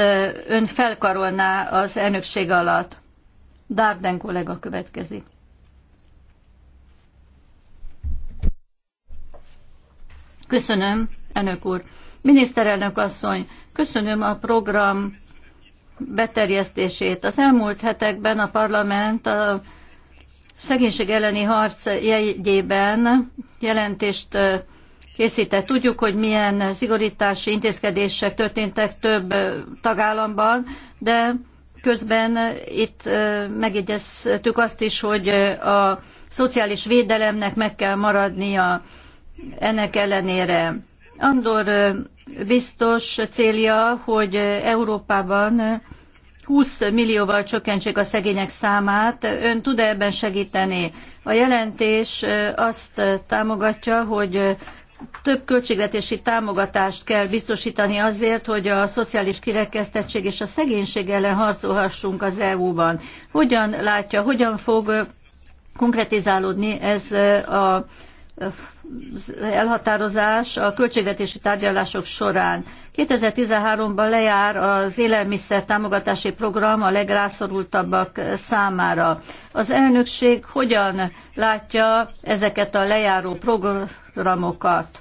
ön felkarolná az elnökség alatt. Darden kollega következik. Köszönöm, elnök úr. Miniszterelnök asszony, köszönöm a program beterjesztését. Az elmúlt hetekben a parlament a szegénység elleni harc jegyében jelentést készített. Tudjuk, hogy milyen szigorítási intézkedések történtek több tagállamban, de közben itt megjegyeztük azt is, hogy a szociális védelemnek meg kell maradnia ennek ellenére. Andor biztos célja, hogy Európában 20 millióval csökkentsék a szegények számát. Ön tud -e ebben segíteni? A jelentés azt támogatja, hogy több költségvetési támogatást kell biztosítani azért, hogy a szociális kirekesztettség és a szegénység ellen harcolhassunk az EU-ban. Hogyan látja, hogyan fog konkretizálódni ez a elhatározás a költségvetési tárgyalások során. 2013-ban lejár az élelmiszer támogatási program a legrászorultabbak számára. Az elnökség hogyan látja ezeket a lejáró programokat?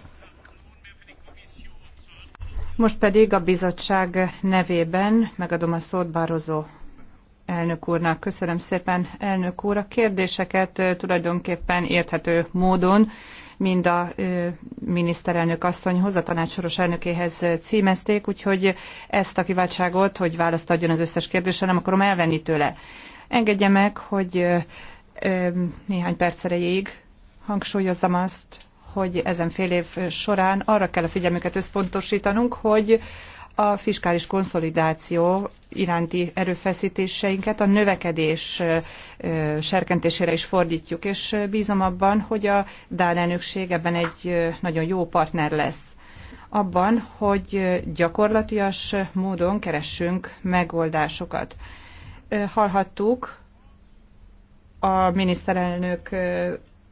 Most pedig a bizottság nevében megadom a szót Barozó elnök úrnak. Köszönöm szépen, elnök úr. A kérdéseket tulajdonképpen érthető módon mind a miniszterelnök asszonyhoz, a tanácsoros elnökéhez címezték, úgyhogy ezt a kiváltságot, hogy választ adjon az összes kérdésre, nem akarom elvenni tőle. Engedje meg, hogy néhány perc erejéig hangsúlyozzam azt, hogy ezen fél év során arra kell a figyelmüket összpontosítanunk, hogy a fiskális konszolidáció iránti erőfeszítéseinket a növekedés serkentésére is fordítjuk, és bízom abban, hogy a Dán elnökség ebben egy nagyon jó partner lesz abban, hogy gyakorlatias módon keressünk megoldásokat. Hallhattuk a miniszterelnök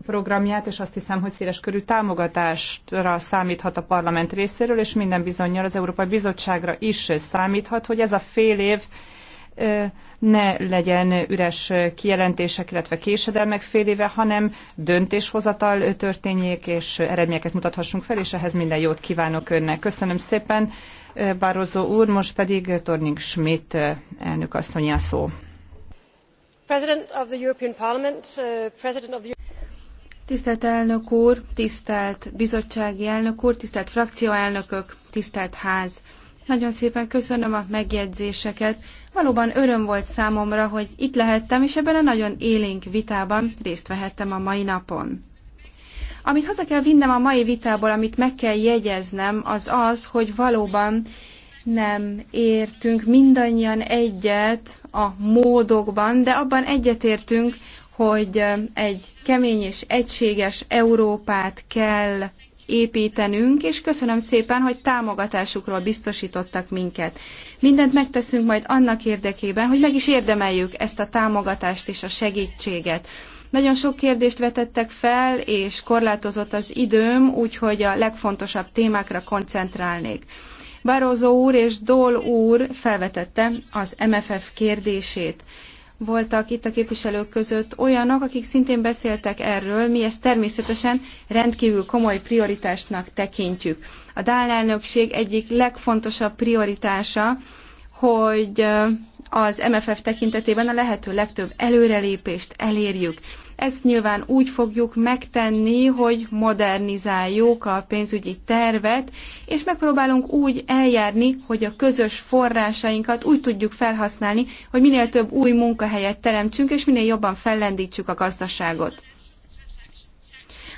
programját, és azt hiszem, hogy széles körű támogatásra számíthat a parlament részéről, és minden bizonyal az Európai Bizottságra is számíthat, hogy ez a fél év ne legyen üres kijelentések, illetve késedelmek fél éve, hanem döntéshozatal történjék, és eredményeket mutathassunk fel, és ehhez minden jót kívánok önnek. Köszönöm szépen, Bározó úr, most pedig Torning Schmidt elnök asszony a szó. President of the European Parliament, uh, President of the Tisztelt elnök úr, tisztelt bizottsági elnök úr, tisztelt frakcióelnökök, tisztelt ház. Nagyon szépen köszönöm a megjegyzéseket. Valóban öröm volt számomra, hogy itt lehettem, és ebben a nagyon élénk vitában részt vehettem a mai napon. Amit haza kell vinnem a mai vitából, amit meg kell jegyeznem, az az, hogy valóban nem értünk mindannyian egyet a módokban, de abban egyetértünk, hogy egy kemény és egységes Európát kell építenünk, és köszönöm szépen, hogy támogatásukról biztosítottak minket. Mindent megteszünk majd annak érdekében, hogy meg is érdemeljük ezt a támogatást és a segítséget. Nagyon sok kérdést vetettek fel, és korlátozott az időm, úgyhogy a legfontosabb témákra koncentrálnék. Barroso úr és Dól úr felvetette az MFF kérdését voltak itt a képviselők között olyanok, akik szintén beszéltek erről, mi ezt természetesen rendkívül komoly prioritásnak tekintjük. A Dán elnökség egyik legfontosabb prioritása, hogy az MFF tekintetében a lehető legtöbb előrelépést elérjük. Ezt nyilván úgy fogjuk megtenni, hogy modernizáljuk a pénzügyi tervet, és megpróbálunk úgy eljárni, hogy a közös forrásainkat úgy tudjuk felhasználni, hogy minél több új munkahelyet teremtsünk, és minél jobban fellendítsük a gazdaságot.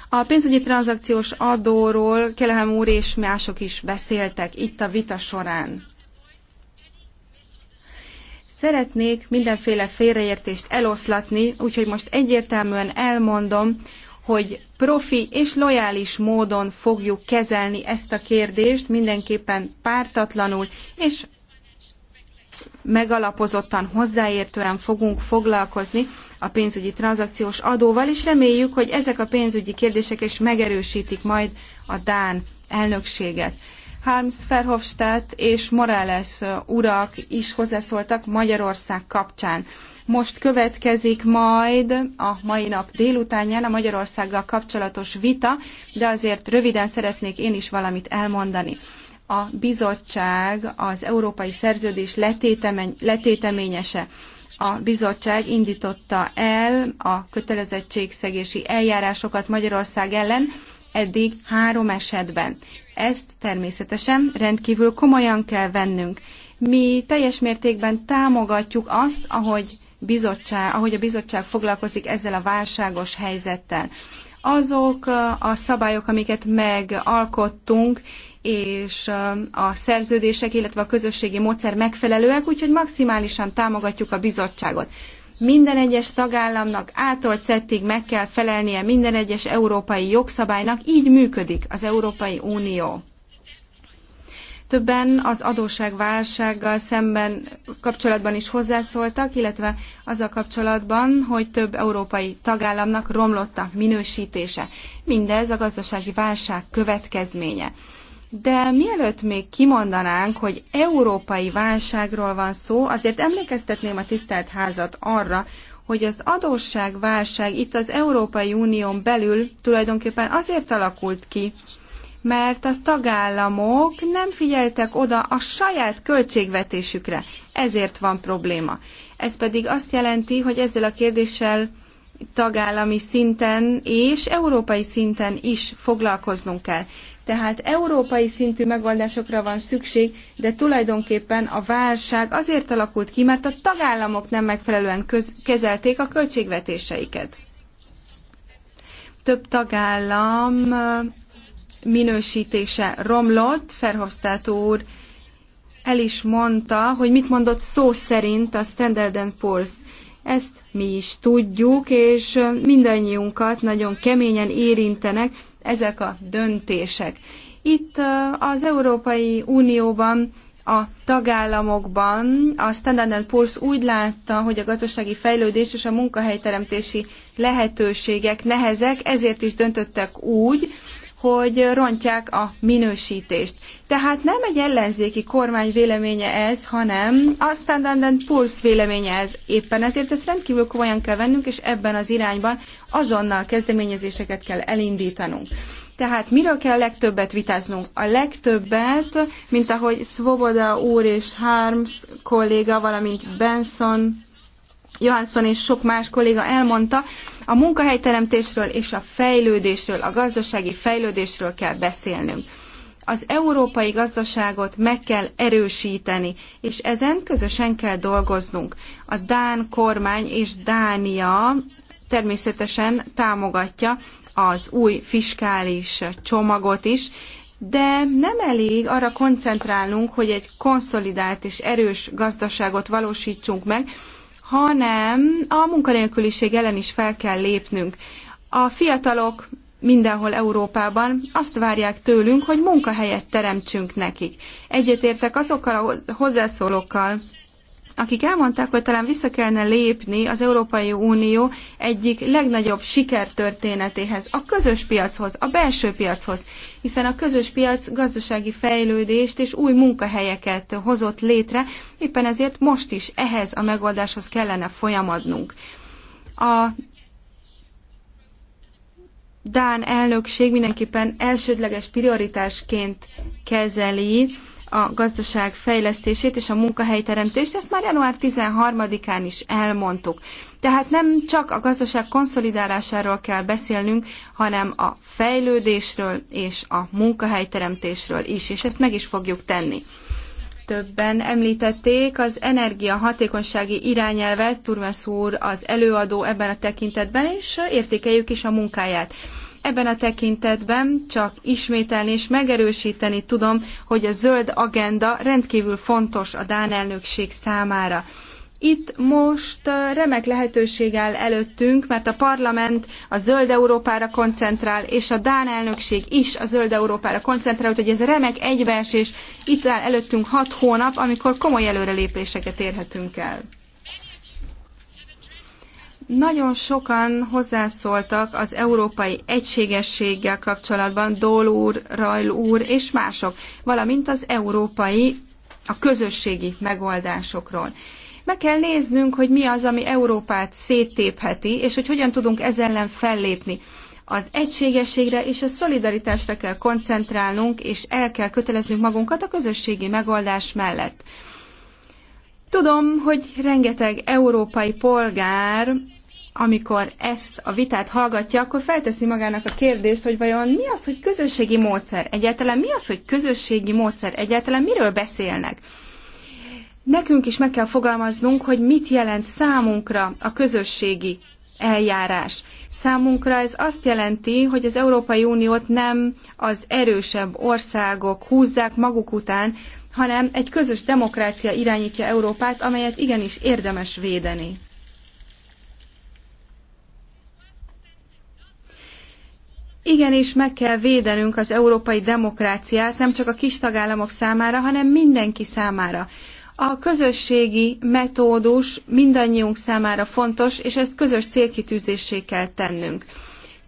A pénzügyi tranzakciós adóról Kelehem úr és mások is beszéltek itt a vita során. Szeretnék mindenféle félreértést eloszlatni, úgyhogy most egyértelműen elmondom, hogy profi és lojális módon fogjuk kezelni ezt a kérdést, mindenképpen pártatlanul és megalapozottan, hozzáértően fogunk foglalkozni a pénzügyi tranzakciós adóval, és reméljük, hogy ezek a pénzügyi kérdések is megerősítik majd a Dán elnökséget. Harms Verhofstadt és Morales urak is hozzászóltak Magyarország kapcsán. Most következik majd a mai nap délutánján a Magyarországgal kapcsolatos vita, de azért röviden szeretnék én is valamit elmondani a bizottság az európai szerződés letéteményese. A bizottság indította el a kötelezettségszegési eljárásokat Magyarország ellen eddig három esetben. Ezt természetesen rendkívül komolyan kell vennünk. Mi teljes mértékben támogatjuk azt, ahogy, bizottság, ahogy a bizottság foglalkozik ezzel a válságos helyzettel. Azok uh, a szabályok, amiket megalkottunk, és uh, a szerződések, illetve a közösségi módszer megfelelőek, úgyhogy maximálisan támogatjuk a bizottságot. Minden egyes tagállamnak átolt szettig meg kell felelnie minden egyes európai jogszabálynak, így működik az Európai Unió. Többen az adósságválsággal szemben kapcsolatban is hozzászóltak, illetve azzal kapcsolatban, hogy több európai tagállamnak romlott a minősítése. Mindez a gazdasági válság következménye. De mielőtt még kimondanánk, hogy európai válságról van szó, azért emlékeztetném a tisztelt házat arra, hogy az adósságválság itt az Európai Unión belül tulajdonképpen azért alakult ki, mert a tagállamok nem figyeltek oda a saját költségvetésükre. Ezért van probléma. Ez pedig azt jelenti, hogy ezzel a kérdéssel tagállami szinten és európai szinten is foglalkoznunk kell. Tehát európai szintű megoldásokra van szükség, de tulajdonképpen a válság azért alakult ki, mert a tagállamok nem megfelelően kezelték a költségvetéseiket. Több tagállam minősítése romlott, Ferhofstadt úr el is mondta, hogy mit mondott szó szerint a Standard Poor's. Ezt mi is tudjuk, és mindannyiunkat nagyon keményen érintenek ezek a döntések. Itt az Európai Unióban a tagállamokban a Standard Poor's úgy látta, hogy a gazdasági fejlődés és a munkahelyteremtési lehetőségek nehezek, ezért is döntöttek úgy, hogy rontják a minősítést. Tehát nem egy ellenzéki kormány véleménye ez, hanem a Standard Poor's véleménye ez. Éppen ezért ezt rendkívül komolyan kell vennünk, és ebben az irányban azonnal kezdeményezéseket kell elindítanunk. Tehát miről kell a legtöbbet vitáznunk? A legtöbbet, mint ahogy Svoboda úr és Harms kolléga, valamint Benson Johansson és sok más kolléga elmondta, a munkahelyteremtésről és a fejlődésről, a gazdasági fejlődésről kell beszélnünk. Az európai gazdaságot meg kell erősíteni, és ezen közösen kell dolgoznunk. A Dán kormány és Dánia természetesen támogatja az új fiskális csomagot is, de nem elég arra koncentrálnunk, hogy egy konszolidált és erős gazdaságot valósítsunk meg, hanem a munkanélküliség ellen is fel kell lépnünk. A fiatalok mindenhol Európában azt várják tőlünk, hogy munkahelyet teremtsünk nekik. Egyetértek azokkal a hozzászólókkal, akik elmondták, hogy talán vissza kellene lépni az Európai Unió egyik legnagyobb sikertörténetéhez, a közös piachoz, a belső piachoz, hiszen a közös piac gazdasági fejlődést és új munkahelyeket hozott létre, éppen ezért most is ehhez a megoldáshoz kellene folyamodnunk. A Dán elnökség mindenképpen elsődleges prioritásként kezeli a gazdaság fejlesztését és a munkahelyteremtést, ezt már január 13-án is elmondtuk. Tehát nem csak a gazdaság konszolidálásáról kell beszélnünk, hanem a fejlődésről és a munkahelyteremtésről is, és ezt meg is fogjuk tenni. Többen említették az hatékonysági irányelvet, Turmes úr az előadó ebben a tekintetben, és értékeljük is a munkáját. Ebben a tekintetben csak ismételni és megerősíteni tudom, hogy a zöld agenda rendkívül fontos a Dán elnökség számára. Itt most remek lehetőség áll előttünk, mert a parlament a zöld Európára koncentrál, és a Dán elnökség is a zöld Európára koncentrál, úgyhogy ez remek egybeesés. Itt áll előttünk hat hónap, amikor komoly előrelépéseket érhetünk el. Nagyon sokan hozzászóltak az európai egységességgel kapcsolatban, Dól úr, Rajl úr és mások, valamint az európai, a közösségi megoldásokról. Meg kell néznünk, hogy mi az, ami Európát széttépheti, és hogy hogyan tudunk ez ellen fellépni. Az egységességre és a szolidaritásra kell koncentrálnunk, és el kell köteleznünk magunkat a közösségi megoldás mellett. Tudom, hogy rengeteg európai polgár amikor ezt a vitát hallgatja, akkor felteszi magának a kérdést, hogy vajon mi az, hogy közösségi módszer egyáltalán, mi az, hogy közösségi módszer egyáltalán, miről beszélnek. Nekünk is meg kell fogalmaznunk, hogy mit jelent számunkra a közösségi eljárás. Számunkra ez azt jelenti, hogy az Európai Uniót nem az erősebb országok húzzák maguk után, hanem egy közös demokrácia irányítja Európát, amelyet igenis érdemes védeni. Igenis, meg kell védenünk az európai demokráciát, nem csak a kis tagállamok számára, hanem mindenki számára. A közösségi metódus mindannyiunk számára fontos, és ezt közös célkitűzéssé kell tennünk.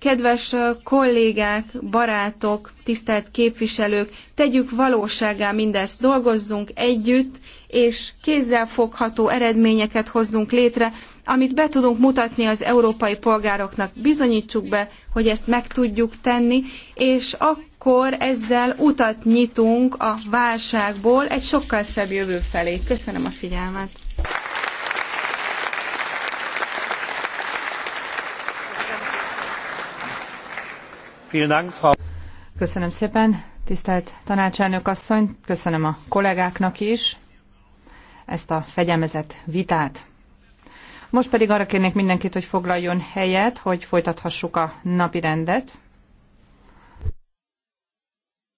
Kedves kollégák, barátok, tisztelt képviselők, tegyük valóságá mindezt, dolgozzunk együtt, és kézzelfogható eredményeket hozzunk létre, amit be tudunk mutatni az európai polgároknak. Bizonyítsuk be, hogy ezt meg tudjuk tenni, és akkor ezzel utat nyitunk a válságból egy sokkal szebb jövő felé. Köszönöm a figyelmet! Köszönöm szépen, tisztelt tanácselnök asszony, köszönöm a kollégáknak is ezt a fegyelmezett vitát. Most pedig arra kérnék mindenkit, hogy foglaljon helyet, hogy folytathassuk a napi rendet.